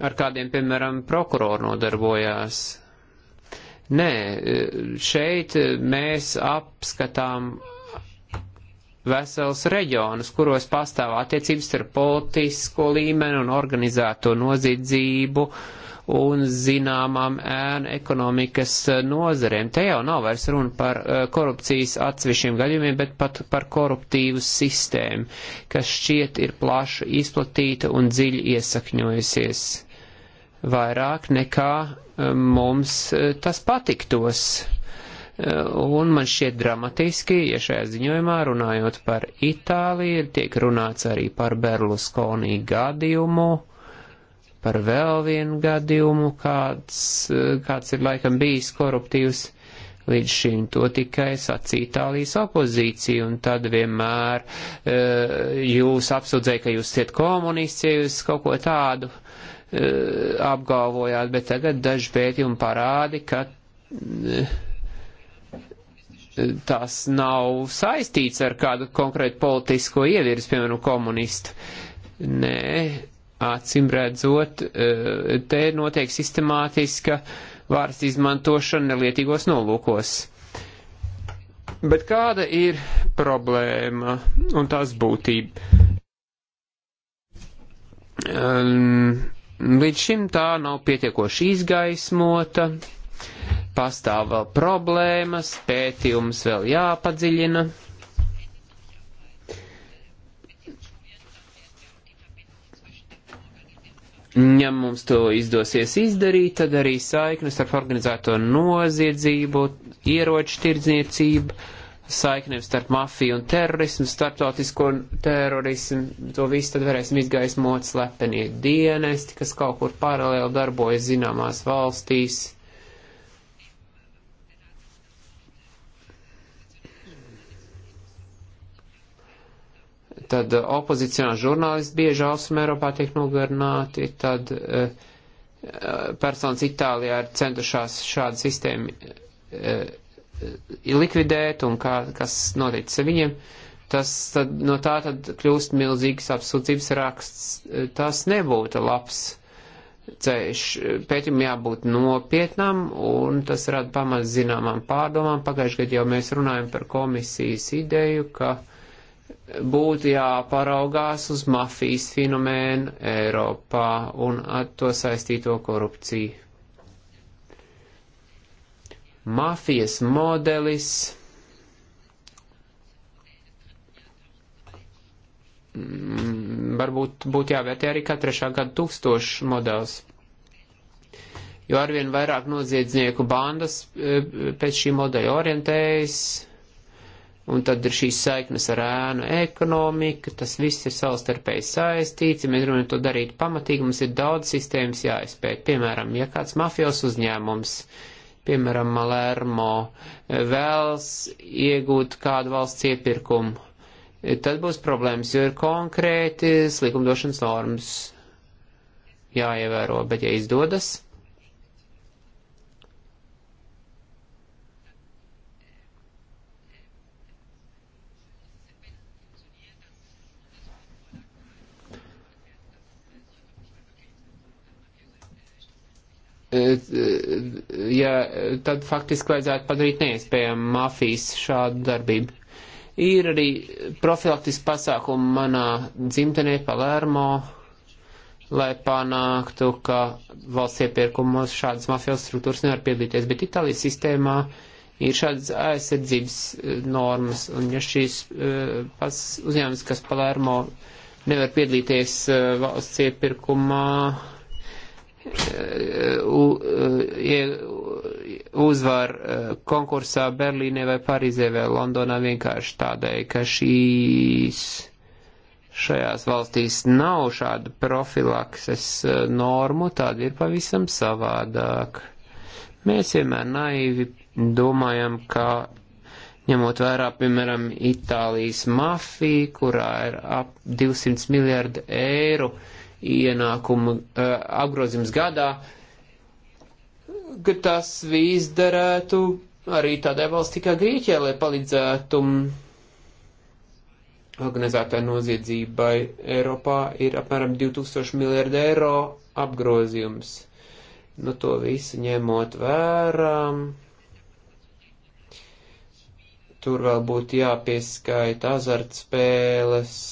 ar kādiem, piemēram, prokurori nodarbojās. Nē, šeit mēs apskatām vesels reģionus, kuros pastāv attiecības ar politisko līmeni un organizēto noziedzību un zināmām ēnu ekonomikas nozarēm. Te jau nav vairs runa par eh, korupcijas atsevišķiem gadījumiem, bet pat par koruptīvu sistēmu, kas šķiet ir plaši izplatīta un dziļi iesakņojusies vairāk nekā eh, mums eh, tas patiktos. Eh, un man šķiet dramatiski, ja šajā ziņojumā runājot par Itāliju, tiek runāts arī par Berluskonī gadījumu, par vēl vienu gadījumu, kāds, kāds ir laikam bijis koruptīvs. Līdz šim to tikai sacīja Itālijas opozīcija, un tad vienmēr e, jūs apsūdzēja, ka jūs esat komunists, ja jūs kaut ko tādu. E, Eh, apgalvojāt, bet tagad daži pētījumi parādi, ka eh, tas nav saistīts ar kādu konkrētu politisko ievirs, piemēram, komunistu. Nē, acīm redzot, eh, te notiek sistemātiska vārds izmantošana nelietīgos nolūkos. Bet kāda ir problēma un tās būtība? Um, Līdz šim tā nav pietiekoši izgaismota, pastāv vēl problēmas, pētījums vēl jāpadziļina. Ja mums to izdosies izdarīt, tad arī saiknes ar organizēto noziedzību, ieroču tirdzniecību saiknēm starp mafiju un terorismu, starptautisko un terorismu, to visu tad varēsim izgaismot slepenie dienesti, kas kaut kur paralēli darbojas zināmās valstīs. Tad eh, opozicionāli žurnālisti bieži Austrum Eiropā tiek nogarnāti, tad eh, eh, personas Itālijā ir centušās šādu sistēmu likvidēt un kā, kas noticis ar viņiem, tas tad, no tā tad kļūst milzīgs apsūdzības raksts. Tas nebūtu labs ceļš. Pētījumam jābūt nopietnam un tas rada pamat zināmām pārdomām. Pagājušajā gadā jau mēs runājam par komisijas ideju, ka būtu jāparaugās uz mafijas fenomēnu Eiropā un ar to saistīto korupciju mafijas modelis. Mm, varbūt būtu jāvērtē arī kā trešā gada tūkstošs modelis jo arvien vairāk noziedznieku bandas e, pēc šī modeļa orientējas, un tad ir šīs saiknes ar ēnu ekonomiku, tas viss ir savstarpēji saistīts, ja mēs runājam to darīt pamatīgi, mums ir daudz sistēmas jāizpēt. Piemēram, ja kāds mafijos uzņēmums uh, piemēram, Malermo, e, vēlas iegūt kādu valsts iepirkumu, e, tad būs problēmas, jo ir konkrēti likumdošanas normas jāievēro, bet ja izdodas, Eh, ja, tad faktiski vajadzētu padarīt neiespējamu mafijas šādu darbību. Ir arī profilaktiski pasākumi manā dzimtenē Palermo, lai panāktu, ka valsts iepirkumos šādas mafijas struktūras nevar piedalīties, bet Itālijas sistēmā ir šādas aizsardzības eh, normas, un ja šīs uh, uzņēmums, kas Palermo nevar piedalīties uh, valsts iepirkumā, Eh, eh, uzvar eh, konkursā Berlīnē vai Parīzē vai Londonā vienkārši tādēļ, ka šīs šajās valstīs nav šādu profilakses normu, tāda ir pavisam savādāk. Mēs vienmēr naivi domājam, ka ņemot vērā, piemēram, Itālijas mafiju, kurā ir ap 200 miljārdu eiro, uh, ienākumu eh, apgrozījums gadā, ka tas viss derētu arī tādai valstī kā Grieķijai, lai palīdzētu mm, organizētāju noziedzībai. Eiropā ir apmēram 2000 miljardi eiro apgrozījums. Nu, to visu ņemot vērā, tur vēl būtu jāpieskaita azartspēles. spēles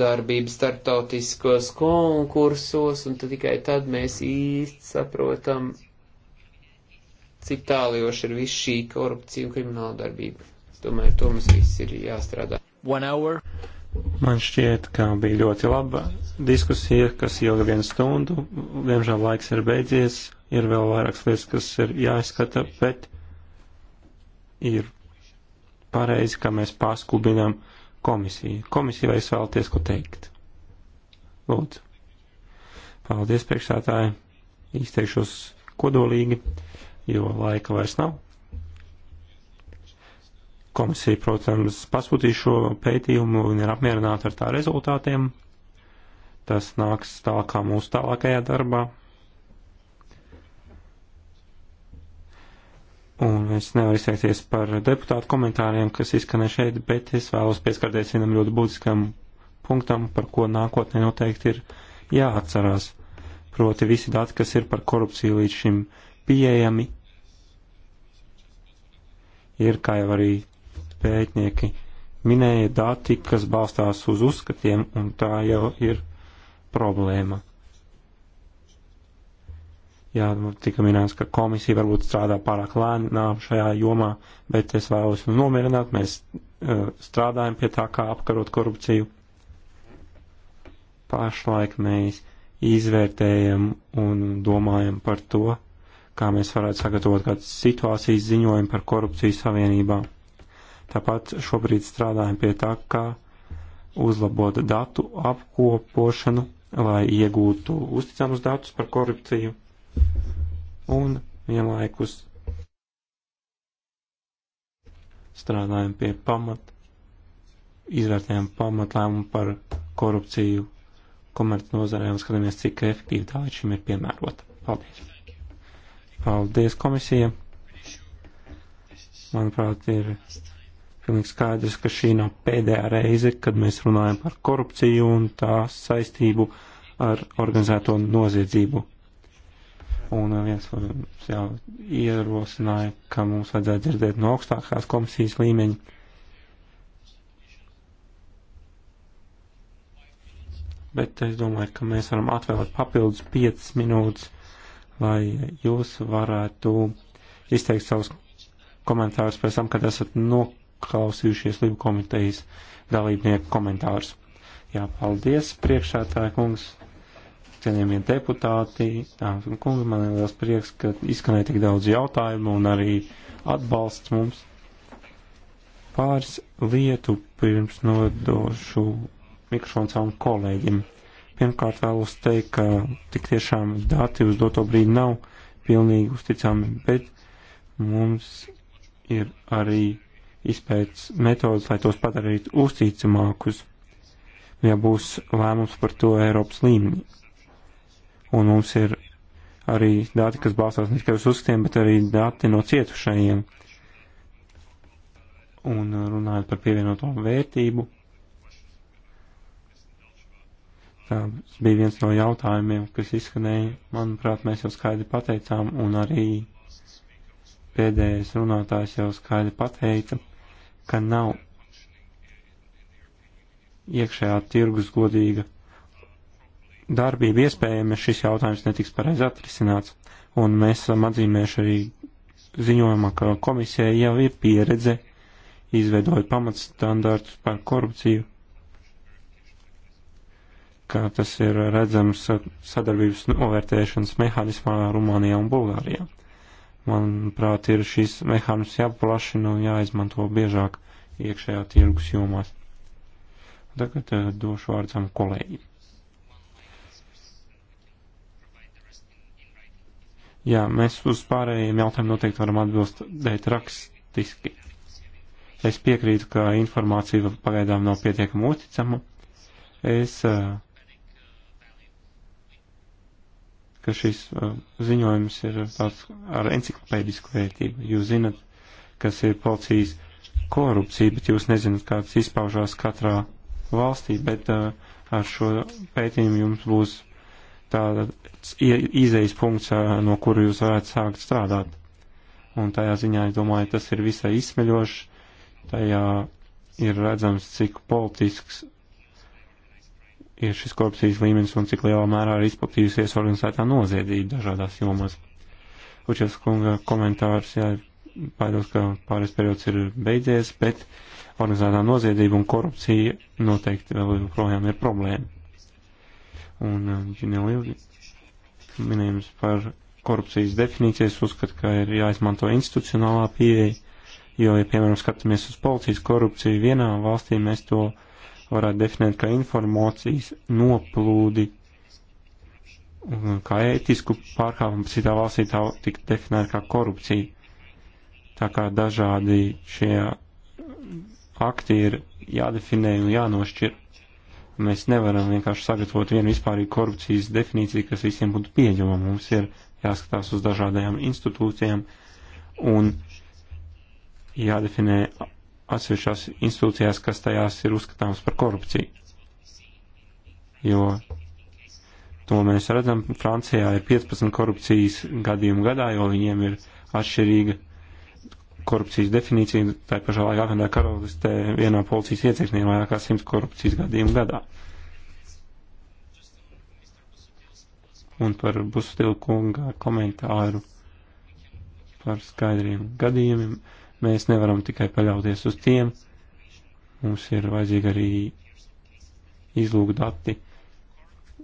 darbību starptautiskos konkursos, un tad tikai tad mēs īsti saprotam, cik tālijoši ir viss šī korupcija un krimināla darbība. Es domāju, ar to mums viss ir jāstrādā. Man šķiet, ka bija ļoti laba diskusija, kas ilga vienu stundu. Diemžēl laiks ir beidzies, ir vēl vairākas lietas, kas ir jāizskata, bet ir pareizi, ka mēs pārskubinām uh, komisiju. Komisija vai es vēlaties ko teikt? Lūdzu. Paldies, priekšsētāji. Izteikšos kodolīgi, jo laika vairs nav. Komisija, protams, pasūtīja šo pētījumu un ir apmierināta ar tā rezultātiem. Tas nāks tālāk mūsu tālākajā darbā. un es nevaru izteikties par deputātu komentāriem, kas izskanē šeit, bet es vēlos pieskarties vienam ļoti būtiskam punktam, par ko nākotnē noteikti ir jāatcerās. Proti visi dati, kas ir par korupciju līdz šim pieejami, ir, kā jau arī pētnieki minēja, dati, kas balstās uz uzskatiem, un tā jau ir problēma. Jā, nu, tika minēts, ka komisija varbūt strādā pārāk lēnām šajā jomā, bet es vēlos nu nomierināt, mēs uh, strādājam pie tā, kā apkarot korupciju. Pašlaik mēs izvērtējam un domājam par to, kā mēs varētu sagatavot kādu situācijas ziņojumu par korupciju savienībā. Tāpat šobrīd strādājam pie tā, kā uzlabot datu apkopošanu, lai iegūtu uzticamus datus par korupciju un vienlaikus strādājam pie pamat, izvērtējam pamatlēmumu par korupciju komerc nozarē un skatāmies, cik efektīvi tā līdz šim ir piemērota. Paldies! Paldies komisija! Manuprāt, ir pilnīgi skaidrs, ka šī nav pēdējā reize, kad mēs runājam par korupciju un tā saistību ar organizēto noziedzību. Un viens jau ierosināja, ka mums vajadzētu dzirdēt no augstākās komisijas līmeņa. Bet es domāju, ka mēs varam atvēlēt papildus 5 minūtes, lai jūs varētu izteikt savus komentārus pēc tam, kad esat noklausījušies Libu komitejas dalībnieku komentārus. Jā, paldies, priekšētāja kungs cienījamie deputāti, kungi, man ir liels prieks, ka izskanēja tik daudz jautājumu un arī atbalsts mums. Pāris lietu pirms nodošu mikrofonu savam kolēģim. Pirmkārt vēlos teikt, ka tik tiešām dati uz doto brīdi nav pilnīgi uzticami, bet mums ir arī izpētes metodas, lai tos padarītu uzticamākus, ja būs lēmums par to Eiropas līmenī un mums ir arī dati, kas balstās ne tikai uz uzskatiem, bet arī dati no cietušajiem. Un uh, runājot par pievienoto vērtību, tas bija viens no jautājumiem, kas izskanēja. Manuprāt, mēs jau skaidri pateicām, un arī pēdējais runātājs jau skaidri pateica, ka nav iekšējā tirgus godīga darbība iespējama, šis jautājums netiks pareizi atrisināts. Un mēs esam atzīmējuši arī ziņojumā, ka komisijai jau ir pieredze izveidot pamatstandārtus par korupciju, ka tas ir redzams sadarbības novērtēšanas mehānismā Rumānijā un Bulgārijā. Manuprāt, ir šis mehānisms jāplašina un jāizmanto biežāk iekšējā tirgus jomās. Tagad eh, došu vārdu savam kolēģim. Jā, mēs uz pārējiem jautājumiem noteikti varam atbildēt rakstiski. Es piekrītu, ka informācija pagaidām nav pietiekama uzticama. Es, eh, ka šis eh, ziņojums ir tāds ar enciklopēdisku vērtību. Jūs zinat, kas ir policijas korupcija, bet jūs nezināt, kāds izpaužās katrā valstī, bet eh, ar šo pētījumu jums būs tāds izejas punkts, no kura jūs varētu sākt strādāt. Un tajā ziņā, es domāju, tas ir visai izsmeļoši. Tajā ir redzams, cik politisks ir šis korupcijas līmenis un cik lielā mērā ir izplatījusies organizētā noziedzība dažādās jomās. Učies kunga komentārs, jā, baidos, ka pāris periods ir beidzies, bet organizētā noziedzība un korupcija noteikti vēl joprojām ir problēma un Ģinelīvi uh, minējums par korupcijas definīcijas uzskat, ka ir jāizmanto institucionālā pieeja, jo, ja, piemēram, skatāmies uz policijas korupciju vienā valstī, mēs to varētu definēt kā informācijas noplūdi, uh, kā ētisku pārkāpumu, citā valstī tā tik definēta kā korupcija. Tā kā dažādi šie akti ir jādefinē un jānošķir. Mēs nevaram vienkārši sagatavot vienu vispārīgu korupcijas definīciju, kas visiem būtu pieņemama. Mums ir jāskatās uz dažādajām institūcijām un jādefinē atsevišķās institūcijās, kas tajās ir uzskatāms par korupciju. Jo to mēs redzam, Francijā ir 15 korupcijas gadījumu gadā, jo viņiem ir atšķirīga korupcijas definīciju, tā pašā laikā vienā karalistē vienā policijas iecirknī vairāk kā simts korupcijas gadījumu gadā. Un par Bustilu kunga komentāru par skaidriem gadījumiem mēs nevaram tikai paļauties uz tiem. Mums ir vajadzīgi arī izlūgdati.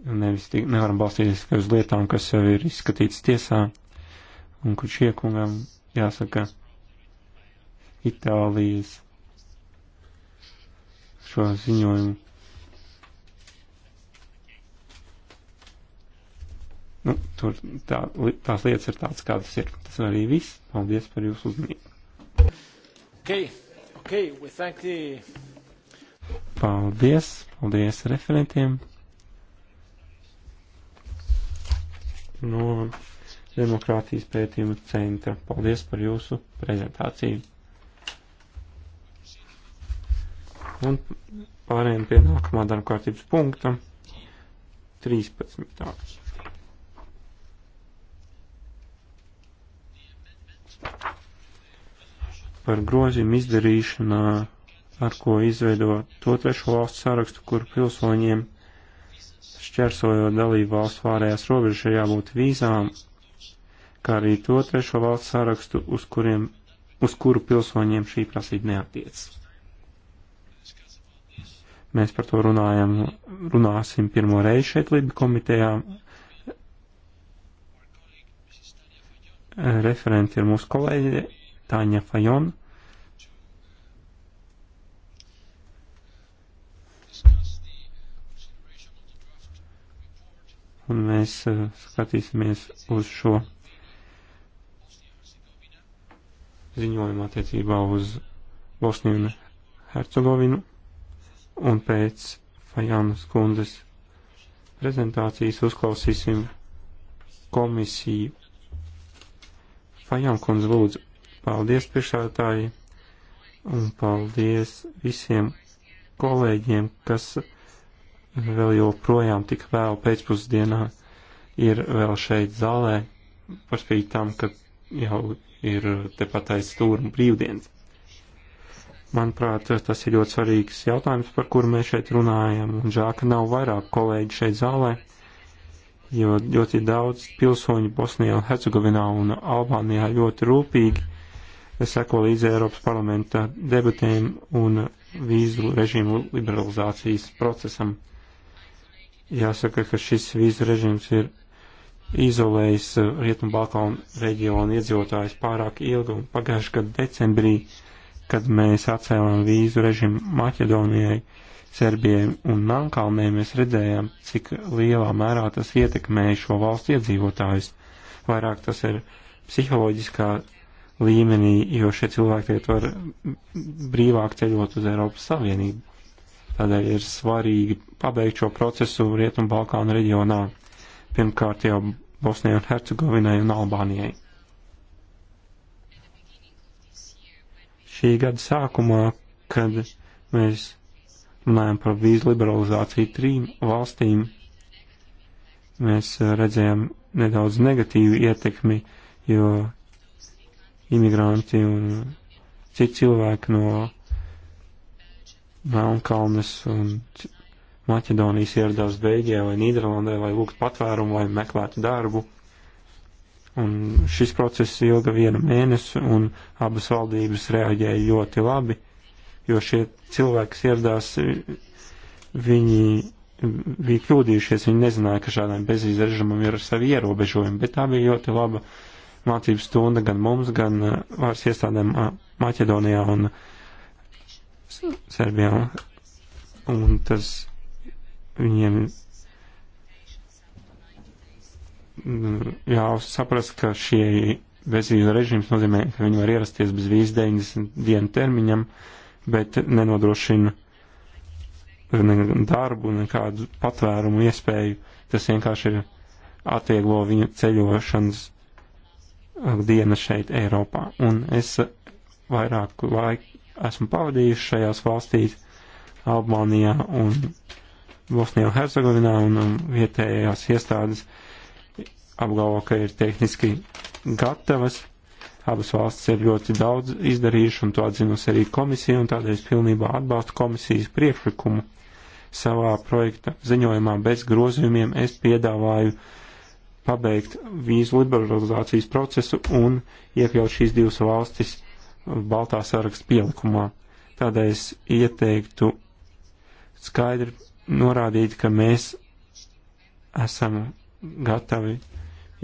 Nevis tik, nevaram balstīties tikai uz lietām, kas jau ir izskatītas tiesā. Un kur šiekungam jāsaka, ka Itālijas šo ziņojumu. Nu, tur tā, tās lietas ir tādas, kādas ir. Tas arī viss. Paldies par jūsu uzmanību. Okay. Okay. The... Paldies. Paldies referentiem. No Demokrātijas pētījuma centra. Paldies par jūsu prezentāciju. Un pārējiem pie nākamā darba kārtības punkta 13. Par grozījumu izdarīšanā, ar ko izveido to trešo valstu sarakstu, kur pilsoņiem šķērsojot dalību valstu pārējās robežas ir jābūt vīzām, kā arī to trešo valstu sarakstu, uz, kuriem, uz kuru pilsoņiem šī prasība neatiecas. Mēs par to runājam, runāsim pirmo reizi šeit Libi komitejā. Referenti ir mūsu kolēģi Tāņa Fajon. Un mēs uh, skatīsimies uz šo ziņojumu attiecībā uz Bosniju un Hercegovinu un pēc Fajanas kundzes prezentācijas uzklausīsim komisiju. Fajana kundze lūdzu, paldies priekšētāji un paldies visiem kolēģiem, kas vēl joprojām tik vēl pēcpusdienā ir vēl šeit zālē, par spīti tam, ka jau ir tepat aiz stūra brīvdienas. Manuprāt, tas ir ļoti svarīgs jautājums, par kuru mēs šeit runājam, un žēl, ka nav vairāk kolēģi šeit zālē, jo ļoti daudz pilsoņu Bosnijā un Hercegovinā un Albānijā ļoti rūpīgi seko līdzi Eiropas parlamenta debatēm un vīzu režīmu liberalizācijas procesam. Jāsaka, ka šis vīzu režīms ir izolējis Rietumbalkānu reģionu iedzīvotājus pārāk ilgi, un pagājušajā gadā decembrī kad mēs atcēlām vīzu režimu Maķedonijai, Serbijai un Melnkalnē, mēs redzējām, cik lielā mērā tas ietekmēja šo valstu iedzīvotājus. Vairāk tas ir psiholoģiskā līmenī, jo šie cilvēki tagad var brīvāk ceļot uz Eiropas Savienību. Tādēļ ir svarīgi pabeigt šo procesu Rietumu Balkānu reģionā, pirmkārt jau Bosnijai un Hercegovinai un Albānijai. šī gada sākumā, kad mēs runājam par vīzu liberalizāciju trim valstīm, mēs eh, redzējām nedaudz negatīvu ietekmi, jo imigranti un citi cilvēki no Melnkalnes un Maķedonijas ieradās Beļģijā vai Nīderlandē, lai lūgtu patvērumu, lai meklētu darbu. Un šis process ilga vienu mēnesi, un abas valdības reaģēja ļoti labi, jo šie cilvēki ieradās, viņi bija kļūdījušies, viņi nezināja, ka šādam bezvīzu režimam ir savi ierobežojumi, bet tā bija ļoti laba mācības stunda gan mums, gan uh, varas iestādēm uh, Maķedonijā un Serbijā. Un tas viņiem Mm, jāsaprast, ka šie bezvīzu režīms nozīmē, ka viņi var ierasties bez vīzes 90 dienu termiņam, bet nenodrošina ne darbu, nekādu patvērumu iespēju. Tas vienkārši ir atvieglo viņu ceļošanas diena šeit Eiropā. Un es vairāku laiku esmu pavadījis šajās valstīs, Albānijā un Bosnijā un Hercegovinā um, un vietējās iestādes apgalvo, ka ir tehniski gatavas. Abas valstis ir ļoti daudz izdarījuši un to atzinusi arī komisija, un tādēļ es pilnībā atbalstu komisijas priekšlikumu. Savā projekta ziņojumā bez grozījumiem es piedāvāju pabeigt vīzu liberalizācijas procesu un iekļaut šīs divas valstis Baltā saraksta pielikumā. Tādēļ es ieteiktu skaidri norādīt, ka mēs esam gatavi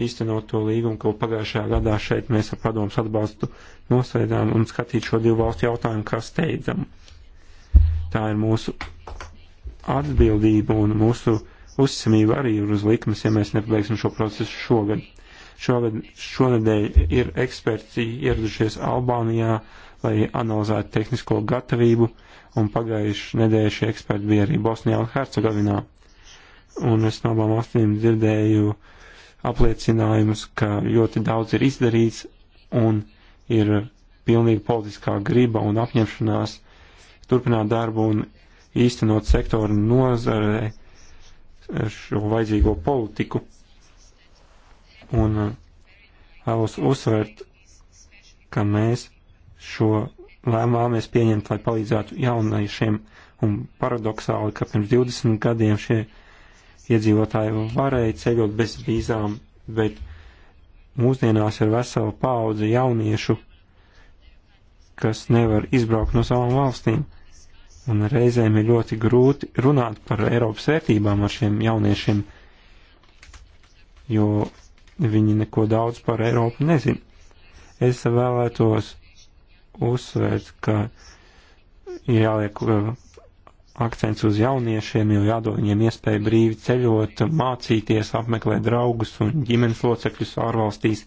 īstenot to līgumu, ko pagājušajā gadā šeit mēs ar padomus atbalstu nosveidām un skatīt šo divu valstu jautājumu, kā steidzam. Tā ir mūsu atbildība un mūsu uzticamība arī ir uz likmes, ja mēs nepabeigsim šo procesu šogad. Šogad, šonedēļ ir eksperti ieradušies Albānijā, lai analizētu tehnisko gatavību, un pagājuši nedēļa šie eksperti bija arī Bosnijā un Hercegovinā. Un es no abām valstīm dzirdēju uh, apliecinājumus, ka ļoti daudz ir izdarīts un ir pilnīgi politiskā griba un apņemšanās turpināt darbu un īstenot sektoru nozarē šo vajadzīgo politiku. Un uh, vēlos uzsvērt, ka mēs šo lēmumu vēlamies pieņemt, lai palīdzētu jauniešiem. Un paradoxāli, ka pirms 20 gadiem šie iedzīvotāji varēja ceļot bez vīzām, bet mūsdienās ir vesela paudze jauniešu, kas nevar izbraukt no savām valstīm. Un reizēm ir ļoti grūti runāt par Eiropas vērtībām ar šiem jauniešiem, jo viņi neko daudz par Eiropu nezin. Es vēlētos uzsvērt, ka ir jāliek akcents uz jauniešiem, jo jādod viņiem iespēju brīvi ceļot, mācīties, apmeklēt draugus un ģimenes locekļus ārvalstīs.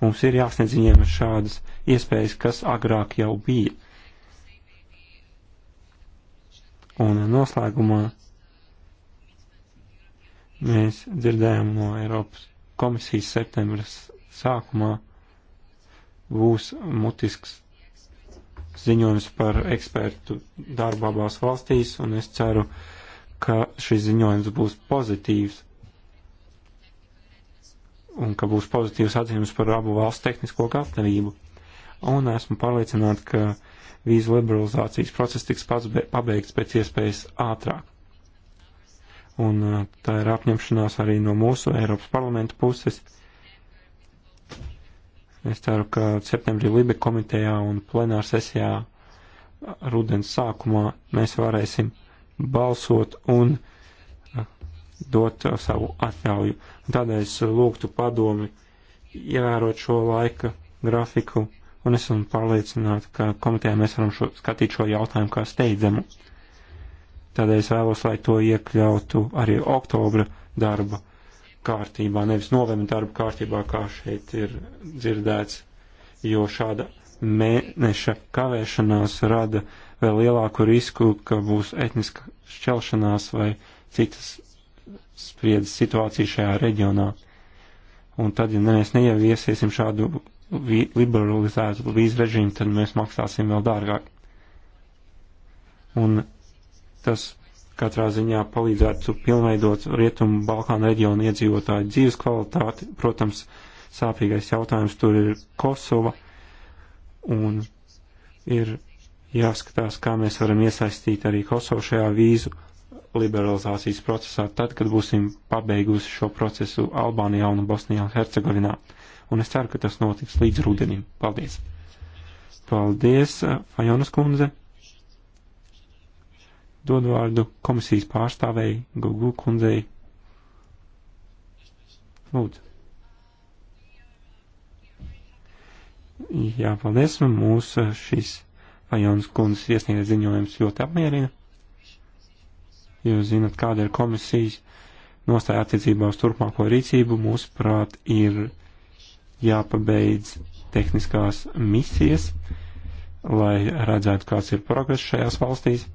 Mums ir jāsniedz viņiem šādas iespējas, kas agrāk jau bija. Un noslēgumā mēs dzirdējām no Eiropas komisijas septembras sākumā būs mutisks ziņojums par ekspertu darbu abās valstīs, un es ceru, ka šis ziņojums būs pozitīvs un ka būs pozitīvs atzīmes par abu valstu tehnisko gatavību. Un esmu pārliecināta, ka vīzu liberalizācijas process tiks pabeigts pēc iespējas ātrāk. Un uh, tā ir apņemšanās arī no mūsu Eiropas parlamenta puses. Uh, Es ceru, ka septembrī Libe komitejā un plenāra sesijā rudens sākumā mēs varēsim balsot un eh, dot savu atļauju. Tādēļ es lūgtu padomi ievērot šo laika grafiku, un es esmu pārliecināta, ka komitejā mēs varam šo, skatīt šo jautājumu kā steidzamu. Tādēļ es vēlos, lai to iekļautu arī oktobra darba kārtībā, nevis novembra darba kārtībā, kā šeit ir dzirdēts, jo šāda mēneša kavēšanās rada vēl lielāku risku, ka būs etniska šķelšanās vai citas spriedzes situācija šajā reģionā. Un tad, ja mēs neieviesiesim šādu liberalizētu vīzu režīmu, tad mēs maksāsim vēl dārgāk. Un tas katrā ziņā palīdzētu pilnveidot Rietumu Balkānu reģionu iedzīvotāju dzīves kvalitāti. Protams, sāpīgais jautājums tur ir Kosova un ir jāskatās, kā mēs varam iesaistīt arī Kosovu šajā vīzu liberalizācijas procesā, tad, kad būsim pabeigusi šo procesu Albānijā un Bosnijā un Hercegovinā. Un es ceru, ka tas notiks līdz rudenim. Paldies! Paldies, Fajonas kundze! Dod vārdu komisijas pārstāvēji Gugu kundzei. Lūdzu. Jā, paldies. Mūs šis Fajonas kundzes iesniegts ziņojums ļoti apmierina. Jūs zinat, kāda ir komisijas nostāja attiecībā uz turpmāko rīcību. Mūsuprāt, ir jāpabeidz tehniskās misijas, lai redzētu, kāds ir progress šajās valstīs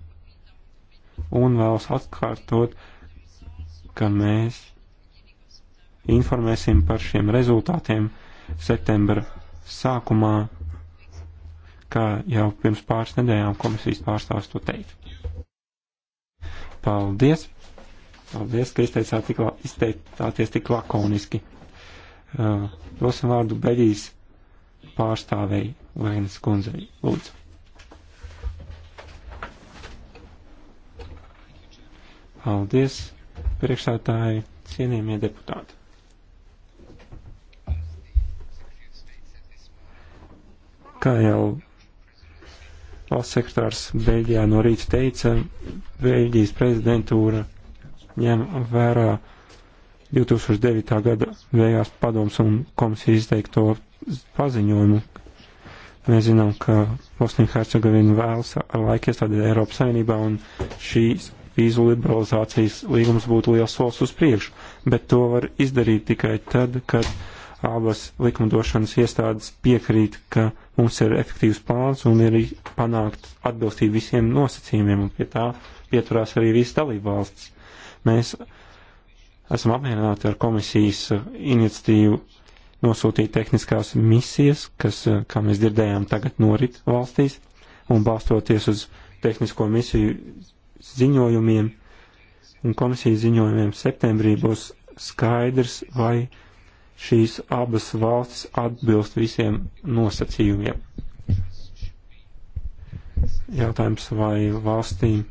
un vēlas atkārtot, ka mēs informēsim par šiem rezultātiem septembra sākumā, kā jau pirms pāris nedēļām komisijas pārstāvis to teica. Paldies! Paldies, ka izteicāt tik, la, izteicāties tik lakoniski. Uh, dosim vārdu Beļģijas pārstāvēji Lenas kundzei. Lūdzu. Paldies, priekšsētāji, cienījamie deputāti. Kā jau valsts sekretārs Beļģijā no rīta teica, Beļģijas prezidentūra ņem vērā 2009. gada vējās padoms un komisija izteikto paziņojumu. Mēs zinām, ka Bosnija Hercegovina vēlas ar laiku iestādīt Eiropas Savienībā un šīs vīzu liberalizācijas līgums būtu liels solis uz priekšu, bet to var izdarīt tikai tad, kad abas likumdošanas iestādes piekrīt, ka mums ir efektīvs plāns un ir panākt atbilstību visiem nosacījumiem, un pie tā pieturās arī visas dalībvalstis. Mēs esam apmierināti ar komisijas iniciatīvu nosūtīt tehniskās misijas, kas, kā mēs dzirdējām, tagad norit valstīs, un balstoties uz tehnisko misiju ziņojumiem un komisijas ziņojumiem septembrī būs skaidrs, vai šīs abas valstis atbilst visiem nosacījumiem. Jautājums, vai valstīm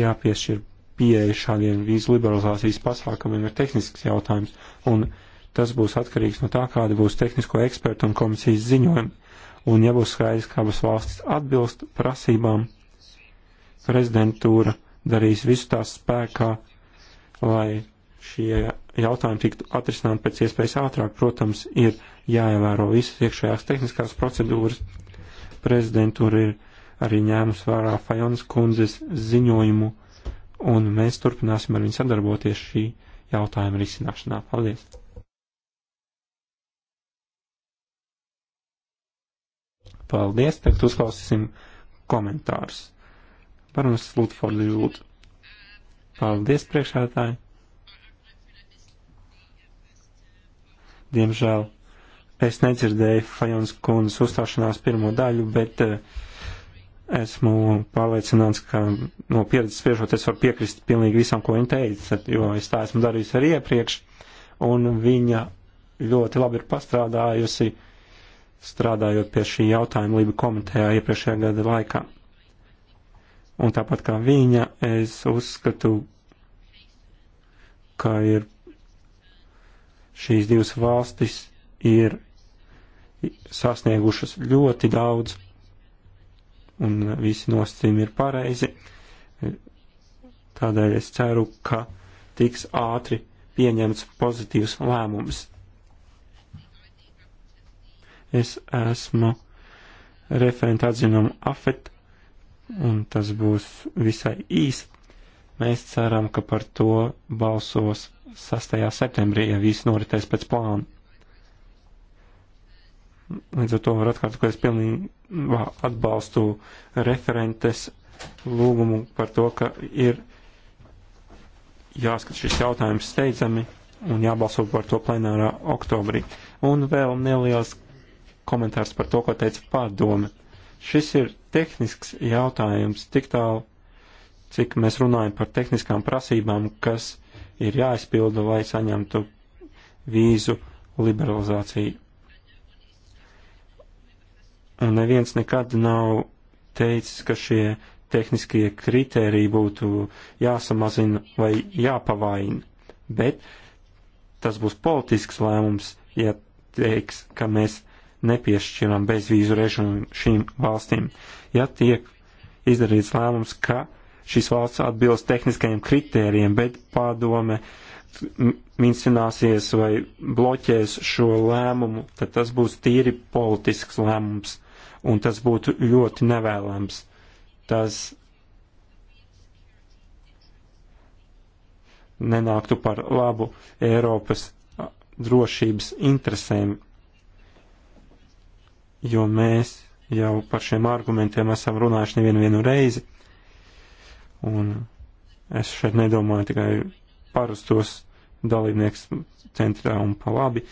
jāpiešķir pieeja šādiem vīzu liberalizācijas pasākumiem, ir tehnisks jautājums, un tas būs atkarīgs no tā, kāda būs tehnisko ekspertu un komisijas ziņojuma. Un ja būs skaidrs, ka abas valstis atbilst prasībām, prezidentūra darīs visu tās spēkā, lai šie jautājumi tiktu atrisināti pēc iespējas ātrāk. Protams, ir jāievēro visas iekšējās tehniskās procedūras. Prezidentūra ir arī ņēmus vērā Fajonas kundzes ziņojumu, un mēs turpināsim ar viņu sadarboties šī jautājuma risināšanā. Paldies! Paldies, tagad uzklausīsim komentārus. Par mums Lutfordu jūtu. Paldies priekšētāji. Diemžēl es nedzirdēju Fajons kundas uzstāšanās pirmo daļu, bet eh, esmu pārliecināts, ka no pieredzes spriežoties var piekrist pilnīgi visam, ko viņa teica, jo es tā esmu darījusi arī iepriekš, un viņa ļoti labi ir pastrādājusi strādājot pie šī jautājuma Lība komitejā iepriekšējā gada laikā. Un tāpat kā viņa, es uzskatu, ka ir šīs divas valstis ir sasniegušas ļoti daudz, un visi nosacījumi ir pareizi. Tādēļ es ceru, ka tiks ātri pieņemts pozitīvs lēmums. Es esmu referenta atzinumu afet un tas būs visai īs. Mēs ceram, ka par to balsos 6. septembrī, ja viss noritēs pēc plāna. Līdz ar to var atkārtot, ka es pilnībā atbalstu referentes lūgumu par to, ka ir jāskat šis jautājums steidzami un jābalso par to plenārā oktobrī. Un vēl neliels komentārs par to, ko teica pārdome. Šis ir tehnisks jautājums tik tālu, cik mēs runājam par tehniskām prasībām, kas ir jāizpilda, lai saņemtu vīzu liberalizāciju. Un neviens nekad nav teicis, ka šie tehniskie kritēriji būtu jāsamazina vai jāpavaina, bet tas būs politisks lēmums, ja teiks, ka mēs nepiešķiram bezvīzu režīmu šīm valstīm, ja tiek izdarīts lēmums, ka šīs valsts atbilst tehniskajiem kritērijiem, bet padome mincināsies vai bloķēs šo lēmumu, tad tas būs tīri politisks lēmums, un tas būtu ļoti nevēlams. Tas nenāktu par labu Eiropas drošības interesēm jo mēs jau par šiem argumentiem esam runājuši nevienu reizi. Un es šeit nedomāju tikai parastos dalībnieks centrā un pa labi.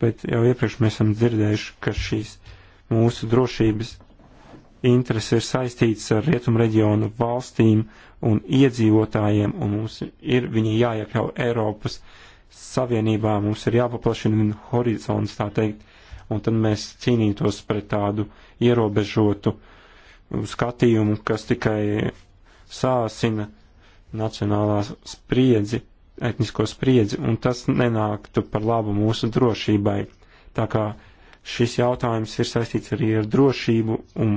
Bet jau iepriekš mēs esam dzirdējuši, ka šīs mūsu drošības interesi ir saistītas ar rietumu reģionu valstīm un iedzīvotājiem, un mums ir viņi jāiekļau Eiropas uh, Savienībā mums ir jāpaplašina horizons, tā teikt, un tad mēs cīnītos pret tādu ierobežotu skatījumu, kas tikai sāsina nacionālā spriedzi, etnisko spriedzi, un tas nenāktu par labu mūsu drošībai. Tā kā šis jautājums ir saistīts arī ar drošību un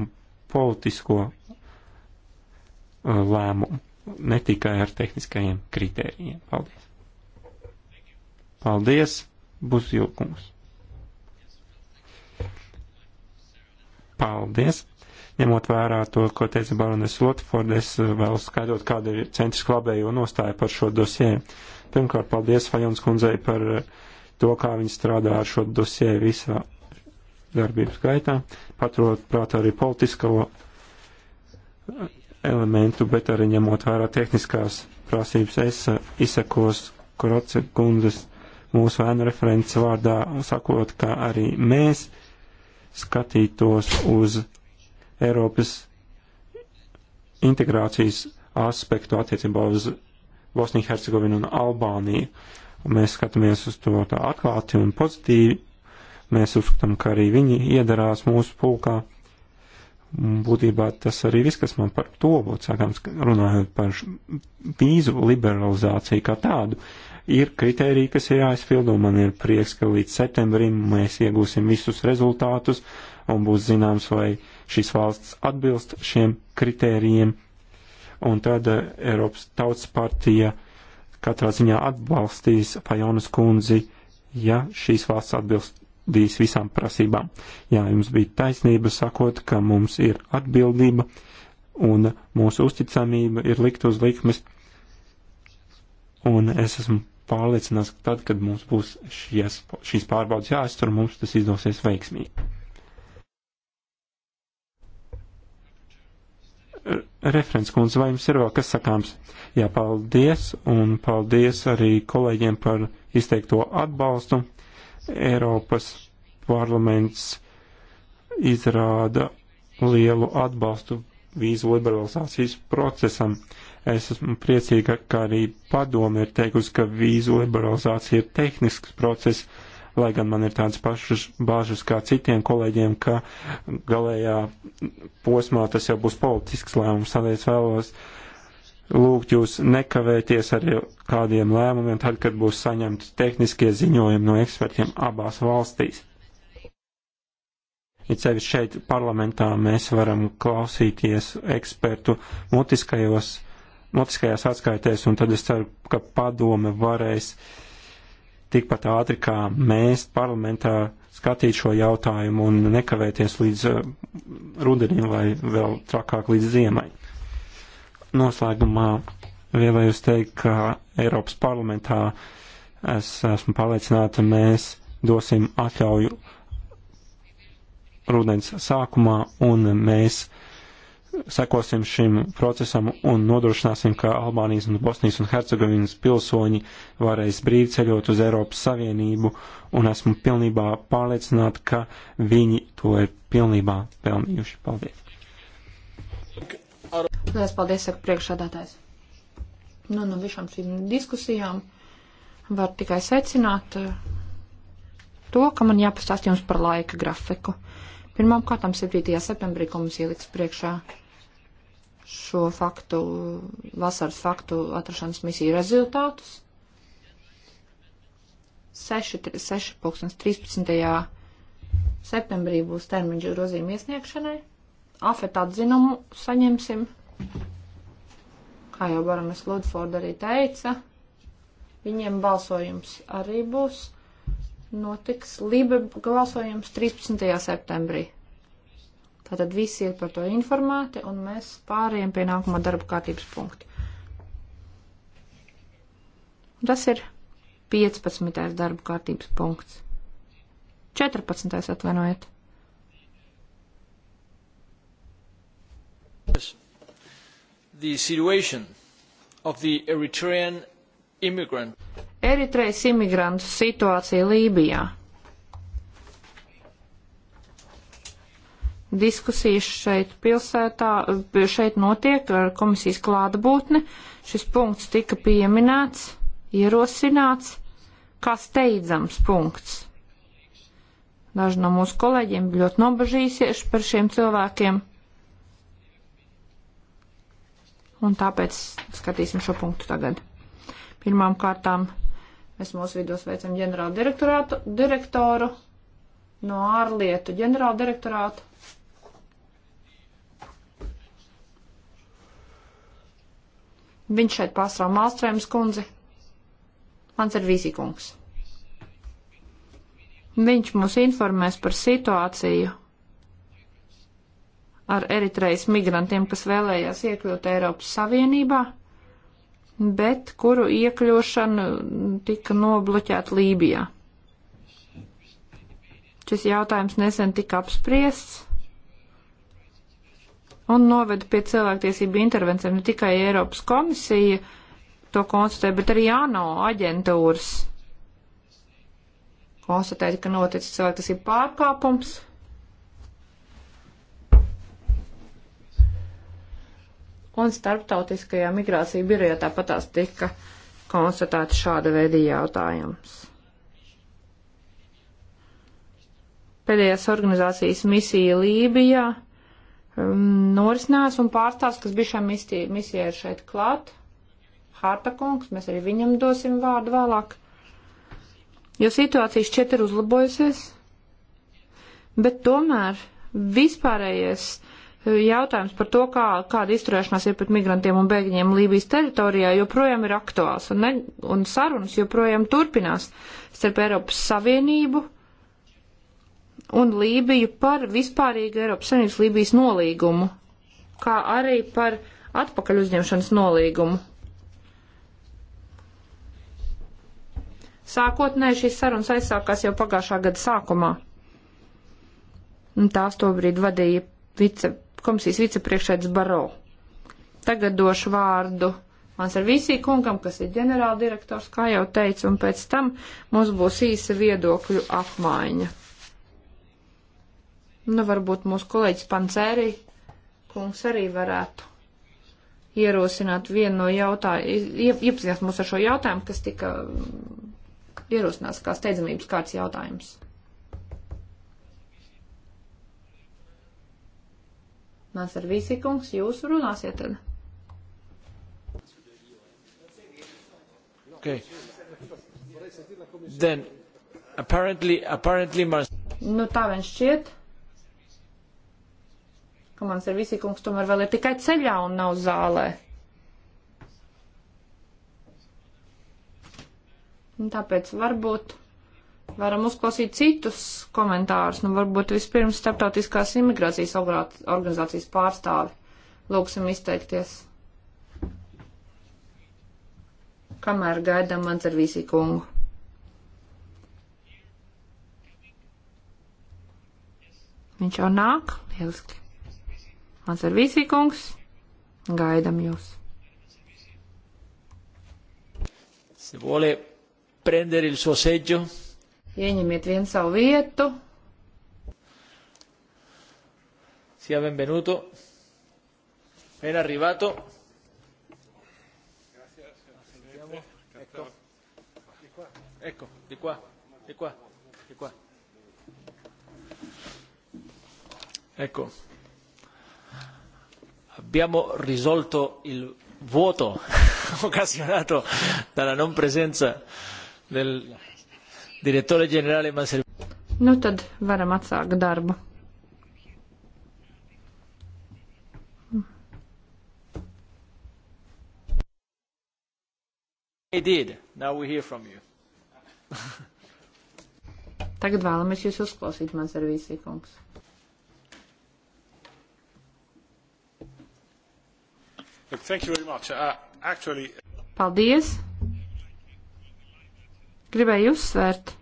politisko uh, lēmumu, ne tikai ar tehniskajiem kritērijiem. Paldies! Paldies, būs jūkums. Paldies. Ņemot vērā to, ko teica Baronis Lotford, es vēl skaidrot, kāda ir centriska labējo nostāja par šo dosē. Pirmkārt, paldies Fajons kundzei par eh, to, kā viņi strādā ar šo dosē visā darbības gaitā, paturot prātā arī politisko eh, elementu, bet arī ņemot vērā tehniskās prasības. Es eh, izsekos Kroce kundzes mūsu ēnu referents vārdā sakot, ka arī mēs skatītos uz Eiropas integrācijas aspektu attiecībā uz Bosniju, Hercegovinu un Albāniju. Un mēs skatāmies uz to tā atklāti un pozitīvi. Mēs uzskatām, ka arī viņi iedarās mūsu pulkā. Būtībā tas arī viss, kas man par to būtu sakāms, runājot par vīzu liberalizāciju kā tādu ir kriteriji, kas ir jāizpild, un man ir prieks, ka līdz septembrim mēs iegūsim visus rezultātus un būs zināms, vai šīs valsts atbilst šiem kritērijiem. Un tad eh, Eiropas tautas partija katrā ziņā atbalstīs Fajonas kundzi, ja šīs valsts atbilstīs visām prasībām. Jā, jums bija taisnība sakot, ka mums ir atbildība un mūsu uzticamība ir likt uz likmes. Un es esmu pārliecinās, ka tad, kad mums būs šies, šīs pārbaudas jāiztur, mums tas izdosies veiksmīgi. Referents kundze, vai jums ir vēl kas sakāms? Jā, paldies, un paldies arī kolēģiem par izteikto atbalstu. Eiropas parlaments izrāda lielu atbalstu vīzu liberalizācijas procesam. Uh, Es esmu priecīga, ka arī padome ir teikusi, ka vīzu liberalizācija ir tehnisks process, lai gan man ir tādas pašas bāžas kā citiem kolēģiem, ka galējā posmā tas jau būs politisks lēmums. Tādēļ vēlos lūgt jūs nekavēties ar kādiem lēmumiem, tad, kad būs saņemti tehniskie ziņojumi no ekspertiem abās valstīs. It sevišķi šeit parlamentā mēs varam klausīties ekspertu mutiskajos mutiskajās atskaitēs, un tad es ceru, ka padome varēs tikpat ātri kā mēs parlamentā skatīt šo jautājumu un nekavēties līdz eh, rudenim vai vēl trakāk līdz ziemai. Noslēgumā vēlējos teikt, ka Eiropas parlamentā es esmu pārliecināta, mēs dosim atļauju rudens sākumā un mēs sekosim šim procesam un nodrošināsim, ka Albānijas un Bosnijas un Hercegovinas pilsoņi varēs brīvi ceļot uz Eiropas Savienību, un esmu pilnībā pārliecināta, ka viņi to ir pilnībā pelnījuši. Paldies! Lielas paldies, saka priekšādātājs. Nu, no nu, visām šīm diskusijām var tikai secināt eh, to, ka man jāpastāst jums par laika grafiku. Pirmām kārtām 7. septembrī komisija liks priekšā šo faktu, vasaras faktu atrašanas misiju rezultātus. 6, 6 pulkstens 13. septembrī būs termiņš grozījuma iesniegšanai. Afet atzinumu saņemsim, kā jau Baranas Ludforda arī teica. Viņiem balsojums arī būs. Notiks Lība balsojums 13. septembrī. Tātad visi ir par to informēti, un mēs pārējiem pie nākamā darba kārtības punkta. Tas ir 15. darba kārtības punkts. 14. atvainojiet. The situation of the Eritrean immigrant. Eritrejas imigrantu situācija Lībijā. diskusijas šeit pilsētā, šeit notiek ar komisijas klātbūtni. Šis punkts tika pieminēts, ierosināts kā steidzams punkts. Daži no mūsu kolēģiem ļoti nobažīsies par šiem cilvēkiem. Un tāpēc skatīsim šo punktu tagad. Pirmām kārtām mēs mūsu vidū sveicam ģenerāla direktoru no ārlietu ģenerāla direktorātu Viņš šeit pārstāv Mālstrēmas kundzi. Mans ir vīzīkungs. Viņš mūs informēs par situāciju ar Eritrejas migrantiem, kas vēlējās iekļūt Eiropas Savienībā, bet kuru iekļūšana tika nobloķēta Lībijā. Šis jautājums nesen tika apspriests un noveda pie cilvēktiesību intervencijām ne tikai Eiropas komisija to konstatē, bet arī ANO aģentūras konstatēja, ka noticis cilvēktiesību pārkāpums. Un starptautiskajā migrācija birojā tāpat tās tika konstatēta šāda veida jautājums. Pēdējās organizācijas misija Lībijā Um, norisinās un pārstāsts, kas bija šai misijai šeit klāt. Hārta kungs, mēs arī viņam dosim vārdu vēlāk. Jo situācija šķiet ir uzlabojusies, bet tomēr vispārējais uh, jautājums par to, kā, kāda izturēšanās ir pret migrantiem un bēgļiem Lībijas teritorijā, joprojām ir aktuāls un, ne, un sarunas joprojām turpinās starp Eiropas Savienību un Lībiju par vispārīgu Eiropas Savienības Lībijas nolīgumu, kā arī par atpakaļ uzņemšanas nolīgumu. Sākotnēji šīs sarunas aizsākās jau pagājušā gada sākumā. Un tās to brīdi vadīja vice, komisijas vicepriekšēdis Baro. Tagad došu vārdu mans ar visī kungam, kas ir ģenerāldirektors, kā jau teicu, un pēc tam mums būs īsa viedokļu apmaiņa. Nu, varbūt mūsu kolēģis Pancēri kungs arī varētu ierosināt vienu no jautājumiem, iepazīstināt mūs ar šo jautājumu, kas tika mm, ierosināts kā steidzamības kārtas jautājums. Nāc ar visi kungs, jūs runāsiet tad. Okay. Then, apparently, apparently, man... Nu, tā viņš šķiet ka mans ir visi kungs tomēr vēl ir tikai ceļā un nav zālē. Un tāpēc varbūt varam uzklausīt citus komentārus, nu varbūt vispirms starptautiskās imigrācijas organizācijas pārstāvi. Lūksim izteikties. Kamēr gaidām mans ar visi kungu. Viņš jau nāk. Lieliski. Manservīsī kungs, gaidam jūs. Se vuole prendere il suo seggio. Ieņemiet vienu savu vietu. Sia benvenuto. Ben arrivato. Ecco. Di qua. Ecco, di qua, di qua, di qua. Ecco abbiamo risolto il vuoto occasionato dalla non presenza del direttore generale Maservini. Nu tad varam atsākt darbu. They did. Now we hear from you. Tagad vēlamies jūs uzklausīt, Maservīsī kungs. Look, thank you very much. Uh, actually... Paldies! Gribēju uzsvērt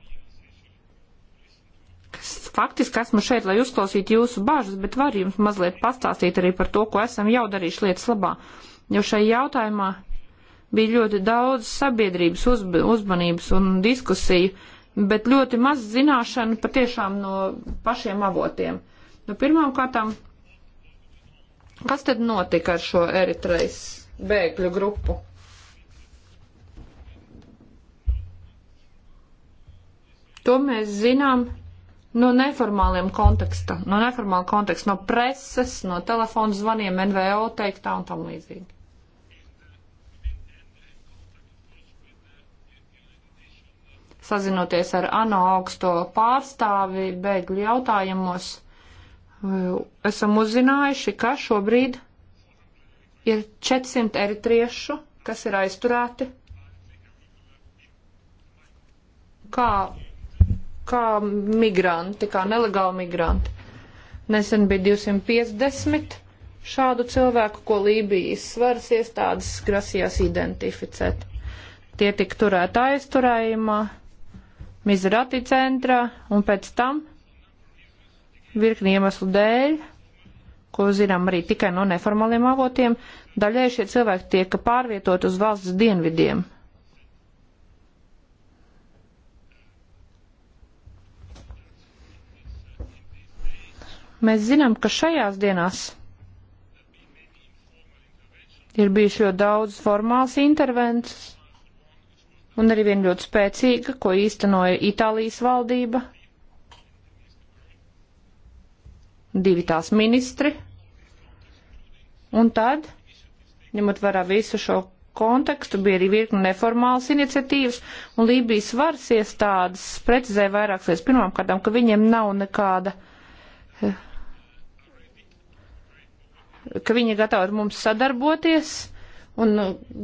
faktiski esmu šeit, lai uzklausītu jūsu bažas, bet var jums mazliet pastāstīt arī par to, ko esam jau darījuši lietas labā. Jo šai jautājumā bija ļoti daudz sabiedrības uzb uzmanības un diskusiju, bet ļoti maz zināšanu patiešām no pašiem avotiem. Nu, pirmām kārtām Kas tad notika ar šo Eritrejas bēgļu grupu? To mēs zinām no neformāliem konteksta, no neformāla konteksta, no preses, no telefonu zvaniem, NVO teiktā un tam līdzīgi. Sazinoties ar ANO augsto pārstāvi bēgļu jautājumos esam uzzinājuši, ka šobrīd ir 400 eritriešu, kas ir aizturēti. Kā, kā migranti, kā nelegāli migranti. Nesen bija 250 šādu cilvēku, ko Lībijas svaras iestādes grasījās identificēt. Tie tika turēti aizturējumā, Mizrati centrā un pēc tam virkni iemeslu dēļ, ko zinām arī tikai no neformāliem avotiem, daļai šie cilvēki tiek pārvietot uz valsts dienvidiem. Mēs zinām, ka šajās dienās ir bijuši ļoti daudz formāls intervences un arī viena ļoti spēcīga, ko īstenoja Itālijas valdība divi tās ministri. Un tad, ņemot vērā visu šo kontekstu, bija arī virkni neformālas iniciatīvas, un Lībijas varas iestādes precizēja vairākas lietas. Pirmkārt, ka viņiem nav nekāda ka viņi ir gatavi ar mums sadarboties un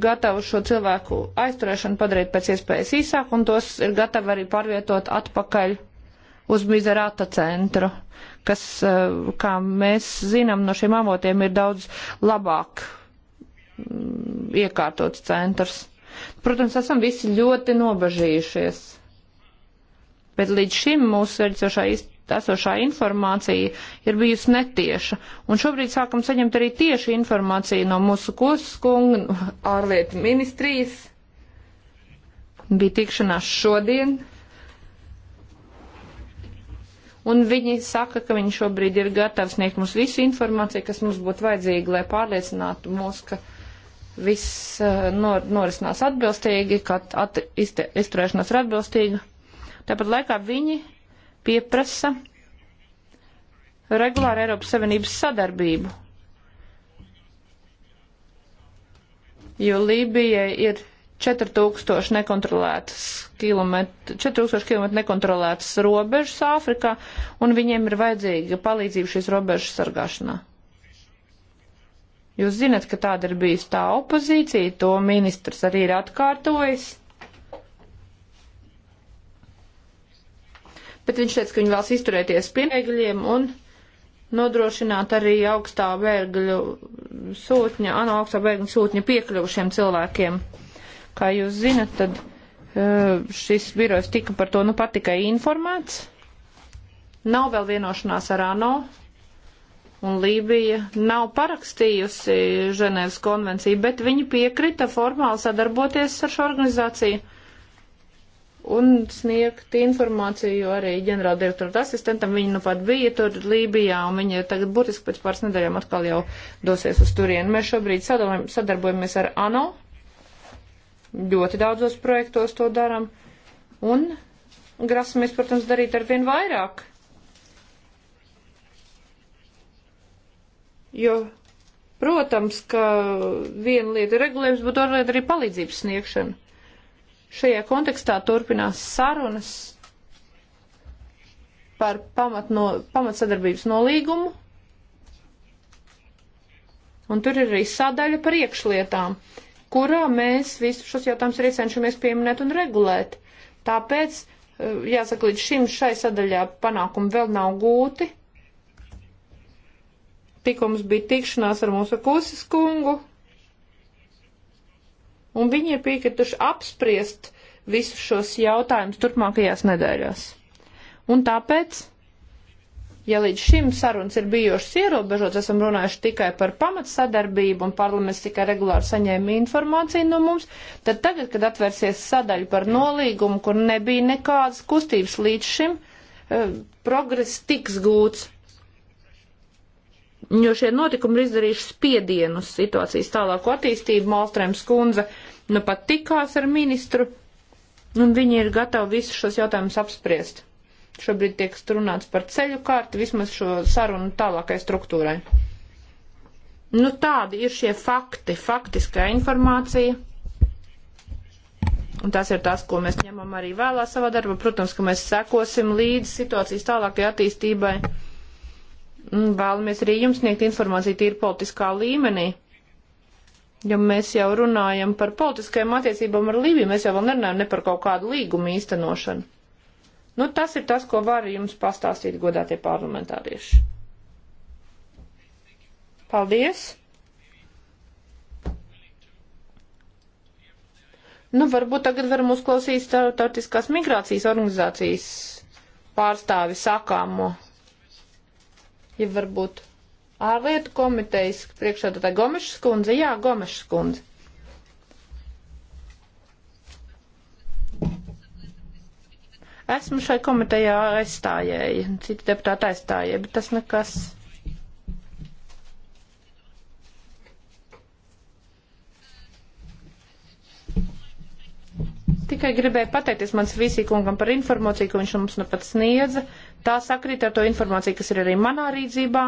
gatavi šo cilvēku aizturēšanu padarīt pēc iespējas īsāku, un tos ir gatavi arī pārvietot atpakaļ uz Mizerāta centru, kas, eh, kā mēs zinām, no šiem avotiem ir daudz labāk mm, iekārtots centrs. Protams, esam visi ļoti nobežījušies. Bet līdz šim mūsu sveicošā esošā informācija ir bijusi netieša. Un šobrīd sākam saņemt arī tieši informāciju no mūsu koskunga, ārlietu ministrijas. Bija tikšanās šodien un viņi saka, ka viņi šobrīd ir gatavi sniegt mums visu informāciju, kas mums būtu vajadzīga, lai pārliecinātu mūs, ka viss eh, nor, norisinās atbilstīgi, ka at, izte, izturēšanās ir atbilstīga. Tāpat laikā viņi pieprasa regulāru Eiropas Savienības sadarbību, jo Lībijai ir 4000 nekontrolētas kilometru, 4000 km nekontrolētas robežas Āfrikā, un viņiem ir vajadzīga palīdzība šīs robežas sargāšanā. Jūs zinat, ka tāda ir bijis tā opozīcija, to ministrs arī ir atkārtojis. Bet viņš teica, ka viņi vēlas izturēties pie bēgļiem un nodrošināt arī augstā bēgļu sūtņa, ano augstā bēgļu sūtņa piekļuvu šiem cilvēkiem. Kā jūs zinat, tad e, šis birojs tika par to nu pat tikai informēts. Nav vēl vienošanās ar ANO, un Lībija nav parakstījusi Ženēvas konvenciju, bet viņi piekrita formāli sadarboties ar šo organizāciju un sniegt informāciju arī ģenerāldirektora asistentam. Viņa nu pat bija tur Lībijā, un viņa tagad burtiski pēc pāris nedēļām atkal jau dosies uz turieni. Mēs šobrīd sadarbojamies ar ANO Ļoti daudzos projektos to daram. Un grasamies, protams, darīt ar vien vairāk. Jo, protams, ka viena lieta ir regulējums, bet otra lieta arī palīdzības sniegšana. Šajā kontekstā turpinās sarunas par pamat no, pamatsadarbības nolīgumu. Un tur ir arī sadaļa par iekšlietām. Uh, kurā mēs visus šos jautājumus arī cenšamies pieminēt un regulēt. Tāpēc, eh, jāsaka, līdz šim šai sadaļā panākumi vēl nav gūti. Tikko mums bija tikšanās ar mūsu kusis kungu, un viņi ir piekrituši apspriest visus šos jautājumus turpmākajās nedēļās. Un tāpēc Ja līdz šim sarunas ir bijušas ierobežotas, esam runājuši tikai par pamatsadarbību un parlaments tikai regulāri saņēma informāciju no mums, tad tagad, kad atvērsies sadaļa par nolīgumu, kur nebija nekādas kustības līdz šim, eh, progress tiks gūts. Jo šie notikumi ir izdarījuši spiedienu uz situācijas tālāko attīstību. Malstrēms kundze nu pat tikās ar ministru, un viņi ir gatavi visus šos jautājumus apspriest. Šobrīd tiek runāts par ceļu kārtu, vismaz šo sarunu tālākai struktūrai. Nu, tādi ir šie fakti, faktiskā informācija. Un tas ir tas, ko mēs ņemam arī vēlā savā darbā. Protams, ka mēs sekosim līdz situācijas tālākajai attīstībai. Vēlamies arī jums sniegt informāciju tīri politiskā līmenī. Ja mēs jau runājam par politiskajām attiecībām ar Lībiju, mēs jau vēl nerunājam ne par kaut kādu līgumu īstenošanu. Nu, tas ir tas, ko varu jums pastāstīt, godātie parlamentārieši. Paldies! Nu, varbūt tagad varam uzklausīt starptautiskās migrācijas organizācijas pārstāvi sakāmo. Ja varbūt ārlietu komitejas priekšādātāja Gomešas kundze, jā, Gomešas kundze. Esmu šai komitejā aizstājēji, citi deputāti aizstājēji, bet tas nekas. Tikai gribēju pateikties mans vīsīkungam par informāciju, ko viņš mums nu pat sniedza. Tā sakrīt ar to informāciju, kas ir arī manā rīdzībā,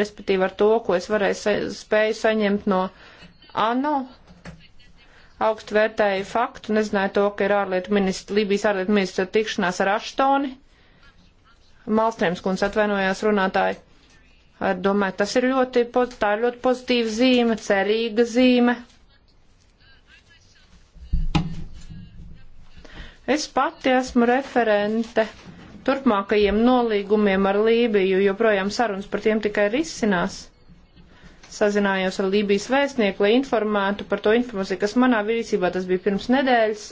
respektīvi ar to, ko es varēju sa spēju saņemt no ANO augstu vērtēju faktu, nezināju to, ka ir ārlietu ministra, Lībijas ārlietu ministra tikšanās ar Aštoni. Malstrēms kundze atvainojās runātāji. Domāju, tas ir ļoti, tā ir ļoti pozitīva zīme, cerīga zīme. Es pati esmu referente turpmākajiem nolīgumiem ar Lībiju, joprojām sarunas par tiem tikai risinās sazinājos ar Lībijas vēstnieku, lai informētu par to informāciju, kas manā virīcībā tas bija pirms nedēļas.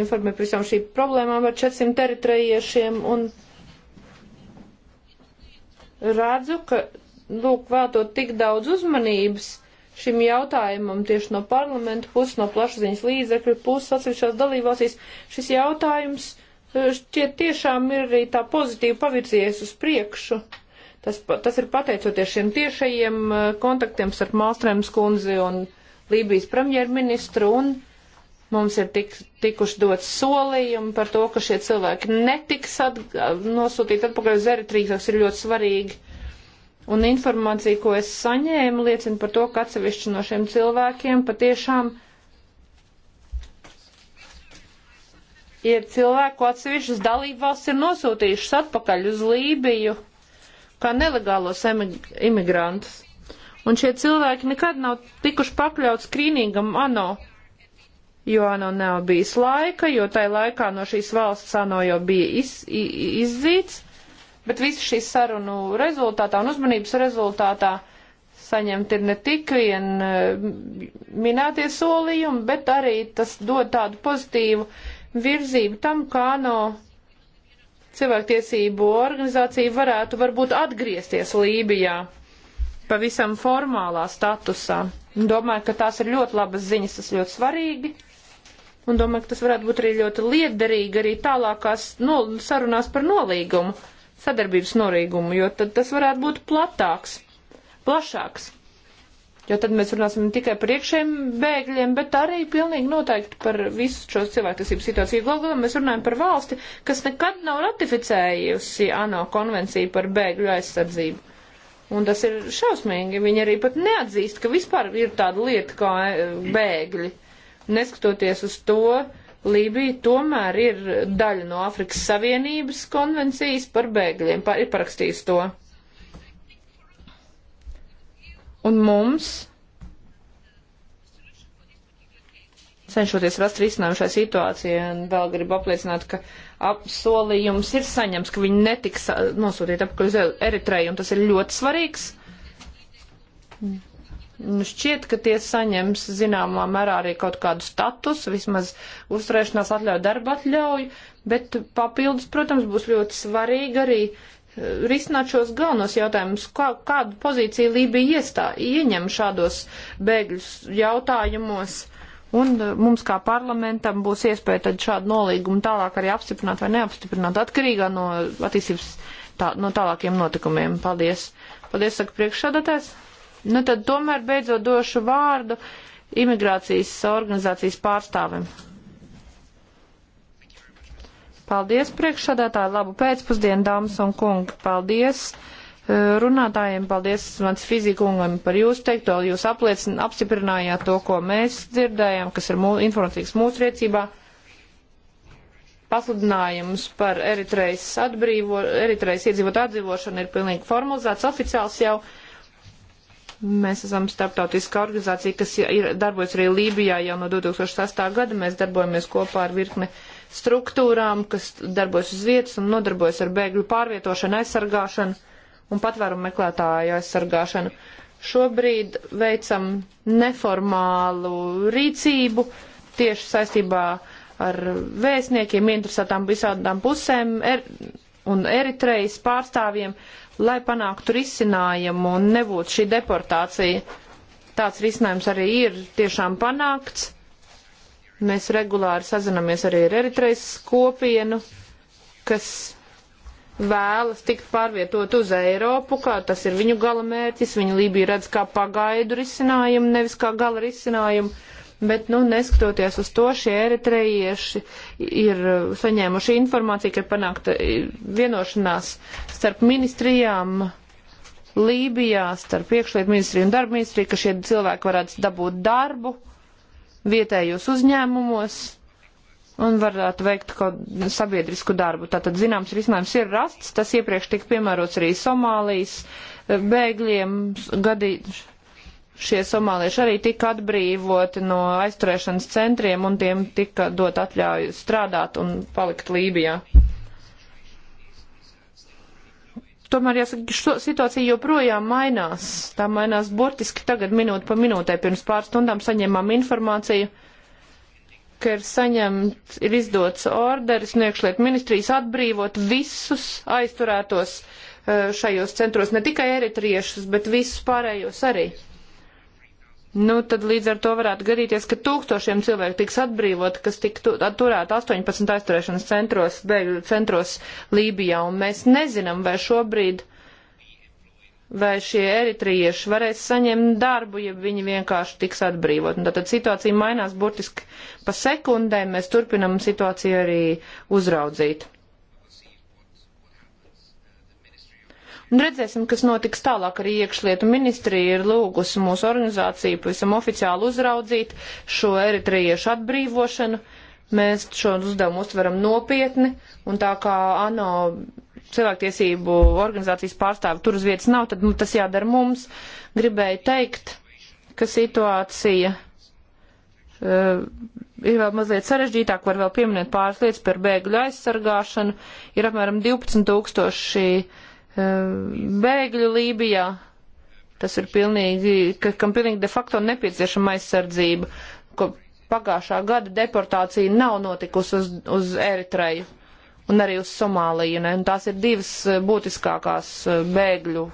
Informēju par visām šīm problēmām ar 400 teritrējiešiem un redzu, ka, lūk, vēltot tik daudz uzmanības šim jautājumam tieši no parlamenta puses, no plašsaziņas līdzekļu puses atsevišķās dalībvalstīs, šis jautājums eh, šķiet tiešām ir arī tā pozitīvi pavirzies uz priekšu. Tas, tas ir pateicoties šiem tiešajiem uh, kontaktiem starp Mālstrēmas kundzi un Lībijas premjerministru, un mums ir tik, tikuši dot solījumi par to, ka šie cilvēki netiks atgā, nosūtīti atpakaļ uz Eritriju, kas ir ļoti svarīgi. Un informācija, ko es saņēmu, liecina par to, ka atsevišķi no šiem cilvēkiem patiešām ir cilvēku atsevišķas dalībvalsts ir nosūtījušas atpakaļ uz Lībiju kā nelegālos imigrantus. Un šie cilvēki nekad nav tikuši pakļauts skrīningam ANO, jo ANO nav bijis laika, jo tai laikā no šīs valsts ANO jau bija iz, iz, izzīts, bet visu šīs sarunu rezultātā un uzmanības rezultātā saņemt ir ne tikai eh, minētie solījumi, bet arī tas dod tādu pozitīvu virzību tam, kā ANO cilvēktiesību organizācija varētu varbūt atgriezties Lībijā pavisam formālā statusā. Domāju, ka tās ir ļoti labas ziņas, tas ļoti svarīgi. Un domāju, ka tas varētu būt arī ļoti liederīgi arī tālākās no, sarunās par nolīgumu, sadarbības norīgumu, jo tad tas varētu būt platāks, plašāks. Jo tad mēs runāsim ne tikai par iekšējiem bēgļiem, bet arī pilnīgi noteikti par visu šo cilvēktiesību situāciju. Galvā mēs runājam par valsti, kas nekad nav ratificējusi ANO konvenciju par bēgļu aizsardzību. Un tas ir šausmīgi. Viņi arī pat neatzīst, ka vispār ir tāda lieta kā eh, bēgļi. Neskatoties uz to, Lībija tomēr ir daļa no Afrikas Savienības konvencijas par bēgļiem. Par, ir parakstījusi to. Un mums, cenšoties rast risinājumu šai situācijai, un vēl gribu apliecināt, ka apsolījums ir saņems, ka viņi netiks nosūtīti apakaļ uz e- Eritreju, un tas ir ļoti svarīgs. Nu, šķiet, ka tie saņems zināmā mērā arī kaut kādu statusu, vismaz uzturēšanās atļauju, darba atļauju, bet papildus, protams, būs ļoti svarīgi arī risināt šos galvenos jautājumus, kā, kādu pozīciju Lībija iestā, ieņem šādos bēgļus jautājumos. Un e, mums kā parlamentam būs iespēja tad šādu nolīgumu tālāk arī apstiprināt vai neapstiprināt, atkarīgā no attīstības tā, no tālākiem notikumiem. Paldies. Paldies, saka priekšsādātājs. Nu tad tomēr beidzot došu vārdu imigrācijas organizācijas pārstāvim. Paldies priekšsādātāji, labu pēcpusdienu, dāmas un kungi. Paldies eh, runātājiem, paldies mans fizikungam par jūsu teikto, jūs apliecin, apstiprinājāt to, ko mēs dzirdējām, kas ir mū, informatīvs mūsu riecībā. Pasludinājums par Eritrejas, atbrīvo, Eritrejas iedzīvot atdzīvošanu ir pilnīgi formalizēts, oficiāls jau. Mēs esam starptautiska organizācija, kas ir, darbojas arī Lībijā jau no 2008. gada. Mēs darbojamies kopā ar virkni struktūrām, kas darbojas uz vietas un nodarbojas ar bēgļu pārvietošanu, aizsargāšanu un patvērumu meklētāju aizsargāšanu. Šobrīd veicam neformālu rīcību tieši saistībā ar vēstniekiem, interesētām visādām pusēm er, un Eritrejas pārstāvjiem, lai panāktu risinājumu un nebūtu šī deportācija. Tāds risinājums arī ir tiešām panākts Mēs regulāri sazinamies arī ar Eritrejas kopienu, kas vēlas tikt pārvietot uz Eiropu, kā tas ir viņu gala mērķis. Viņi Lībiju redz kā pagaidu risinājumu, nevis kā gala risinājumu. Bet, nu, neskatoties uz to, šie eritrejieši ir saņēmuši informāciju, ka ir panākta vienošanās starp ministrijām Lībijā, starp iekšlietu ministriju un darba ministriju, ka šie cilvēki varētu dabūt darbu. Uh, vietējos uzņēmumos un varētu veikt sabiedrisku darbu. Tātad zināms risinājums ir rasts, tas iepriekš tika piemērots arī Somālijas e, bēgļiem gadīt. Šie somālieši arī tika atbrīvoti no aizturēšanas centriem un tiem tika dot atļauju strādāt un palikt Lībijā. Tomēr jāsaka, ka situācija joprojām mainās. Tā mainās burtiski tagad minūte pa minūtē. Pirms pāris stundām saņēmām informāciju, ka ir saņemts, ir izdots orderis no iekšlietu ministrijas atbrīvot visus aizturētos eh, šajos centros, ne tikai eritriešus, bet visus pārējos arī. Nu, tad līdz ar to varētu gadīties, ka tūkstošiem cilvēku tiks atbrīvot, kas tik tu, turēt 18 aizturēšanas centros, bēgļu centros Lībijā, un mēs nezinām, vai šobrīd, vai šie eritrieši varēs saņemt darbu, ja viņi vienkārši tiks atbrīvot. Un tad, tad situācija mainās burtiski pa sekundēm, mēs turpinam situāciju arī uzraudzīt. Un redzēsim, kas notiks tālāk. Arī iekšlietu ministrija ir lūgusi mūsu organizāciju pavisam oficiāli uzraudzīt šo eritriešu atbrīvošanu. Mēs šo uzdevumu uztveram nopietni, un tā kā ANO cilvēktiesību organizācijas pārstāvi tur uz vietas nav, tad nu, tas jādara mums. Gribēju teikt, ka situācija uh, ir vēl mazliet sarežģītāk, var vēl pieminēt pāris lietas par bēgļu aizsargāšanu. Ir apmēram 12 tūkstoši. 000 Eh, bēgļu Lībijā. Tas ir pilnīgi, ka, kam pilnīgi de facto nepieciešama aizsardzība, ko pagājušā gada deportācija nav notikusi uz, uz Eritreju un arī uz Somāliju. Ne? Un tās ir divas eh, būtiskākās eh, bēgļu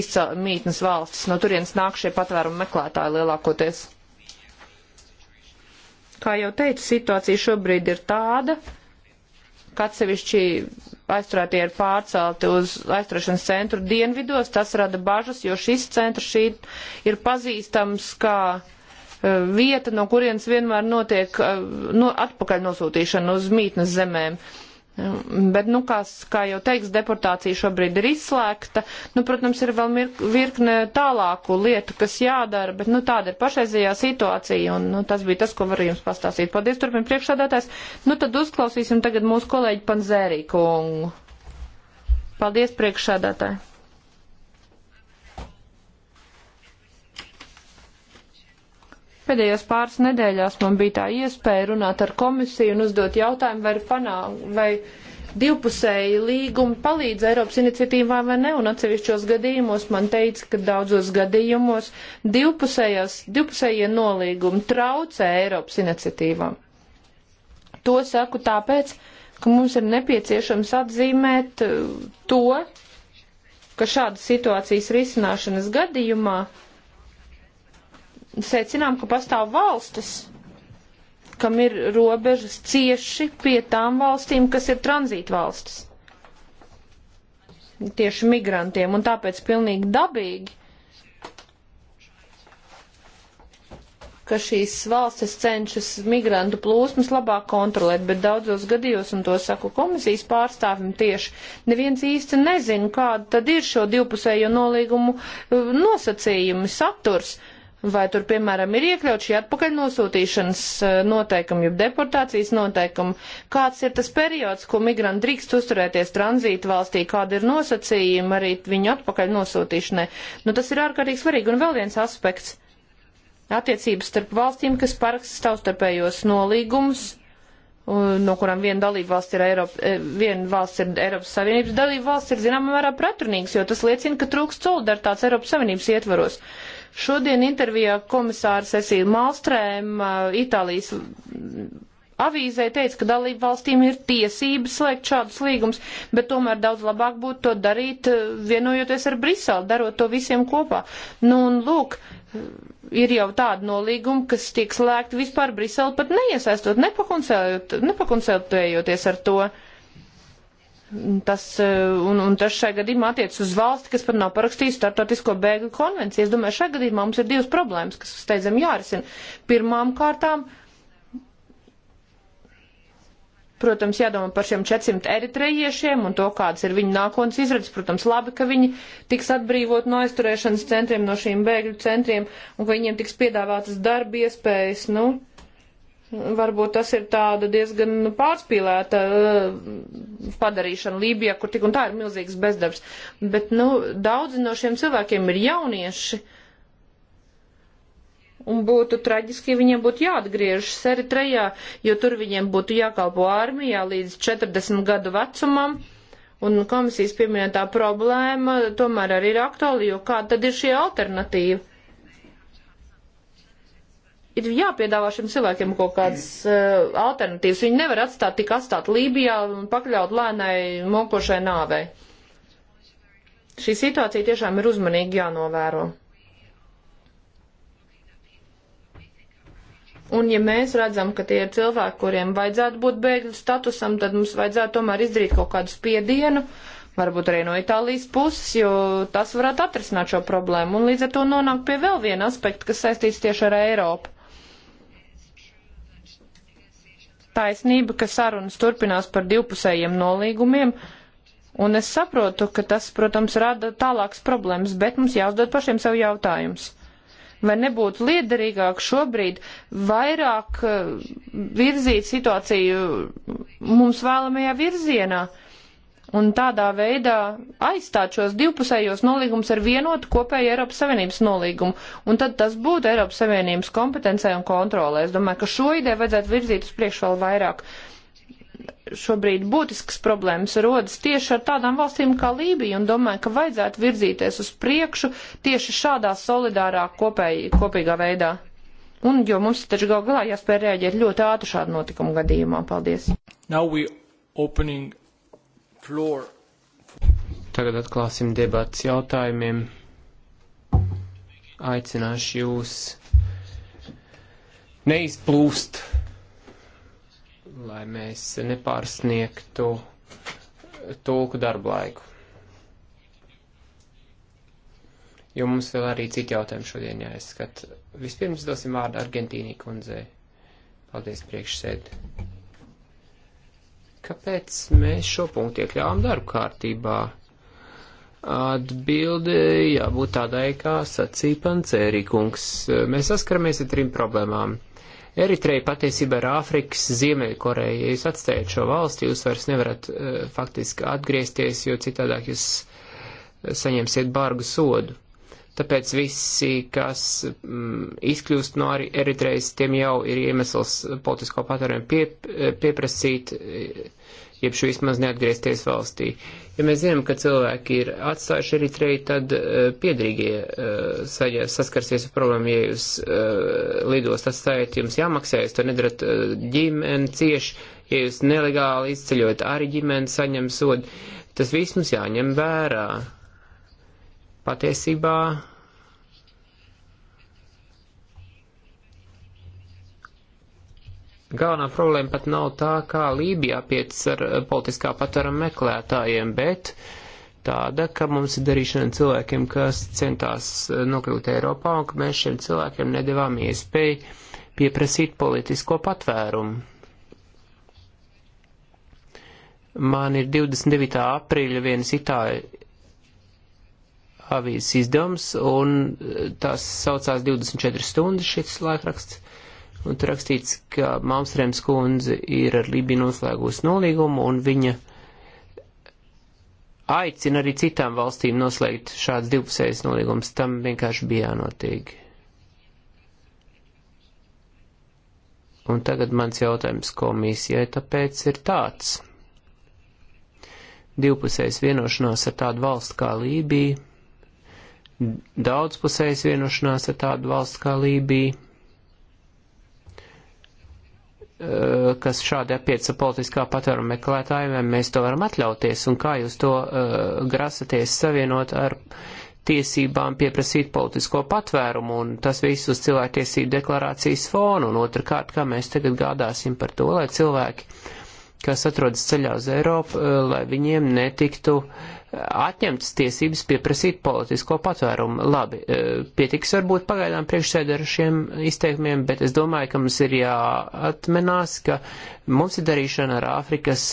izcel, mītnes valstis. No turienes nāk šie patvērumu meklētāji lielākoties. Kā jau teicu, situācija šobrīd ir tāda, ka atsevišķi aizturētie ir pārcelti uz aizturēšanas centru dienvidos. Tas rada bažas, jo šis centrs šī ir pazīstams kā e, vieta, no kurienes vienmēr notiek e, no, atpakaļ nosūtīšana uz mītnes zemēm. Bet, nu, kā, kā jau teiks, deportācija šobrīd ir izslēgta. Nu, protams, ir vēl virkne tālāku lietu, kas jādara, bet, nu, tāda ir pašreizējā situācija, un, nu, tas bija tas, ko varu jums pastāstīt. Paldies, turpin priekšsādātājs. Nu, tad uzklausīsim tagad mūsu kolēģi Panzērī kungu. Paldies, priekšsādātāji. Pēdējās pāris nedēļās man bija tā iespēja runāt ar komisiju un uzdot jautājumu, vai, panā, vai divpusēji līgumi palīdz Eiropas iniciatīvām vai ne, un atsevišķos gadījumos man teica, ka daudzos gadījumos divpusējie nolīgumi traucē Eiropas iniciatīvām. To saku tāpēc, ka mums ir nepieciešams atzīmēt eh, to, ka šādas situācijas risināšanas gadījumā secinām, ka pastāv valstis, kam ir robežas cieši pie tām valstīm, kas ir tranzītvalstis. Tieši migrantiem, un tāpēc pilnīgi dabīgi, ka šīs valstis cenšas migrantu plūsmas labāk kontrolēt, bet daudzos gadījos, un to saku komisijas pārstāvim tieši, neviens īsti nezina, kāda tad ir šo divpusējo nolīgumu eh, nosacījumi, saturs. Uh, Vai tur, piemēram, ir iekļaut šī atpakaļnosūtīšanas eh, noteikuma, jeb deportācijas noteikuma? Kāds ir tas periods, ko migranti drīkst uzturēties tranzītu valstī? Kāda ir nosacījuma arī viņu atpakaļnosūtīšanai? Nu, tas ir ārkārtīgi svarīgi. Un vēl viens aspekts - attiecības starp valstīm, kas paraksta savstarpējos nolīgumus, no kurām viena dalība valsts ir, Eiropa, e, viena valsts ir Eiropas Savienības dalība valsts, ir zināmā mērā pretrunīgs, jo tas liecina, ka trūkst solidaritātes Eiropas Savienības ietvaros. Šodien intervijā komisāra Cecīla Malstrēma Itālijas avīzē teica, ka dalību valstīm ir tiesības slēgt šādus līgumus, bet tomēr daudz labāk būtu to darīt, vienojoties ar Briselu, darot to visiem kopā. Nu, un lūk, ir jau tāda nolīguma, kas tiek slēgta vispār Briselu pat neiesaistot, nepakonsultējoties ar to. Uh, Tas, eh, un, un tas šajā gadījumā attiecas uz valsti, kas pat nav parakstījusi startautisko bēgļu konvenciju. Es domāju, šajā gadījumā mums ir divas problēmas, kas steidzam jārisina. Pirmām kārtām, protams, jādomā par šiem 400 eritrejiešiem un to, kādas ir viņu nākotnes izredzes. Protams, labi, ka viņi tiks atbrīvot no aizturēšanas centriem, no šīm bēgļu centriem, un ka viņiem tiks piedāvātas darba iespējas, nu, Varbūt tas ir tāda diezgan pārspīlēta uh, padarīšana Lībijā, kur tik un tā ir milzīgs bezdarbs. Bet, nu, daudzi no šiem cilvēkiem ir jaunieši. Un būtu traģiski, ja viņiem būtu jāatgriežas Eritrejā, jo tur viņiem būtu jākalpo armijā līdz 40 gadu vecumam. Un komisijas pieminētā problēma tomēr arī ir aktuāla, jo kāda tad ir šī alternatīva? ir jāpiedāvā šiem cilvēkiem kaut kādas uh, alternatīvas. Viņi nevar atstāt tik atstāt Lībijā un pakļaut lēnai mokošai nāvei. Šī situācija tiešām ir uzmanīgi jānovēro. Un ja mēs redzam, ka tie ir cilvēki, kuriem vajadzētu būt bēgļu statusam, tad mums vajadzētu tomēr izdarīt kaut kādu spiedienu, varbūt arī no Itālijas puses, jo tas varētu atrisināt šo problēmu. Un līdz ar to nonāk pie vēl viena aspekta, kas saistīts tieši ar Eiropu. taisnība, ka sarunas turpinās par divpusējiem nolīgumiem, un es saprotu, ka tas, protams, rada tālākas problēmas, bet mums jāuzdod pašiem sev jautājums. Vai nebūtu liederīgāk šobrīd vairāk eh, virzīt situāciju mums vēlamajā virzienā? Uh, un tādā veidā aizstāt šos divpusējos nolīgumus ar vienotu kopēju Eiropas Savienības nolīgumu. Un tad tas būtu Eiropas Savienības kompetencē un kontrolē. Es domāju, ka šo ideju vajadzētu virzīt uz priekšu vēl vairāk. Šobrīd būtisks problēmas rodas tieši ar tādām valstīm kā Lībija, un domāju, ka vajadzētu virzīties uz priekšu tieši šādā solidārā kopēji, kopīgā veidā. Un, jo mums taču gal galā jāspēj rēģēt ļoti ātri šādu notikumu gadījumā. Paldies! Now we opening floor. Tagad atklāsim debats jautājumiem. Aicināšu jūs neizplūst, lai mēs nepārsniegtu tulku darbu laiku. Jo mums vēl arī citi jautājumi šodien jāizskata. Vispirms dosim vārdu Argentīnī kundzei. Paldies priekšsēdi. Kāpēc mēs šo punktu iekļāvām darba kārtībā? Atbilde jābūt tādai, kā sacīja Pancērīkungs. Mēs saskaramies ar trim problēmām. Eritreja patiesībā ir Āfrikas Ziemeļkoreja. Ja jūs atstājat šo valsti, jūs vairs nevarat uh, faktiski atgriezties, jo citādāk jūs eh, saņemsiet bargu sodu. Tāpēc visi, kas mm, izkļūst no Eritrejas, tiem jau ir iemesls politisko patvērumu pie, pieprasīt, jeb šo vismaz neatgriezties valstī. Ja mēs zinām, ka cilvēki ir atstājuši Eritreju, tad uh, piedrīgie uh, saskarsies ar problēmu, ja jūs uh, eh, lidost atstājat, jums jāmaksā, jūs to nedarat uh, ģimeni cieši, ja jūs nelegāli izceļot, arī ģimeni saņem sodu. Tas viss mums jāņem vērā. Uh, Patiesībā Galvenā problēma pat nav tā, kā Lībijā pietis ar eh, politiskā patvara meklētājiem, bet tāda, ka mums ir darīšana cilvēkiem, kas centās eh, nokļūt Eiropā, un ka mēs šiem cilvēkiem nedavām iespēju pieprasīt politisko patvērumu. Man ir 29. aprīļa viens itāļu avīzes izdevums, un e, tas saucās 24 stundas šis laikraksts. Un tur rakstīts, ka Malmstrēms kundze ir ar Libiju noslēgusi nolīgumu, un viņa aicina arī citām valstīm noslēgt šāds divpusējs nolīgums. Tam vienkārši bija jānotiek. Un tagad mans jautājums komisijai tāpēc ir tāds. Divpusējs vienošanās ar tādu valstu kā Lībija daudzpusējas vienošanās ar tādu valsts kā Lībija, eh, kas šādi apieca politiskā patvēruma meklētājiem, mēs to varam atļauties, un kā jūs to uh, grasaties savienot ar tiesībām pieprasīt politisko patvērumu, un tas viss uz cilvēktiesību deklarācijas fonu, un otrkārt, kā mēs tagad gādāsim par to, lai cilvēki, kas atrodas ceļā uz Eiropu, uh, lai viņiem netiktu uh, atņemtas tiesības pieprasīt politisko patvērumu. Labi, e, pietiks varbūt pagaidām priekšsēdē ar šiem izteikumiem, bet es domāju, ka mums ir jāatmenās, ka mums ir darīšana ar Āfrikas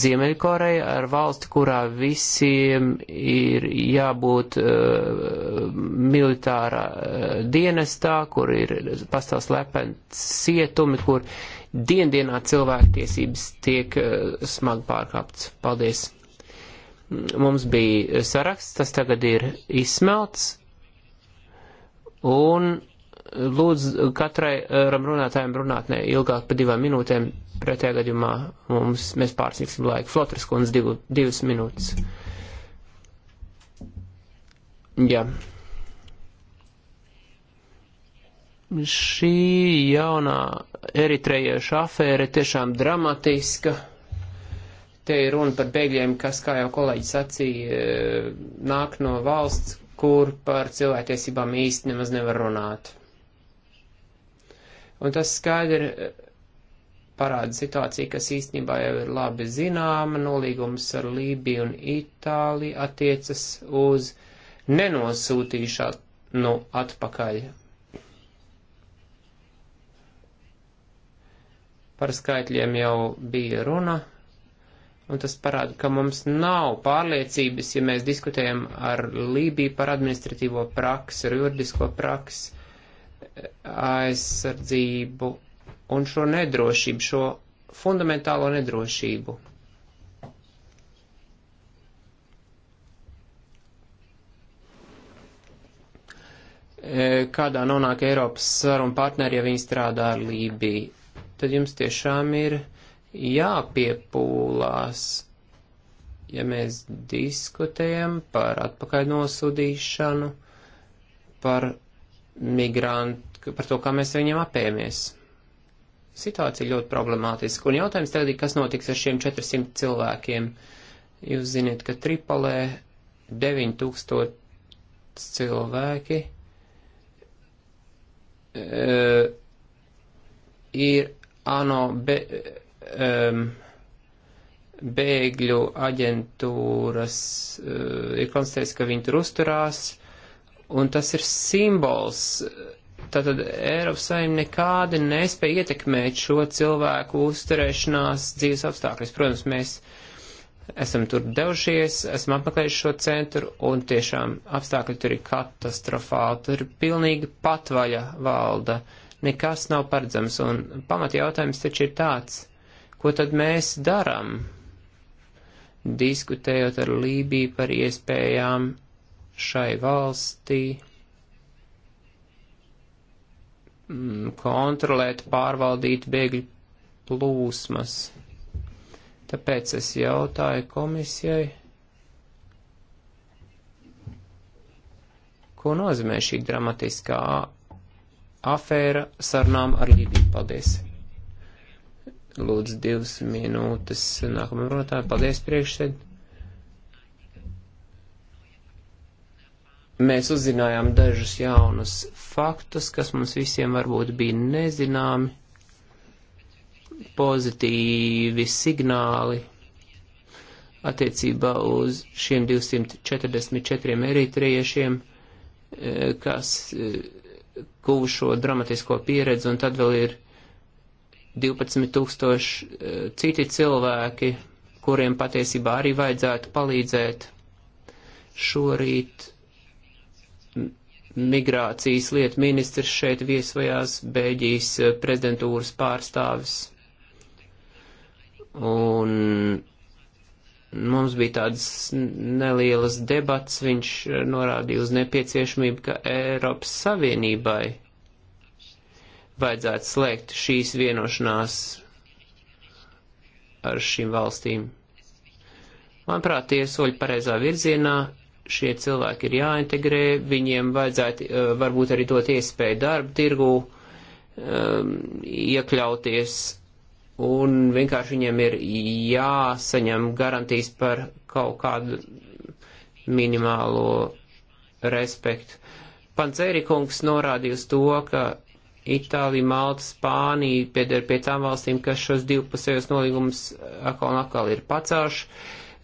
Ziemeļkoreju, ar valsti, kurā visiem ir jābūt uh, e, militārā uh, e, dienestā, kur ir pastāv slepeni cietumi, kur diendienā cilvēktiesības tiek uh, smagi pārkāptas. Paldies! Mums bija saraksts, tas tagad ir izsmelts. Un lūdzu katrai eh, runātājiem runāt ne ilgāk par divām minūtēm, pretējā gadījumā mums, mēs pārsniegsim laiku. Flotras kundze divu, divas minūtes. Jā. Šī jaunā eritrejieša afēra tiešām dramatiska. Te ir runa par bēgļiem, kas, kā jau kolēģis sacīja, nāk no valsts, kur par cilvēktiesībām īsti nemaz nevar runāt. Un tas skaidri eh, parāda situāciju, kas īstenībā jau ir labi zināma. Nolīgums ar Lībiju un Itāliju attiecas uz nenosūtīšanu atpakaļ. Par skaitļiem jau bija runa, Un tas parāda, ka mums nav pārliecības, ja mēs diskutējam ar Lībiju par administratīvo praksi, ar juridisko praksi, aizsardzību un šo nedrošību, šo fundamentālo nedrošību. E, kādā nonāk Eiropas saruna partneri, ja viņi strādā ar Lībiju? Tad jums tiešām ir uh, jāpiepūlās, ja mēs diskutējam par atpakaļ nosūdīšanu, par migrantu, par to, kā mēs viņiem apēmies. Situācija ļoti problemātiska, un jautājums tagad ir, kas notiks ar šiem 400 cilvēkiem. Jūs ziniet, ka Tripolē 9000 cilvēki e, ir ANO be, um, bēgļu aģentūras uh, ir konstatējis, ka viņi tur uzturās, un tas ir simbols. Tātad Eiropas saimnieki nekādi nespēja ietekmēt šo cilvēku uzturēšanās dzīves apstākļus. Protams, mēs esam tur devušies, esam apmeklējuši šo centru, un tiešām apstākļi tur ir katastrofāli. Tur ir pilnīgi patvaļa valda. Nekas nav paredzams, un pamat jautājums taču ir tāds Ko tad mēs darām, diskutējot ar Lībiju par iespējām šai valstī mm, kontrolēt, pārvaldīt bēgļu plūsmas? Tāpēc es jautāju komisijai, ko nozīmē šī dramatiskā afēra sarunām ar Lībiju. Paldies! Lūdzu, divas minūtes nākamajam runātājam. Paldies, priekšsēd. Mēs uzzinājām dažus jaunus faktus, kas mums visiem varbūt bija nezināmi, pozitīvi signāli attiecībā uz šiem 244 eritriešiem, eh, kas eh, guvušo dramatisko pieredzi, un tad vēl ir 12 tūkstoši eh, citi cilvēki, kuriem patiesībā arī vajadzētu palīdzēt. Šorīt migrācijas lietu ministrs šeit viesojās, Bēģijas eh, prezidentūras pārstāvis. Un mums bija tādas nelielas debats, viņš eh, norādīja uz nepieciešamību, ka Eiropas Savienībai vajadzētu slēgt šīs vienošanās ar šīm valstīm. Manuprāt, tie ir soļi pareizā virzienā, šie cilvēki ir jāintegrē, viņiem vajadzētu uh, varbūt arī dot iespēju darba tirgu um, ehm, iekļauties, un vienkārši viņiem ir jāsaņem garantijas par kaut kādu minimālo respektu. Pancēri kungs norādīja uz to, ka Itālija, Malta, Spānija pieder pie tām valstīm, kas šos divpusējos nolīgumus atkal un atkal ir pacēluši.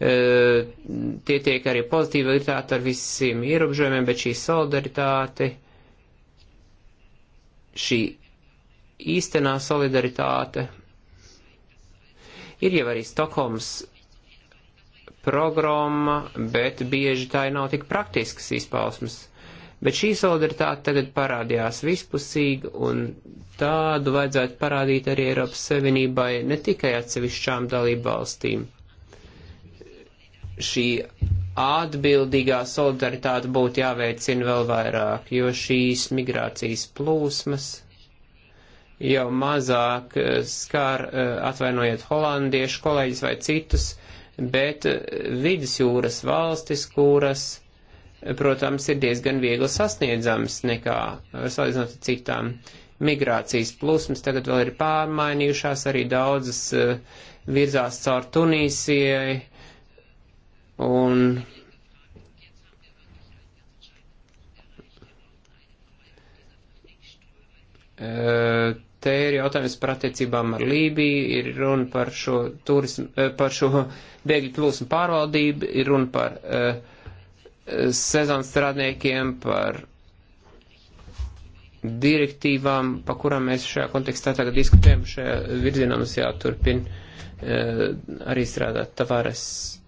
E, tie tiek arī pozitīvi vērtēti ar visiem ierobežojumiem, bet šī solidaritāte, šī īstenā solidaritāte ir jau arī Stokholmas programma, bet bieži tā ir nav tik praktiskas izpausmes Bet šī solidaritāte tagad parādījās vispusīga, un tādu vajadzētu parādīt arī Eiropas Savienībai, ne tikai atsevišķām dalību valstīm. Šī atbildīgā solidaritāte būtu jāveicina vēl vairāk, jo šīs migrācijas plūsmas jau mazāk eh, skar, eh, atvainojiet, holandiešu kolēģis vai citus, bet eh, vidusjūras valstis, kuras protams, ir diezgan viegli sasniedzams nekā salīdzinot ar citām migrācijas plūsmas. Tagad vēl ir pārmainījušās, arī daudzas eh, virzās caur Tunīsijai un eh, Te ir jautājums par attiecībām ar Lībiju, ir runa par šo, turismu, eh, par šo bēgļu plūsmu pārvaldību, ir runa par uh, sezonas strādniekiem, par direktīvām, pa kurām mēs šajā kontekstā tagad diskutējam, šajā virzienā mums jāturpina eh, arī strādāt. Tavares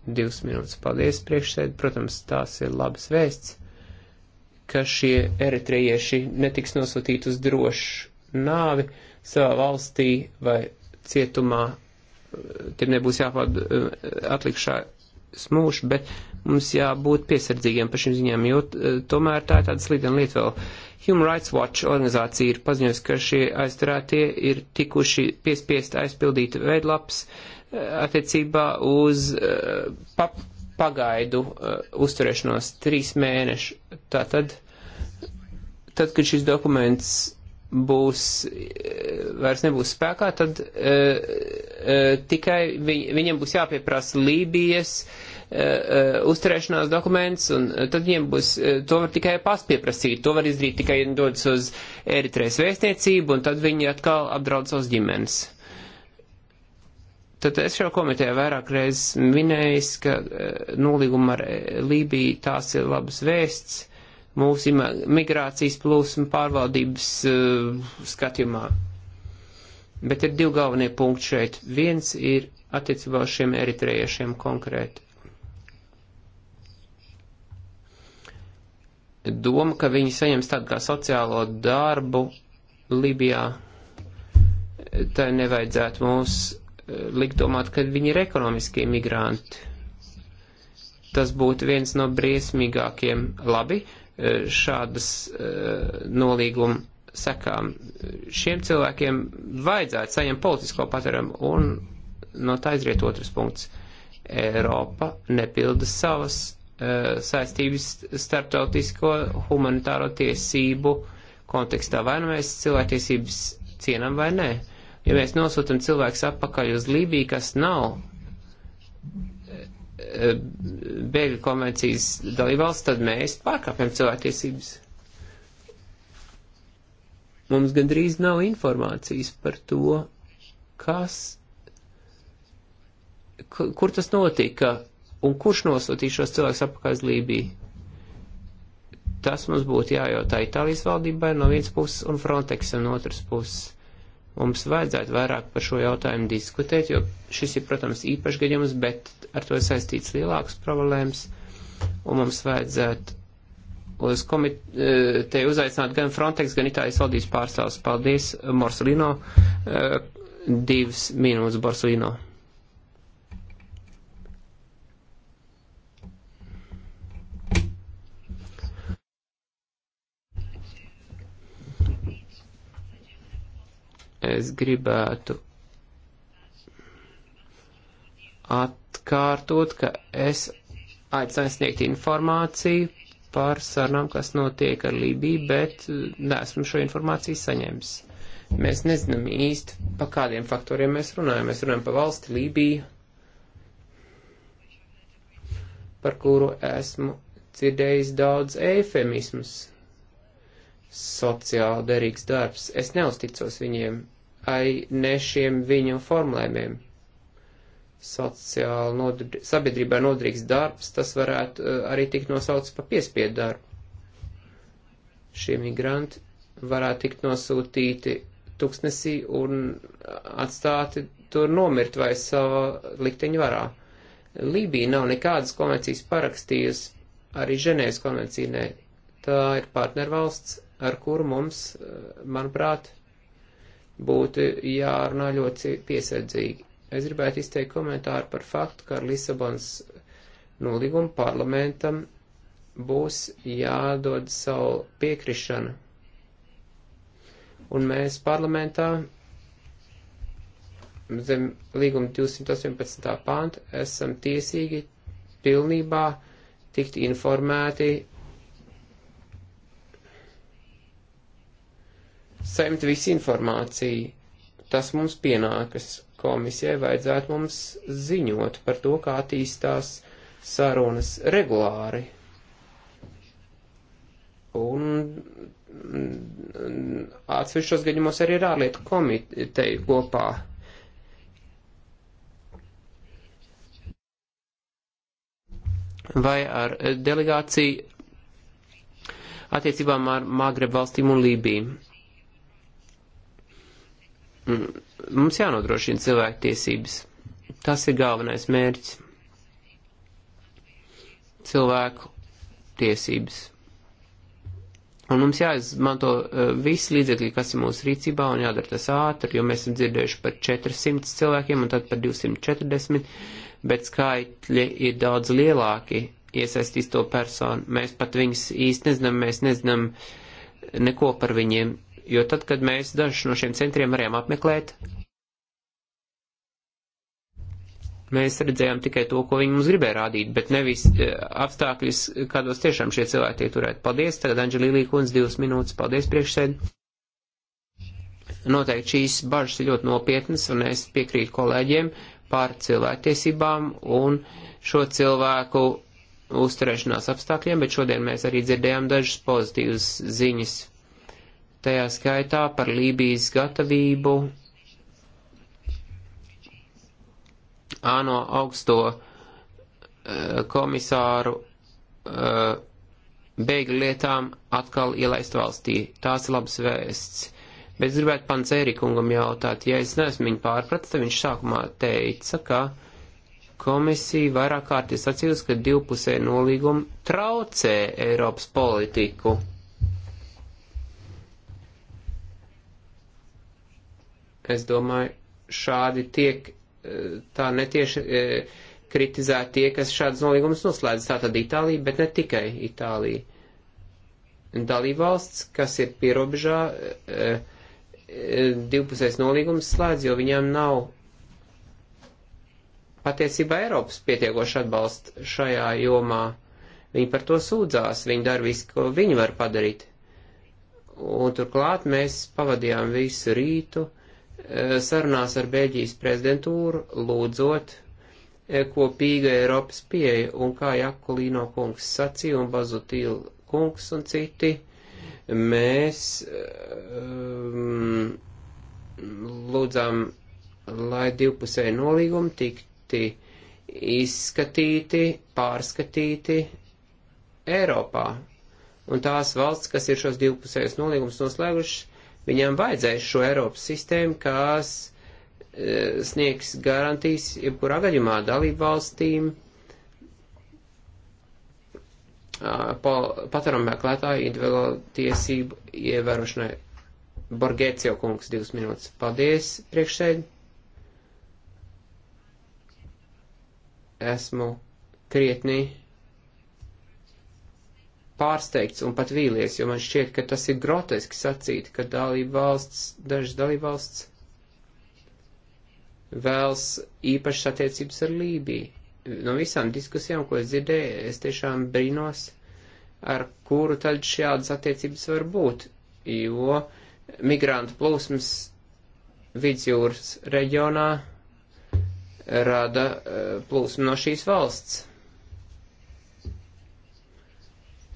divas minūtes. Paldies priekšsēdi. Protams, tās ir labas vēsts, ka šie eritrejieši netiks nosūtīti uz drošu nāvi savā valstī vai cietumā. Tiem nebūs jāpād eh, atlikšā smūši, bet mums jābūt piesardzīgiem par šīm ziņām, jo eh, tomēr tā ir tāda slidena lieta vēl. Human Rights Watch organizācija ir paziņojusi, ka šie aizturētie ir tikuši piespiest aizpildīt veidlaps eh, attiecībā uz eh, pap, pagaidu uzturēšanos trīs mēnešu. Tātad, tad, kad šis dokuments būs, eh, vairs nebūs spēkā, tad uh, uh, tikai viņ, viņiem būs jāpieprasa Lībijas uh, uzturēšanās dokuments, un tad viņiem būs, to var tikai paspieprasīt, to var izdarīt tikai, ja dodas uz Eritrēs vēstniecību, un tad viņi atkal apdraud savus ģimenes. Tad es jau komitēju vairāk reizes minējis, ka nolīguma ar Lībiju tās ir labas vēsts, mūsu migrācijas plūsmu pārvaldības uh, skatījumā. Bet ir divi galvenie punkti šeit. Viens ir attiecībā uz šiem eritrejiešiem konkrēti. Doma, ka viņi saņems tādu kā sociālo darbu Libijā, tai nevajadzētu mūs eh, likt domāt, ka viņi ir ekonomiski migranti. Tas būtu viens no briesmīgākiem. Labi, šādas eh, nolīguma sekām. Šiem cilvēkiem vajadzētu saņemt politisko patvērumu un no tā izriet otrs punkts. Eiropa nepilda savas eh, saistības starptautisko humanitāro tiesību kontekstā. Vai nu mēs cilvēktiesības cienam vai nē. Ja mēs nosūtam cilvēks atpakaļ uz Lībiju, kas nav Eh, bēgļu konvencijas dalībvalsts, tad mēs pārkāpjam cilvēktiesības. Mums gandrīz nav informācijas par to, kas, kur tas notika un kurš nosūtīja šos cilvēkus apakaļ uz Lībiju. Tas mums būtu jājautā Itālijas valdībai no vienas puses un Frontexam no otras puses mums vajadzētu vairāk par šo jautājumu diskutēt, jo šis ir, protams, īpašs gadījums, bet ar to saistīts lielākas problēmas, un mums vajadzētu uz komiteju eh, uzaicināt gan Frontex, gan Itālijas valdības pārstāvs. Paldies, Morsolino. Eh, divas minūtes, Borsolino. Es gribētu at, atkārtot, ka es aicinu sniegt informāciju par sarunām, kas notiek ar Lībiju, bet uh, neesmu šo informāciju saņēmis. Mēs nezinām īsti, pa kādiem faktoriem mēs runājam. Mēs runājam par valsti Lībiju, par kuru esmu dzirdējis daudz eifemismus. Sociāli derīgs darbs. Es neusticos viņiem, ai ne šiem viņu formulējumiem sociāli nodri, sabiedrībā nodrīgs darbs, tas varētu eh, arī tikt nosaucts par piespiedu darbu. Šie migranti varētu tikt nosūtīti tuksnesī un atstāti tur nomirt vai savā likteņu varā. Lībija nav nekādas konvencijas parakstījusi, arī Ženēvas konvencija nē. Tā ir partnervalsts, ar kuru mums, eh, manuprāt, būtu jārunā ļoti piesardzīgi Es gribētu izteikt komentāru par faktu, ka ar Lisabons nolīgumu parlamentam būs jādod savu piekrišanu. Un mēs parlamentā zem līguma 218. pānta esam tiesīgi pilnībā tikt informēti, saņemt visu informāciju. Tas mums pienākas komisijai vajadzētu mums ziņot par to, kā attīstās sarunas regulāri. Un mm, atsevišķos gadījumos arī ir ārlietu komiteju kopā. Vai ar delegāciju attiecībām ar Magreb valstīm un Lībiju. Mm, mums jānodrošina cilvēktiesības. Tas ir galvenais mērķis. Cilvēku tiesības. Un mums jāizmanto eh, visi līdzekļi, kas ir mūsu rīcībā, un jādara tas ātri, jo mēs esam dzirdējuši par 400 cilvēkiem un tad par 240, bet skaitļi ir daudz lielāki iesaistīs to personu. Mēs pat viņus īsti nezinām, mēs nezinām neko par viņiem jo tad, kad mēs dažus no šiem centriem varējām apmeklēt, mēs redzējām tikai to, ko viņi mums gribēja rādīt, bet nevis eh, apstākļus, kādos tiešām šie cilvēki tiek turēti. Paldies, tagad Anģelīlī kundze divas minūtes, paldies priekšsēd. Noteikti šīs bažas ir ļoti nopietnas, un es piekrītu kolēģiem par cilvēktiesībām un šo cilvēku uzturēšanās apstākļiem, bet šodien mēs arī dzirdējām dažas pozitīvas ziņas tajā skaitā par Lībijas gatavību ANO augsto uh, komisāru uh, bēgļu lietām atkal ielaist valstī. Tās ir labas vēsts. Bet gribētu pancērikungam jautāt, ja es neesmu viņu pārpratis, tad viņš sākumā teica, ka komisija vairāk kārt ir sacījusi, ka divpusē nolīguma traucē Eiropas politiku. Es domāju, šādi tiek eh, tā netieši eh, kritizēti tie, kas šādas nolīgumas noslēdz. Tātad Itālija, bet ne tikai Itālija. Dalībvalsts, kas ir pierobežā, eh, divpusējs nolīgums slēdz, jo viņām nav patiesībā Eiropas pietiekoši atbalsts šajā jomā. Viņi par to sūdzās, viņi dara visu, ko viņi var padarīt. Un turklāt mēs pavadījām visu rītu sarunās ar Beļģijas prezidentūru, lūdzot e, kopīga Eiropas pieeja, un kā Jakulīno kungs sacīja un Bazutīl kungs un citi, mēs um, lūdzām, lai divpusēji nolīgumi tikti izskatīti, pārskatīti Eiropā. Un tās valsts, kas ir šos divpusējos nolīgumus noslēgušas, Viņām vajadzēs šo Eiropas sistēmu, kas e, sniegs garantijas jebkurā gadījumā dalību valstīm, patvaram meklētāju individuālo tiesību ievērošanai. Borgēcio kungs, divas minūtes. Paldies, priekšsēdi. Esmu krietni pārsteigts un pat vīlies, jo man šķiet, ka tas ir groteski sacīt, ka dalība valsts, dažas dalība valsts vēlas īpašas attiecības ar Lībiju. No visām diskusijām, ko es dzirdēju, es tiešām brīnos, ar kuru tad šādas attiecības var būt, jo migrantu plūsmas vidusjūras reģionā rada eh, plūsmu no šīs valsts.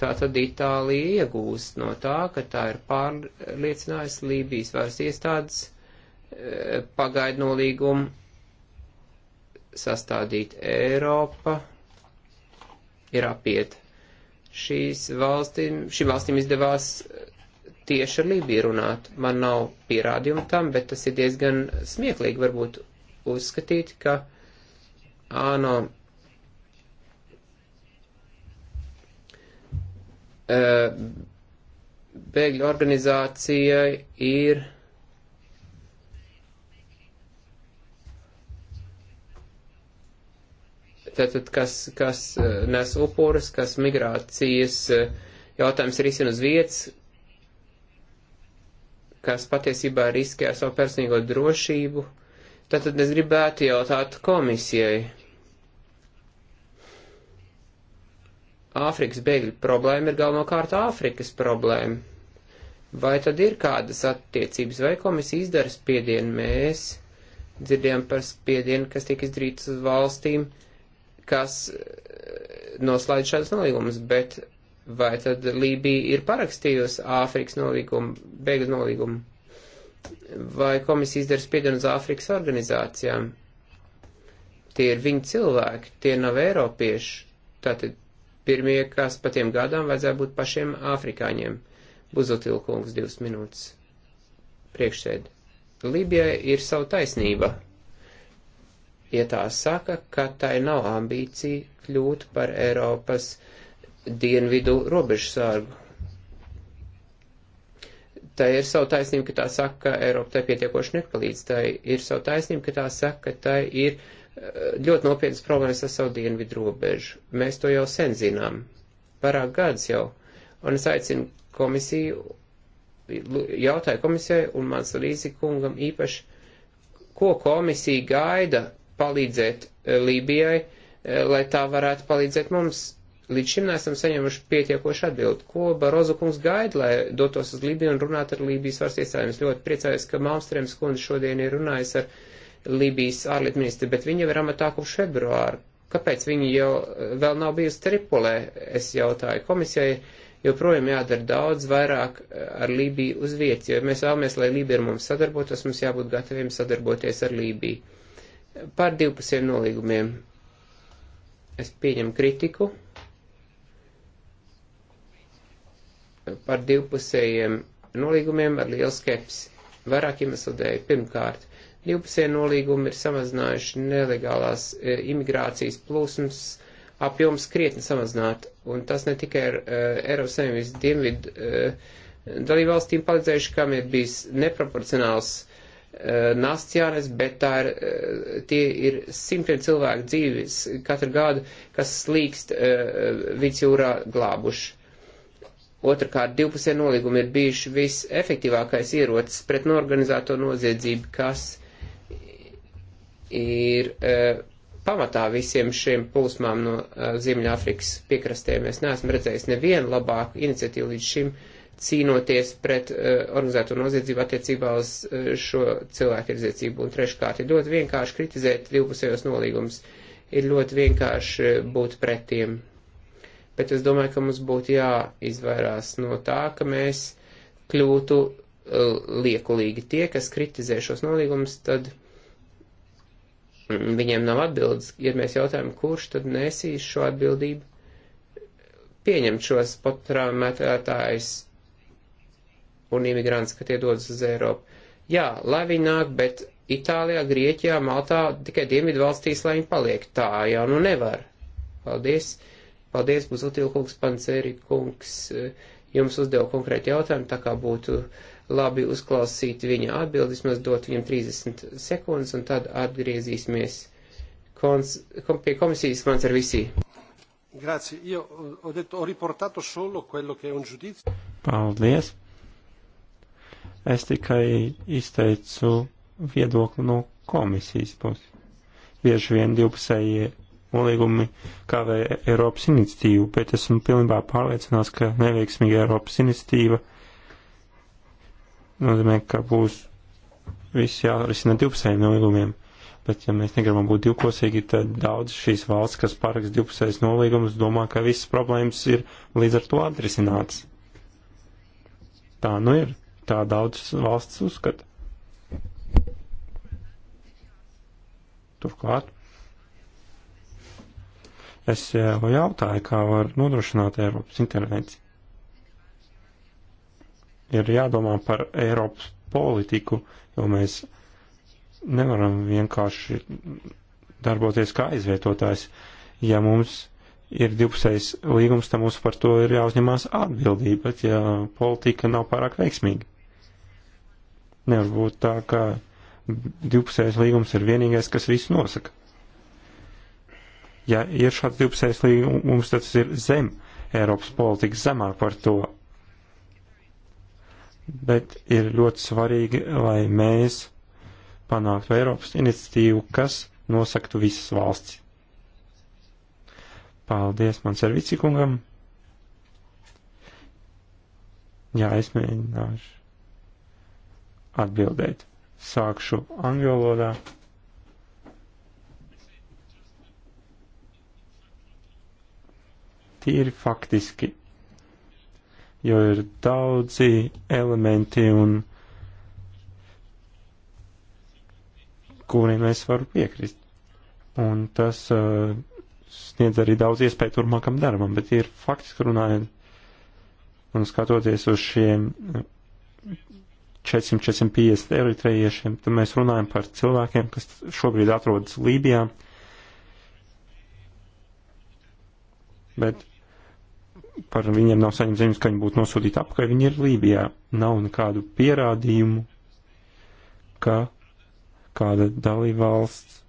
Tātad Itālija iegūst no tā, ka tā ir pārliecinājusi Lībijas varas iestādes eh, pagaidu nolīgumu sastādīt Eiropa ir apiet. Šīs valstīm, šīm valstīm izdevās eh, tieši ar Lībiju runāt. Man nav pierādījumu tam, bet tas ir diezgan smieklīgi varbūt uzskatīt, ka āno Eh, bēgļu organizācijai ir tātad, kas, kas eh, nes upurus, kas migrācijas eh, jautājums ir izsien uz vietas, kas patiesībā riskē savu personīgo drošību. Tātad es gribētu jautāt komisijai, Āfrikas bēgļu problēma ir galvenokārt Āfrikas problēma. Vai tad ir kādas attiecības, vai komisija izdara spiedienu? Mēs dzirdējām par spiedienu, kas tiek izdarīts uz valstīm, kas eh, noslēdz šādas nolīgumus, bet vai tad Lībija ir parakstījusi Āfrikas nolīgumu, bēgļu nolīgumu? Vai komisija izdara spiedienu uz Āfrikas organizācijām? Tie ir viņu cilvēki, tie nav eiropieši. Tātad pirmie, kas pa tiem gadām vajadzēja būt pašiem afrikāņiem. Buzotilkungs divas minūtes priekšsēd. Libijai ir savu taisnība, ja tā saka, ka tai nav ambīcija kļūt par Eiropas dienvidu robežsārgu. Tā ir savu taisnību, ka tā saka, ka Eiropa tai pietiekoši nepalīdz. Tā ir savu taisnību, ka tā saka, ka tai ir uh, ļoti nopietnas problēmas ar savu dienvidu robežu. Mēs to jau sen zinām, pārāk gads jau, un es aicinu komisiju, jautāju komisijai un mans līdzi kungam īpaši, ko komisija gaida palīdzēt eh, Lībijai, eh, lai tā varētu palīdzēt mums. Līdz šim neesam saņēmuši pietiekoši atbildi, ko Barozu kungs gaida, lai dotos uz Lībiju un runātu ar Lībijas varas iestādēm. Es ļoti priecājos, ka Malmstrēms kundze šodien ir runājis ar Libijas ārlietu ministri, bet viņi jau ir amatā kopš februāra. Kāpēc viņi jau eh, vēl nav bijusi Tripolē? Es jautāju komisijai, joprojām jādara daudz vairāk eh, ar Libiju uz vietas, jo mēs vēlamies, lai Libija ar mums sadarbotos, mums jābūt gataviem sadarboties ar Libiju. Par divpusiem nolīgumiem. Es pieņemu kritiku par divpusējiem nolīgumiem ar lielu skepsi. Vairāk iemeslu dēļ. Pirmkārt, Divpusē nolīgumi ir samazinājuši nelegālās e, imigrācijas plūsmas apjoms krietni samazināt, un tas ne tikai ar e, Eiropas Savienības dienvidu e, dalībvalstīm palīdzējuši, kam ir bijis neproporcionāls e, nasts jānes, bet tā ir, e, tie ir simtiem cilvēku dzīves katru gadu, kas slīkst uh, vidusjūrā glābuši. Otrakārt, divpusē nolīgumi ir bijuši visefektīvākais ierocis pret norganizēto noziedzību, kas ir e, pamatā visiem šiem plūsmām no e, Ziemeļāfrikas piekrastiem. Es neesmu redzējis nevienu labāku iniciatīvu līdz šim cīnoties pret e, organizēto noziedzību attiecībā uz šo cilvēku tirdzniecību. Un treškārt, ir ļoti vienkārši kritizēt divpusējos nolīgumus, ir ļoti vienkārši būt pret tiem. Bet es domāju, ka mums būtu jāizvairās no tā, ka mēs kļūtu liekulīgi tie, kas kritizē šos nolīgumus, tad viņiem nav atbildes, ja mēs jautājam, kurš tad nesīs šo atbildību pieņemt šos patraumētājus un imigrants, ka tie dodas uz Eiropu. Jā, lai viņi nāk, bet Itālijā, Grieķijā, Maltā, tikai Dienvidu valstīs, lai viņi paliek. Tā jau nu nevar. Paldies. Paldies, Buzotilkungs, Panceri kungs. Jums uzdevu konkrēti jautājumu, tā kā būtu uh, labi uzklausīt viņa atbildes, mēs dot viņam 30 sekundes un tad atgriezīsimies kons, kom, pie komisijas mans ar visī. Grazie, io ho detto, ho riportato solo quello che è un giudizio. Paldies. Es tikai izteicu viedokli no komisijas puses. Bieži vien divpusējie nolīgumi kavē Eiropas iniciatīvu, bet esmu pilnībā pārliecināts, ka neveiksmīga Eiropas iniciatīva nozīmē, ka būs viss jārisina divpusējiem nolīgumiem. Bet, ja mēs negribam būt divkosīgi, tad daudz šīs valsts, kas parakst divpusējas nolīgumus, domā, ka visas problēmas ir līdz ar to atrisināts. Tā nu ir. Tā daudz valsts uzskata. Turklāt. Es jau jautāju, kā var nodrošināt Eiropas intervenciju ir jādomā par Eiropas politiku, jo mēs nevaram vienkārši darboties kā aizvietotājs. Ja mums ir divpusējs līgums, tad mums par to ir jāuzņemās atbildība, bet ja politika nav pārāk veiksmīga. Nevar būt tā, ka divpusējs līgums ir vienīgais, kas visu nosaka. Ja ir šāds divpusējs līgums, tad tas ir zem Eiropas politikas zemāk par to bet ir ļoti svarīgi, lai mēs panāktu Eiropas iniciatīvu, kas nosaktu visas valsts. Paldies man servicikungam. Jā, es mēģināšu atbildēt. Sākšu angļu valodā. Tīri faktiski jo ir daudzi elementi un kuriem es varu piekrist. Un tas uh, sniedz arī daudz iespēju turpmākam darbam, bet ir faktiski runājot un skatoties uz šiem 400-450 uh, eritrejiešiem, tad mēs runājam par cilvēkiem, kas šobrīd atrodas Lībijā, bet par viņiem nav saņemts ziņas, ka viņi būtu nosūtīti apkārt, viņi ir Lībijā. Nav nekādu pierādījumu, ka kāda dalībvalsts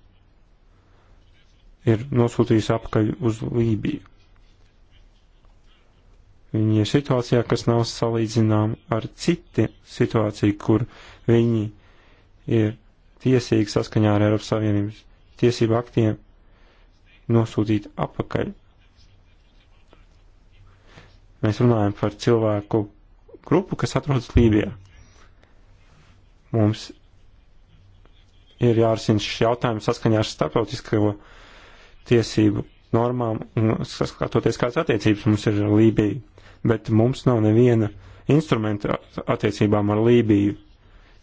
ir nosūtījusi apakaļ uz Lībiju. Viņi ir situācijā, kas nav salīdzināma ar citi situāciju, kur viņi ir tiesīgi saskaņā ar Eiropas Savienības tiesību aktiem nosūtīt apakaļ Mēs runājam par cilvēku grupu, kas atrodas Lībijā. Mums ir jārisina šis jautājums saskaņā ar starptautisko tiesību normām un skatoties, kādas attiecības mums ir ar Lībiju. Bet mums nav neviena instrumenta attiecībām ar Lībiju,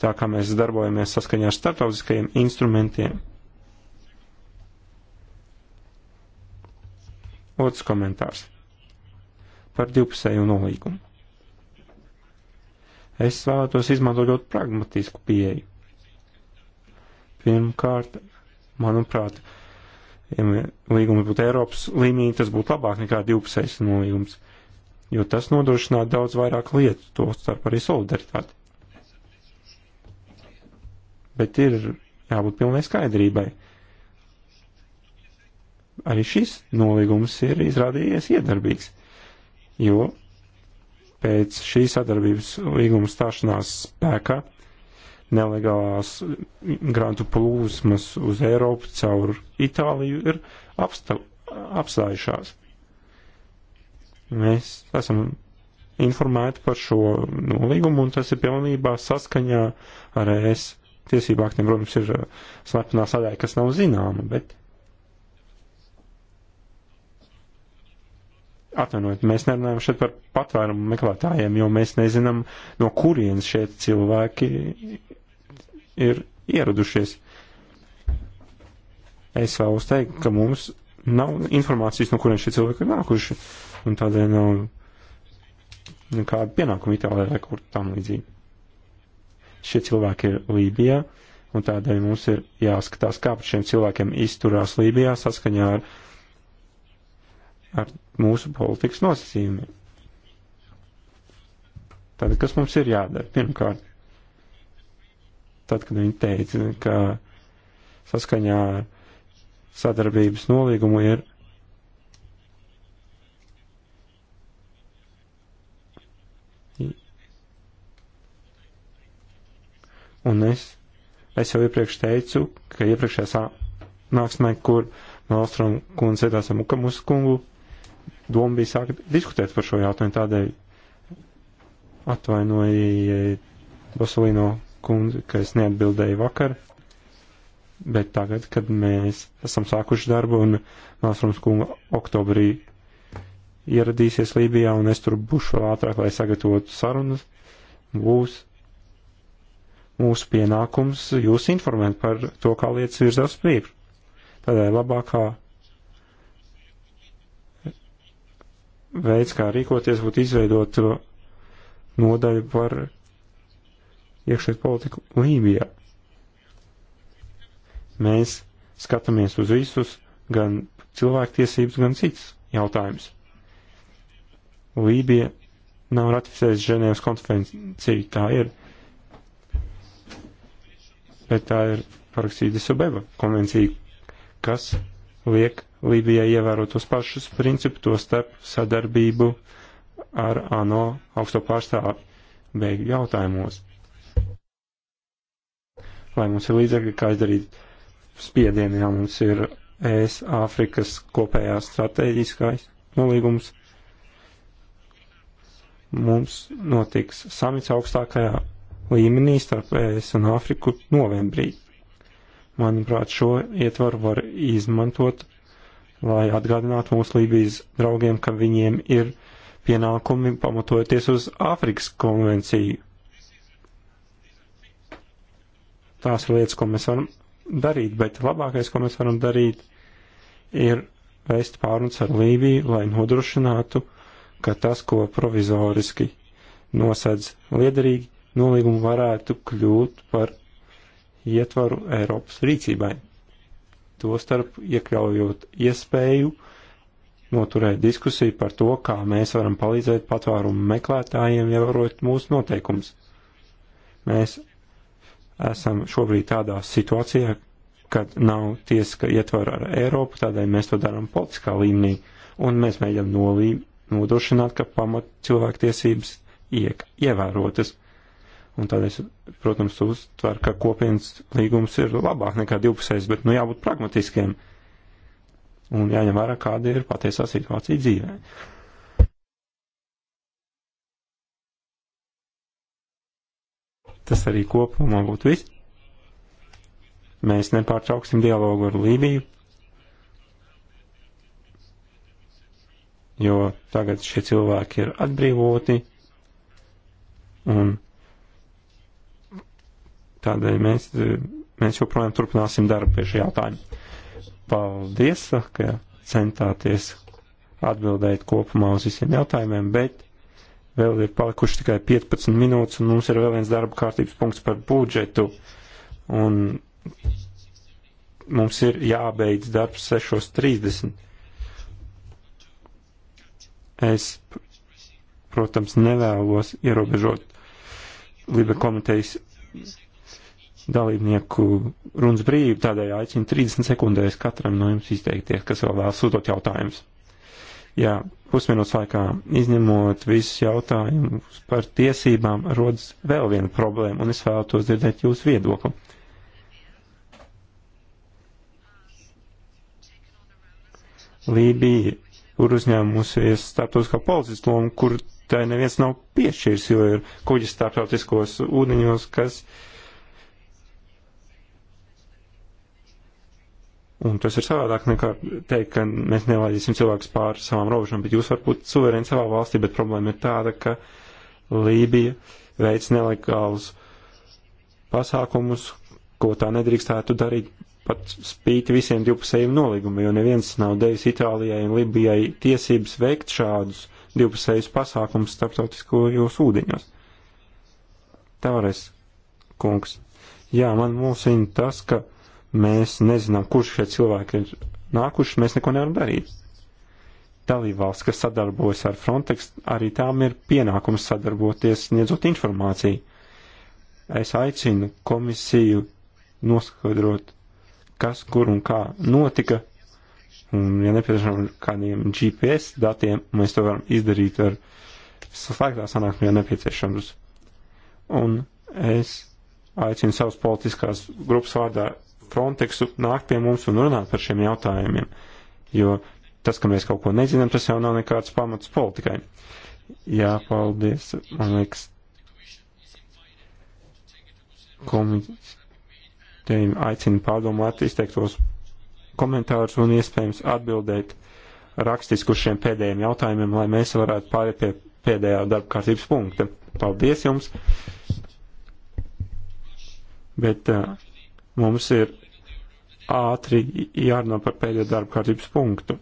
tā kā mēs darbojamies saskaņā ar starptautiskajiem instrumentiem. Otrs komentārs par divpusēju nolīgumu. Es vēlētos izmantot ļoti pragmatisku pieeju. Pirmkārt, manuprāt, ja līgums būtu Eiropas līmenī, tas būtu labāk nekā divpusējs nolīgums, jo tas nodrošinātu daudz vairāk lietu, to starp arī solidaritāti. Bet ir jābūt pilnai skaidrībai. Arī šis nolīgums ir izrādījies iedarbīgs jo pēc šīs sadarbības līguma stāšanās spēkā nelegālās grantu plūsmas uz Eiropu caur Itāliju ir apstav, apstājušās. Mēs esam informēti par šo nolīgumu, un tas ir pilnībā saskaņā ar ES tiesību aktiem. Protams, ir slepnā sadaļa, kas nav zināma, bet Atvainojiet, mēs nerunājam šeit par patvērumu meklētājiem, jo mēs nezinām, no kurienes šeit cilvēki ir ieradušies. Es vēlos teikt, ka mums nav informācijas, no kurienes šie cilvēki ir nākuši, un tādēļ nav nekāda pienākuma Itālijā vai kur tam līdzīgi. Šie cilvēki ir Lībijā, un tādēļ mums ir jāskatās, kā pret šiem cilvēkiem izturās Lībijā saskaņā ar ar mūsu politikas nosacījumiem. Tātad, kas mums ir jādara? Pirmkārt, tad, kad viņi teica, ka saskaņā ar sadarbības nolīgumu ir Un es, es jau iepriekš teicu, ka iepriekšējā nāksmē, kur Malstrom kundze sēdās ar Mukamus kungu, doma bija sākt diskutēt par šo jautājumu, tādēļ atvainojiet Basolino kundzi, ka es neatbildēju vakar, bet tagad, kad mēs esam sākuši darbu un Māsrums kunga oktobrī ieradīsies Lībijā un es tur būšu vēl ātrāk, lai sagatavotu sarunas, būs mūsu pienākums jūs informēt par to, kā lietas virzās priekšu. Tādēļ labākā veids, kā rīkoties, būtu izveidot nodaļu par iekšēju politiku Lībijā. Mēs skatāmies uz visus, gan cilvēktiesības, gan cits jautājums. Lībija nav ratificējusi Ženēvas konferenciju, tā ir, bet tā ir parakstījusi Subeba konvenciju, kas liek Lībijai ievēro tos pašus principus, to starp sadarbību ar ANO augsto pārstāvi beigu jautājumos. Lai mums ir līdzekļi, kā izdarīt spiedienu, ja mums ir ES Āfrikas kopējās strateģiskais nolīgums, mums notiks samits augstākajā līmenī starp ES un Āfriku novembrī. Manuprāt, šo ietvaru var izmantot lai atgādinātu mūsu Lībijas draugiem, ka viņiem ir pienākumi pamatojoties uz Āfrikas konvenciju. Tās ir lietas, ko mēs varam darīt, bet labākais, ko mēs varam darīt, ir vēst pārunas ar Lībiju, lai nodrošinātu, ka tas, ko provizoriski nosedz liederīgi, nolīgumu varētu kļūt par ietvaru Eiropas rīcībai tostarp iekļaujot iespēju noturēt diskusiju par to, kā mēs varam palīdzēt patvērumu meklētājiem ievērot mūsu noteikumus. Mēs esam šobrīd tādā situācijā, kad nav tiesiska ietvara ar Eiropu, tādēļ mēs to darām politiskā līmenī, un mēs mēģinām nodrošināt, ka pamat cilvēktiesības iek ievērotas. Un tad es, protams, uztveru, ka kopienas līgums ir labāk nekā divpusējs, bet nu jābūt pragmatiskiem un jāņem vērā, kāda ir patiesā situācija dzīvē. Tas arī kopumā būtu viss. Mēs nepārtrauksim dialogu ar Lībiju, jo tagad šie cilvēki ir atbrīvoti un Tādēļ mēs, mēs joprojām turpināsim darbu pie šī jautājuma. Paldies, ka centāties atbildēt kopumā uz visiem jautājumiem, bet vēl ir palikuši tikai 15 minūtes, un mums ir vēl viens darba kārtības punkts par budžetu. Un mums ir jābeidz darbs 6.30. Es, protams, nevēlos ierobežot Libe komitejas dalībnieku runas brīvību, tādēļ aicinu 30 sekundēs katram no jums izteikties, kas vēl vēlas sūtot jautājumus. Jā, pusminūtes laikā izņemot visus jautājumus par tiesībām, rodas vēl viena problēma, un es vēlētos dzirdēt jūsu viedokli. Lībija ir uzņēmusies starptautiskā policijas lomu, kur tai neviens nav piešķīrs, jo ir kuģis starptautiskos ūdeņos, kas uh, Un tas ir savādāk nekā teikt, ka mēs nelaidīsim cilvēkus pāri savām robežām, bet jūs varat būt suverēni savā valstī, bet problēma ir tāda, ka Lībija veic nelegālus pasākumus, ko tā nedrīkstētu darīt pat spīti visiem divpusējiem nolīgumiem, jo neviens nav devis Itālijai un Libijai tiesības veikt šādus divpusējus pasākumus starptautiskajos ūdeņos. Tavares kungs. Jā, man mūsina tas, ka Mēs nezinām, kurš šie cilvēki ir nākuši, mēs neko nevaram darīt. Dalībvalsts, kas sadarbojas ar Frontex, arī tām ir pienākums sadarboties, sniedzot informāciju. Es aicinu komisiju noskaidrot, kas, kur un kā notika, un, ja nepieciešams, kādiem GPS datiem, mēs to varam izdarīt ar slēgtā sanāksmē, ja nepieciešams. Un es aicinu savas politiskās grupas vārdā Frontexu nākt pie mums un runāt par šiem jautājumiem, jo tas, ka mēs kaut ko nezinām, tas jau nav nekāds pamats politikai. Jā, paldies. Man liekas, komitejiem aicinu pārdomāt, izteikt tos komentārus un iespējams atbildēt rakstiski uz šiem pēdējiem jautājumiem, lai mēs varētu pāriet pie pēdējā darba kārtības punkta. Paldies jums! Bet uh, mums ir ātri jārunā par pēdējo darba kārtības punktu.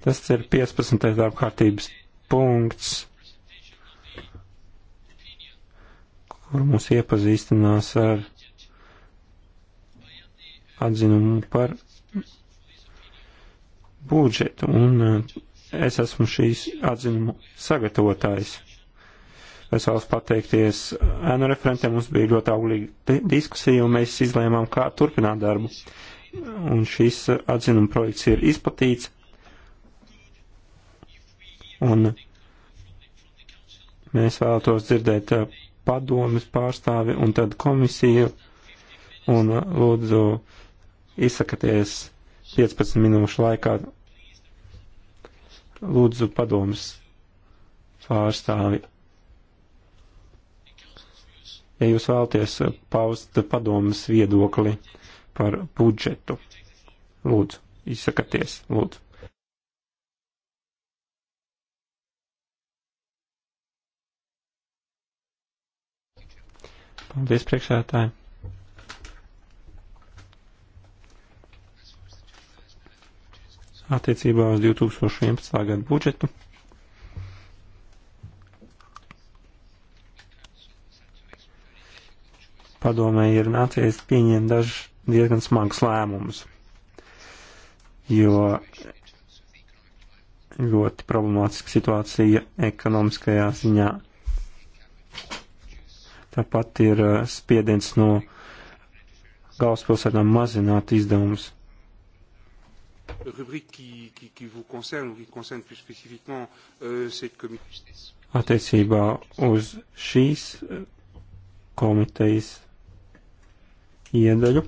Tas ir 15. darba kārtības punkts, kur mūs iepazīstinās ar atzinumu par budžetu, un uh, es esmu šīs atzinumu sagatavotājs. Es vēlos pateikties uh, ēnu referentiem, mums bija ļoti auglīga diskusija, un mēs izlēmām, kā turpināt darbu. Un šis uh, atzinuma projekts ir izplatīts, un mēs vēlētos dzirdēt padomas pārstāvi un tad komisiju, un lūdzu izsakaties 15 minūšu laikā. Lūdzu padomus pārstāvi. Ja jūs vēlaties paust padomus viedokli par budžetu, lūdzu, izsakaties, lūdzu. Paldies priekšētāji. attiecībā uz 2011. gadu budžetu. Padomē ir nācies pieņemt dažus diezgan smagus lēmumus, jo ļoti problemātiska situācija ekonomiskajā ziņā. Tāpat ir spiediens no galvaspilsētām mazināt izdevumus rubrique qui, qui, qui vous concerne ou qui concerne plus spécifiquement euh, cette commission Attiecībā uz šīs euh, komitejas iedaļu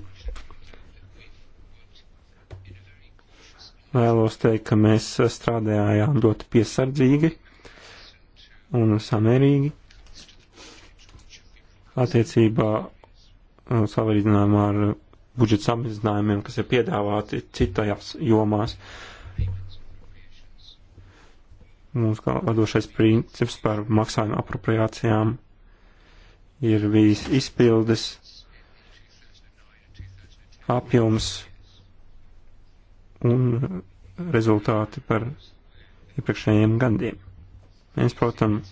vēlos teikt, ka mēs strādājām ļoti piesardzīgi un samērīgi attiecībā uh, salīdzinājumā ar budžeta samazinājumiem, kas ir piedāvāti citajās jomās. Mums kā vadošais princips par maksājumu apropriācijām ir bijis izpildes apjoms un rezultāti par iepriekšējiem gadiem. Mēs, protams,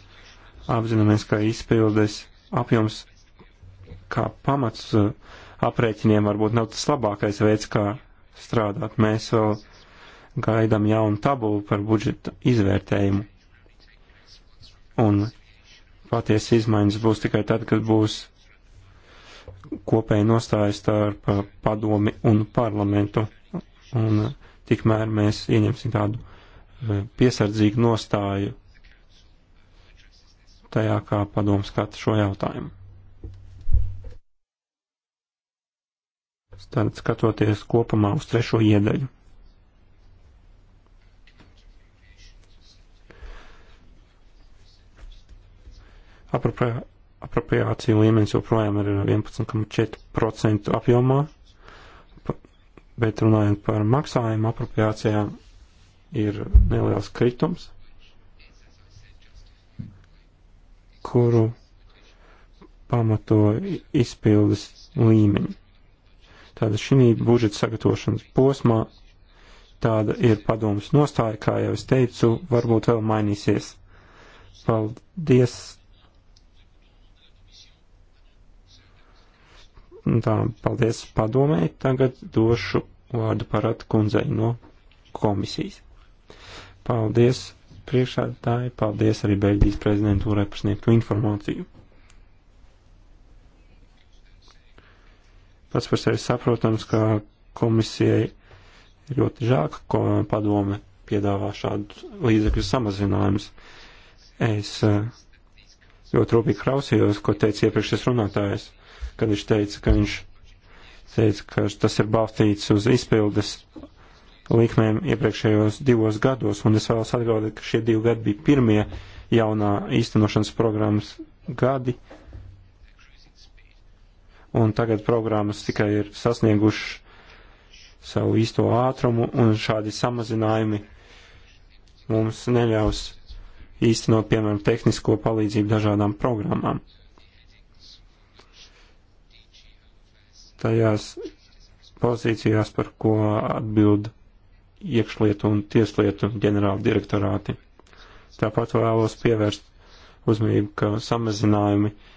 apzināmies, ka izpildes apjoms kā pamats uh, aprēķiniem varbūt nav tas labākais veids, kā strādāt. Mēs vēl gaidām jaunu tabulu par budžeta izvērtējumu. Un patiesi izmaiņas būs tikai tad, kad būs kopēji nostājas starp padomi un parlamentu. Un tikmēr mēs ieņemsim tādu eh, piesardzīgu nostāju tajā, kā padoms skata šo jautājumu. tad skatoties kopumā uz trešo iedaļu. Apropriācija līmenis joprojām ir 11,4% apjomā, bet runājot par maksājumu apropriācijām, ir neliels kritums, kuru pamato izpildes līmeņi. Tāda šī budžeta sagatavošanas posmā tāda ir padomas nostāja, kā jau es teicu, varbūt vēl mainīsies. Paldies! Tā, paldies padomēji. Tagad došu vārdu parādu kundzei no komisijas. Paldies priekšādātāji, paldies arī Beļģijas prezidentūrai par sniegtu informāciju. Pats par sevi saprotams, ka komisijai ļoti žēl, ka padome piedāvā šādu līdzekļu samazinājumus. Es eh, ļoti rūpīgi klausījos, ko teica iepriekšējais runātājs, kad viņš teica, ka viņš teica, ka tas ir balstīts uz izpildes likmēm iepriekšējos divos gados, un es vēlos atgādāt, ka šie divi gadi bija pirmie jaunā īstenošanas programmas gadi, un tagad programmas tikai ir sasnieguši savu īsto ātrumu, un šādi samazinājumi mums neļaus īstenot, piemēram, tehnisko palīdzību dažādām programmām. Tajās pozīcijās, par ko atbild iekšlietu un tieslietu ģenerāla direktorāti. Tāpat vēlos pievērst uzmanību, ka samazinājumi uh,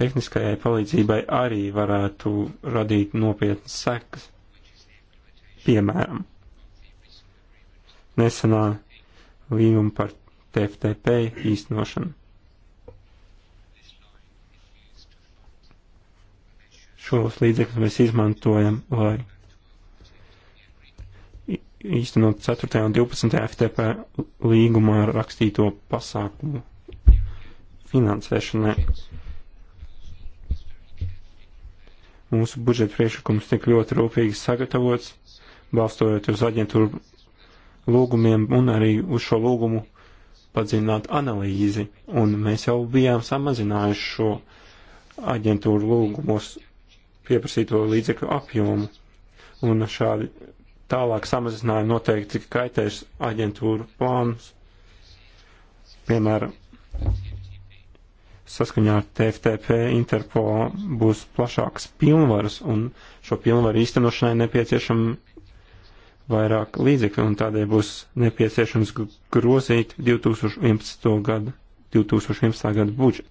tehniskajai palīdzībai arī varētu radīt nopietnas sekas. Piemēram, nesenā līguma par TFTP īstenošanu. Šos līdzekļus mēs izmantojam, lai īstenot 4. un 12. FTP līgumā rakstīto pasākumu finansēšanai. Mūsu budžeta priekšlikums tik ļoti rūpīgi sagatavots, balstoties uz aģentūru lūgumiem un arī uz šo lūgumu padziļināt analīzi. Un mēs jau bijām samazinājuši šo aģentūru lūgumos pieprasīto līdzekļu apjomu. Un šādi tālāk samazinājumi noteikti kaitēs aģentūru plānus. Piemēram, saskaņā ar TFTP Interpol būs plašāks pilnvaras un šo pilnvaru īstenošanai nepieciešama vairāk līdzekļu un tādēļ būs nepieciešams grozīt 2011. gada, 2011. gada budžetu.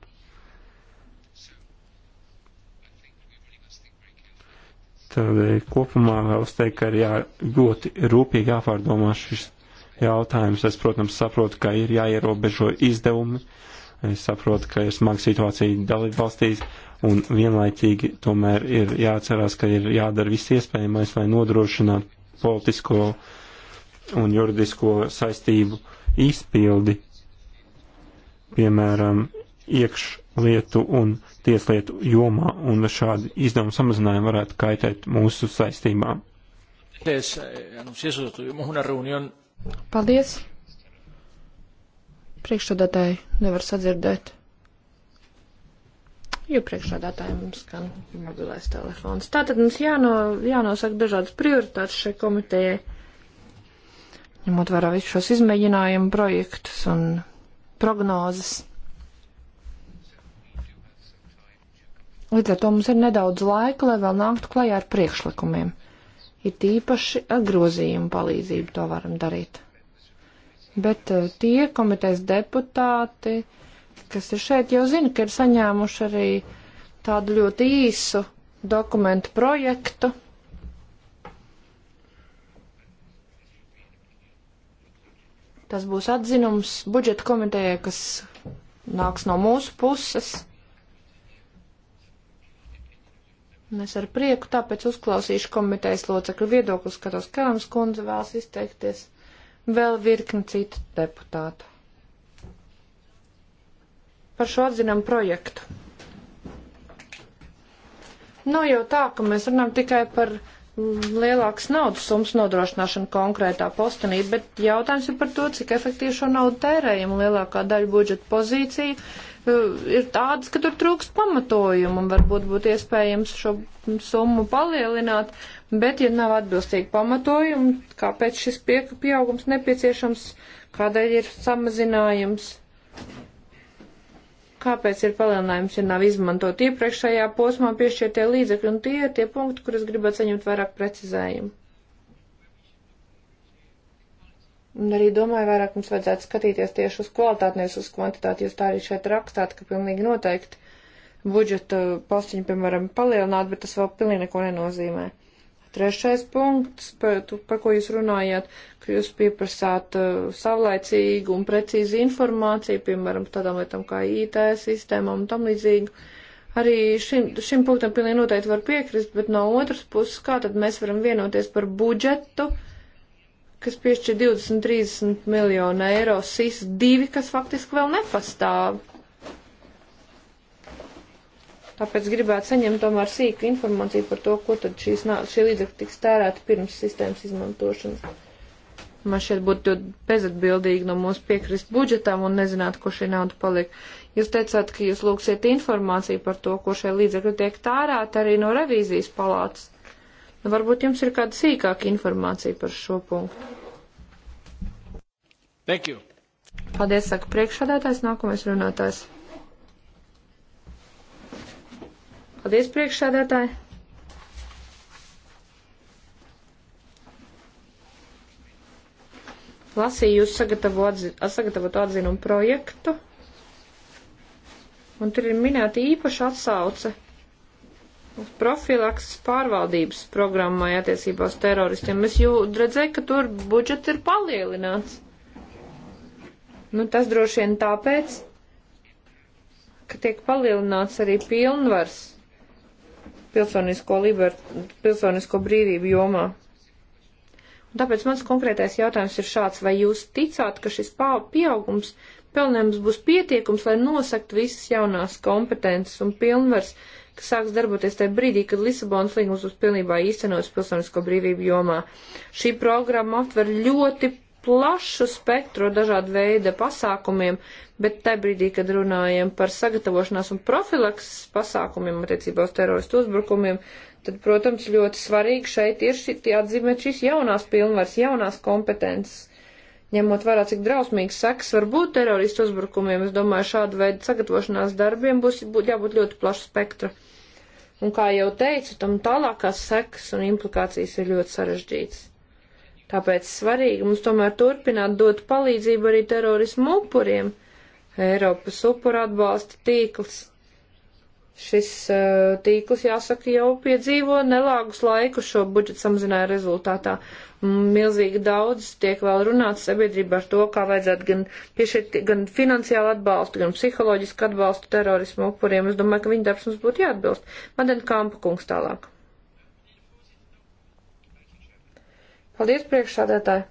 Tādēļ kopumā vēlos teikt, ka ir jā, ļoti rūpīgi jāpārdomā šis jautājums. Es, protams, saprotu, ka ir jāierobežo izdevumi, Es saprotu, ka ir smaga situācija dalību valstīs, un vienlaicīgi tomēr ir jāatcerās, ka ir jādara viss iespējamais, lai nodrošinātu politisko un juridisko saistību izpildi, piemēram, iekšlietu un tieslietu jomā, un šādi izdevumu samazinājumi varētu kaitēt mūsu saistībām. Eh, Paldies! Priekšsādātāji nevar sadzirdēt. Jo priekšsādātājiem mums skan mobilais telefons. Tātad mums jāno, jānosaka dažādas prioritātes šai komitejai, ņemot vērā visus šos izmēģinājumu projektus un prognozes. Līdz ar to mums ir nedaudz laika, lai vēl nāktu klajā ar priekšlikumiem. Ir tīpaši ar grozījumu palīdzību to varam darīt. Bet eh, tie komitejas deputāti, kas ir šeit, jau zina, ka ir saņēmuši arī tādu ļoti īsu dokumentu projektu. Tas būs atzinums budžeta komitejai, kas nāks no mūsu puses. Un es ar prieku tāpēc uzklausīšu komitejas locekļu viedokli, skatos, kā mums kundze vēlas izteikties vēl virkni citu deputātu. Par šo atzinam projektu. Nav nu, jau tā, ka mēs runājam tikai par lielākas naudas summas nodrošināšanu konkrētā postenī, bet jautājums ir par to, cik efektīvi šo naudu tērējam. Lielākā daļa budžeta pozīcija uh, ir tādas, ka tur trūkst pamatojumu un varbūt būtu iespējams šo summu palielināt, bet, ja nav atbilstīgi pamatojumi, kāpēc šis pieaugums nepieciešams, kādēļ ir samazinājums, kāpēc ir palielinājums, ja nav izmantot iepriekšējā posmā piešķirtie līdzekļi, un tie ir tie punkti, kurus gribētu saņemt vairāk precizējumu. Un arī domāju, vairāk mums vajadzētu skatīties tieši uz kvalitāti, nevis uz kvantitāti, jūs tā arī šeit rakstāt, ka pilnīgi noteikti budžeta postiņu, piemēram, palielināt, bet tas vēl pilnīgi neko nenozīmē. Trešais punkts, par, tu, par ko jūs runājāt, ka jūs pieprasāt uh, savlaicīgu un precīzu informāciju, piemēram, tādām lietām kā IT sistēmām un tam līdzīgi. Arī šim, šim punktam pilnīgi noteikti var piekrist, bet no otras puses, kā tad mēs varam vienoties par budžetu, kas piešķir 20-30 miljonu eiro SIS 2, kas faktiski vēl nepastāv? Tāpēc gribētu saņemt tomēr sīku informāciju par to, ko tad šīs, šie līdzekļi tiks tērēti pirms sistēmas izmantošanas. Man šeit būtu ļoti bezatbildīgi no mūsu piekrist budžetām un nezināt, kur šī nauda paliek. Jūs teicāt, ka jūs lūgsiet informāciju par to, kur šie līdzekļi tiek tērēti arī no revīzijas palātas. Nu, varbūt jums ir kāda sīkāka informācija par šo punktu. Thank you. Paldies, saka priekšādātājs, nākamais runātājs. Paldies, priekšsādātāji! Lasīju jūs sagatavo atzi, sagatavotu atzinumu projektu, un tur ir minēta īpaša atsauce uz profilakses pārvaldības programmai attiecībā uz teroristiem. Es jau redzēju, ka tur budžets ir palielināts. Nu, tas droši vien tāpēc, ka tiek palielināts arī pilnvars pilsonisko, liber, pilsonisko brīvību jomā. Un tāpēc mans konkrētais jautājums ir šāds, vai jūs ticāt, ka šis pieaugums pelnījums būs pietiekums, lai nosakt visas jaunās kompetences un pilnvars, kas sāks darboties tajā brīdī, kad Lisabonas līgums būs pilnībā īstenots pilsonisko brīvību jomā. Šī programma aptver ļoti plašu spektru dažādu veidu pasākumiem, bet tajā brīdī, kad runājam par sagatavošanās un profilakses pasākumiem attiecībā uz teroristu uzbrukumiem, tad, protams, ļoti svarīgi šeit ir šī atzīmēt šīs jaunās pilnvaras, jaunās kompetences. Ņemot vērā, cik drausmīgs seks var būt teroristu uzbrukumiem, es domāju, šādu veidu sagatavošanās darbiem būs būt, jābūt ļoti plašu spektru. Un, kā jau teicu, tam tālākās sekas un implikācijas ir ļoti sarežģītas. Tāpēc svarīgi mums tomēr turpināt dot palīdzību arī terorismu upuriem. Eiropas upura atbalsta tīkls. Šis uh, tīkls, jāsaka, jau piedzīvo nelāgus laiku šo budžetu samazināja rezultātā. Milzīgi daudz tiek vēl runāts sabiedrība ar to, kā vajadzētu gan piešķirt gan finansiālu atbalstu, gan psiholoģisku atbalstu terorismu upuriem. Es domāju, ka viņa darbs mums būtu jāatbilst. Maden Kampa kungs tālāk. Paldies, priekšsādētāji.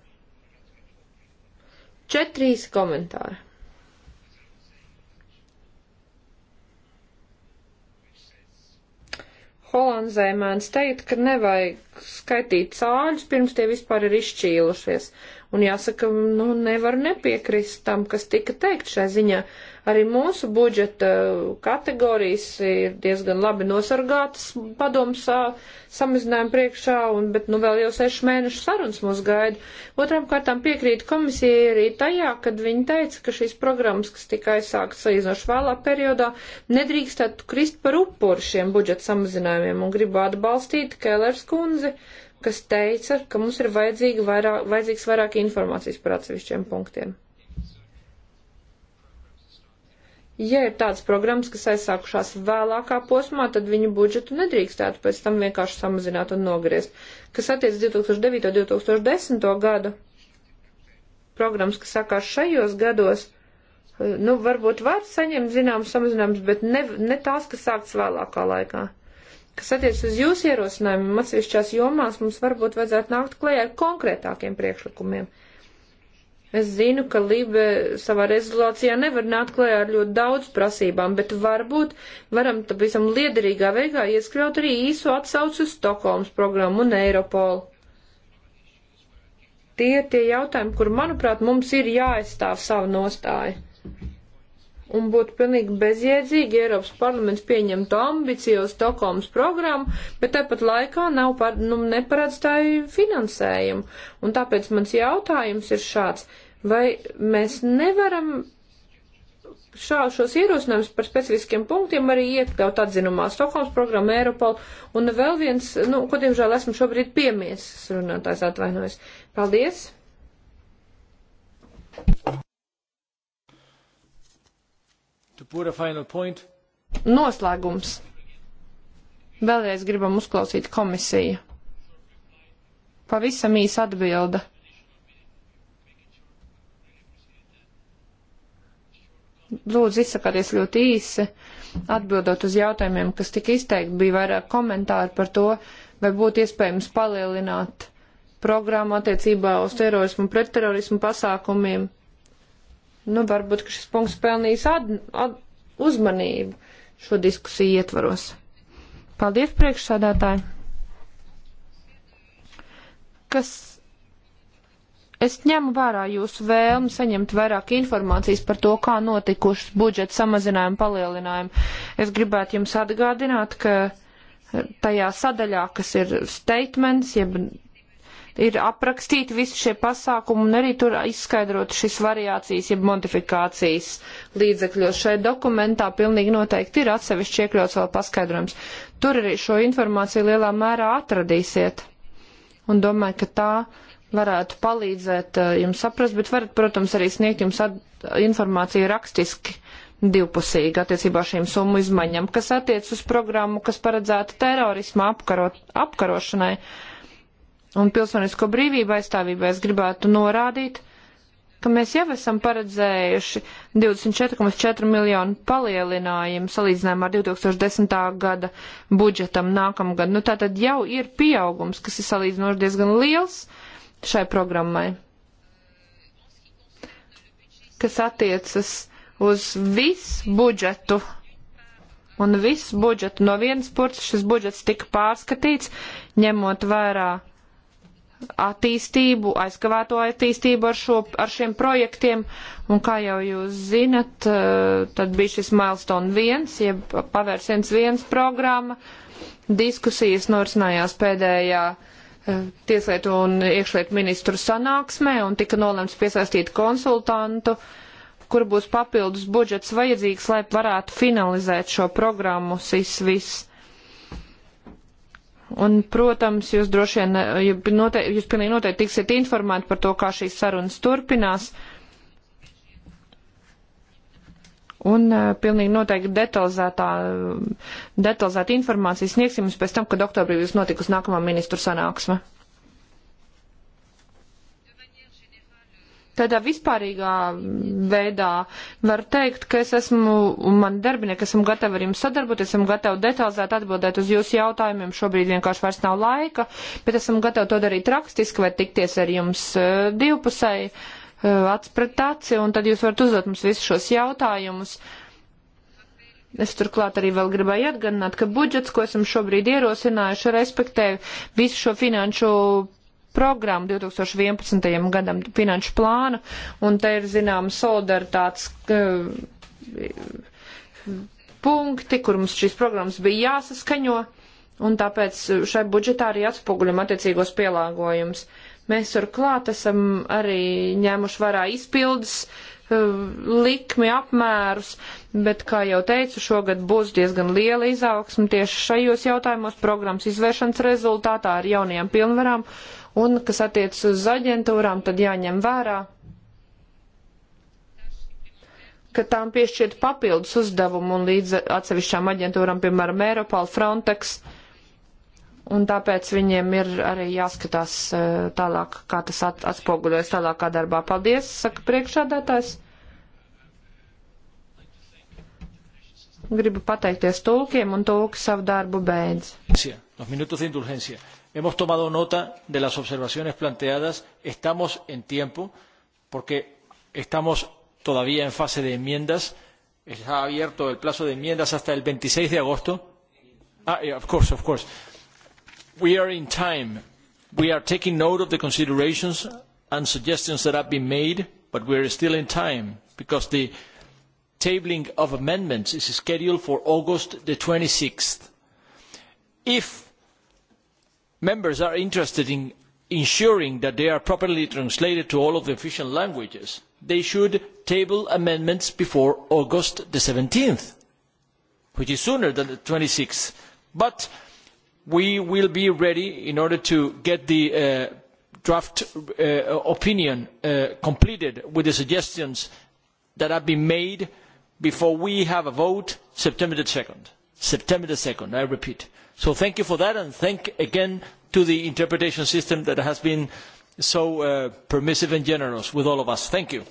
Četrīs komentāri. Holandzē mēns teikt, ka nevajag skaitīt cāļus, pirms tie vispār ir izšķīlušies. Un jāsaka, nu, nevar nepiekrist tam, kas tika teikt šai ziņā. Uh, Arī mūsu budžeta kategorijas ir diezgan labi nosargātas padomus samazinājumu priekšā, un, bet nu vēl jau sešu mēnešu sarunas mūs gaida. Otram kārtām piekrīt komisijai arī tajā, kad viņi teica, ka šīs programmas, kas tika aizsāktas salīdzinoši vēlā periodā, nedrīkstētu krist par upuru šiem budžeta samazinājumiem, un gribu atbalstīt Kēlers kundzi kas teica, ka mums ir vajadzīga vairāk, vajadzīgs vairāk informācijas par atsevišķiem punktiem. Ja ir tādas programmas, kas aizsākušās vēlākā posmā, tad viņu budžetu nedrīkstētu pēc tam vienkārši samazināt un nogriezt. Kas attiec 2009-2010 gadu programmas, kas sākās šajos gados, nu, varbūt var saņemt zināmas samazinājumus, bet ne, ne tās, kas sākts vēlākā laikā. Kas attiec uz jūsu ierosinājumiem, atsevišķās jomās mums varbūt vajadzētu nākt klajā ar konkrētākiem priekšlikumiem. Uh, Es zinu, ka Libe savā rezolācijā nevar nākt klajā ar ļoti daudz prasībām, bet varbūt varam tā visam liederīgā veidā ieskļaut arī īsu atsauci uz Stokholmas programmu un Eiropolu. Tie ir tie jautājumi, kur, manuprāt, mums ir jāaizstāv savu nostāju. Un būtu pilnīgi bezjēdzīgi Eiropas parlaments pieņemtu ambiciju uz Stokholmas programmu, bet tāpat laikā nav par, nu, neparedz tā finansējumu. Un tāpēc mans jautājums ir šāds Vai mēs nevaram šā, šos ierosinājumus par specifiskiem punktiem arī iekļaut atzinumā Stokholmas programma Eiropol un vēl viens, nu, ko diemžēl esmu šobrīd piemiesis, runātājs atvainojas. Paldies! To put a final point. Noslēgums. Vēlreiz gribam uzklausīt komisiju. Pavisam īsa atbilde. Lūdzu, izsakāties ļoti īsi, atbildot uz jautājumiem, kas tika izteikti, bija vairāk komentāri par to, vai būtu iespējams palielināt programmu attiecībā uz terorismu un pretterorismu pasākumiem. Nu, varbūt, ka šis punkts pelnīs ad, ad, uzmanību šo diskusiju ietvaros. Paldies, priekšsādātāji! Kas Es ņemu vērā jūsu vēlmi saņemt vairāk informācijas par to, kā notikušas budžeta samazinājumi, palielinājumi. Es gribētu jums atgādināt, ka tajā sadaļā, kas ir statements, jeb ir aprakstīti visi šie pasākumi un arī tur izskaidrot šis variācijas, jeb modifikācijas līdzekļos. Šai dokumentā pilnīgi noteikti ir atsevišķi iekļauts vēl paskaidrojums. Tur arī šo informāciju lielā mērā atradīsiet. Un domāju, ka tā varētu palīdzēt eh, jums saprast, bet varat, protams, arī sniegt jums informāciju rakstiski divpusīgi attiecībā šīm summu izmaiņām, kas attiec uz programmu, kas paredzēta terorisma apkarot, apkarošanai un pilsonisko brīvību aizstāvībai. Es gribētu norādīt, ka mēs jau esam paredzējuši 24,4 miljonu palielinājumu salīdzinājumā ar 2010. gada budžetam nākamgad. Nu, tātad jau ir pieaugums, kas ir salīdzinoši diezgan liels. Uh, šai programmai, kas attiecas uz visu budžetu. Un viss budžets no vienas puses šis budžets tika pārskatīts, ņemot vērā attīstību, aizkavēto attīstību ar, šo, ar šiem projektiem. Un kā jau jūs zinat, eh, tad bija šis Milestone 1, jeb pavērsiens 1 programma. Diskusijas norisinājās pēdējā uh, Tieslietu un iekšlietu ministru sanāksmē un tika nolēmts piesaistīt konsultantu, kur būs papildus budžets vajadzīgs, lai varētu finalizēt šo programmu SIS-VIS. Un, protams, jūs droši vien, jūs, noteikti, jūs pilnīgi noteikti tiksiet informēti par to, kā šīs sarunas turpinās. Uh, Un uh, pilnīgi noteikti detalizētā, detalizēta informācija sniegsim jums pēc tam, kad oktobrī būs notikusi nākamā ministru sanāksme. Tādā vispārīgā veidā var teikt, ka es esmu un mani darbinieki esam gatavi ar jums sadarboties, esam gatavi detalizēt atbildēt uz jūsu jautājumiem. Šobrīd vienkārši vairs nav laika, bet esam gatavi to darīt rakstiski vai tikties ar jums uh, divpusēji. Uh, Uh, acs pret aci, un tad jūs varat uzdot mums visus šos jautājumus. Es turklāt arī vēl gribēju atgādināt, ka budžets, ko esam šobrīd ierosinājuši, respektē visu šo finanšu programmu 2011. gadam, finanšu plānu, un te ir zināma solidaritātes uh, punkti, kur mums šīs programmas bija jāsaskaņo, un tāpēc šai budžetā arī atspoguļam attiecīgos pielāgojumus. Mēs turklāt esam arī ņēmuši vērā izpildes eh, likmi apmērus, bet, kā jau teicu, šogad būs diezgan liela izaugsme tieši šajos jautājumos programmas izvēršanas rezultātā ar jaunajām pilnvarām, un, kas attiec uz aģentūrām, tad jāņem vērā, ka tām piešķiet papildus uzdevumu un līdz atsevišķām aģentūram, piemēram, Eiropal, Frontex, un tāpēc viņiem ir arī jāskatās e, tālāk, kā tas atspoguļojas tālākā darbā. Paldies, saka priekšādātājs. Gribu pateikties tulkiem, un tulki savu darbu beidz. Los minutos de indulgencia. Hemos tomado nota de las observaciones planteadas. Estamos en tiempo porque estamos todavía en fase de enmiendas. Está abierto el plazo de enmiendas hasta el 26 de agosto. Ah, yeah, of course, of course we are in time. We are taking note of the considerations and suggestions that have been made, but we are still in time because the tabling of amendments is scheduled for August the 26th. If members are interested in ensuring that they are properly translated to all of the official languages, they should table amendments before August the 17th, which is sooner than the 26th. But we will be ready in order to get the uh, draft uh, opinion uh, completed with the suggestions that have been made before we have a vote September the 2nd. September the 2nd, I repeat. So thank you for that and thank again to the interpretation system that has been so uh, permissive and generous with all of us. Thank you.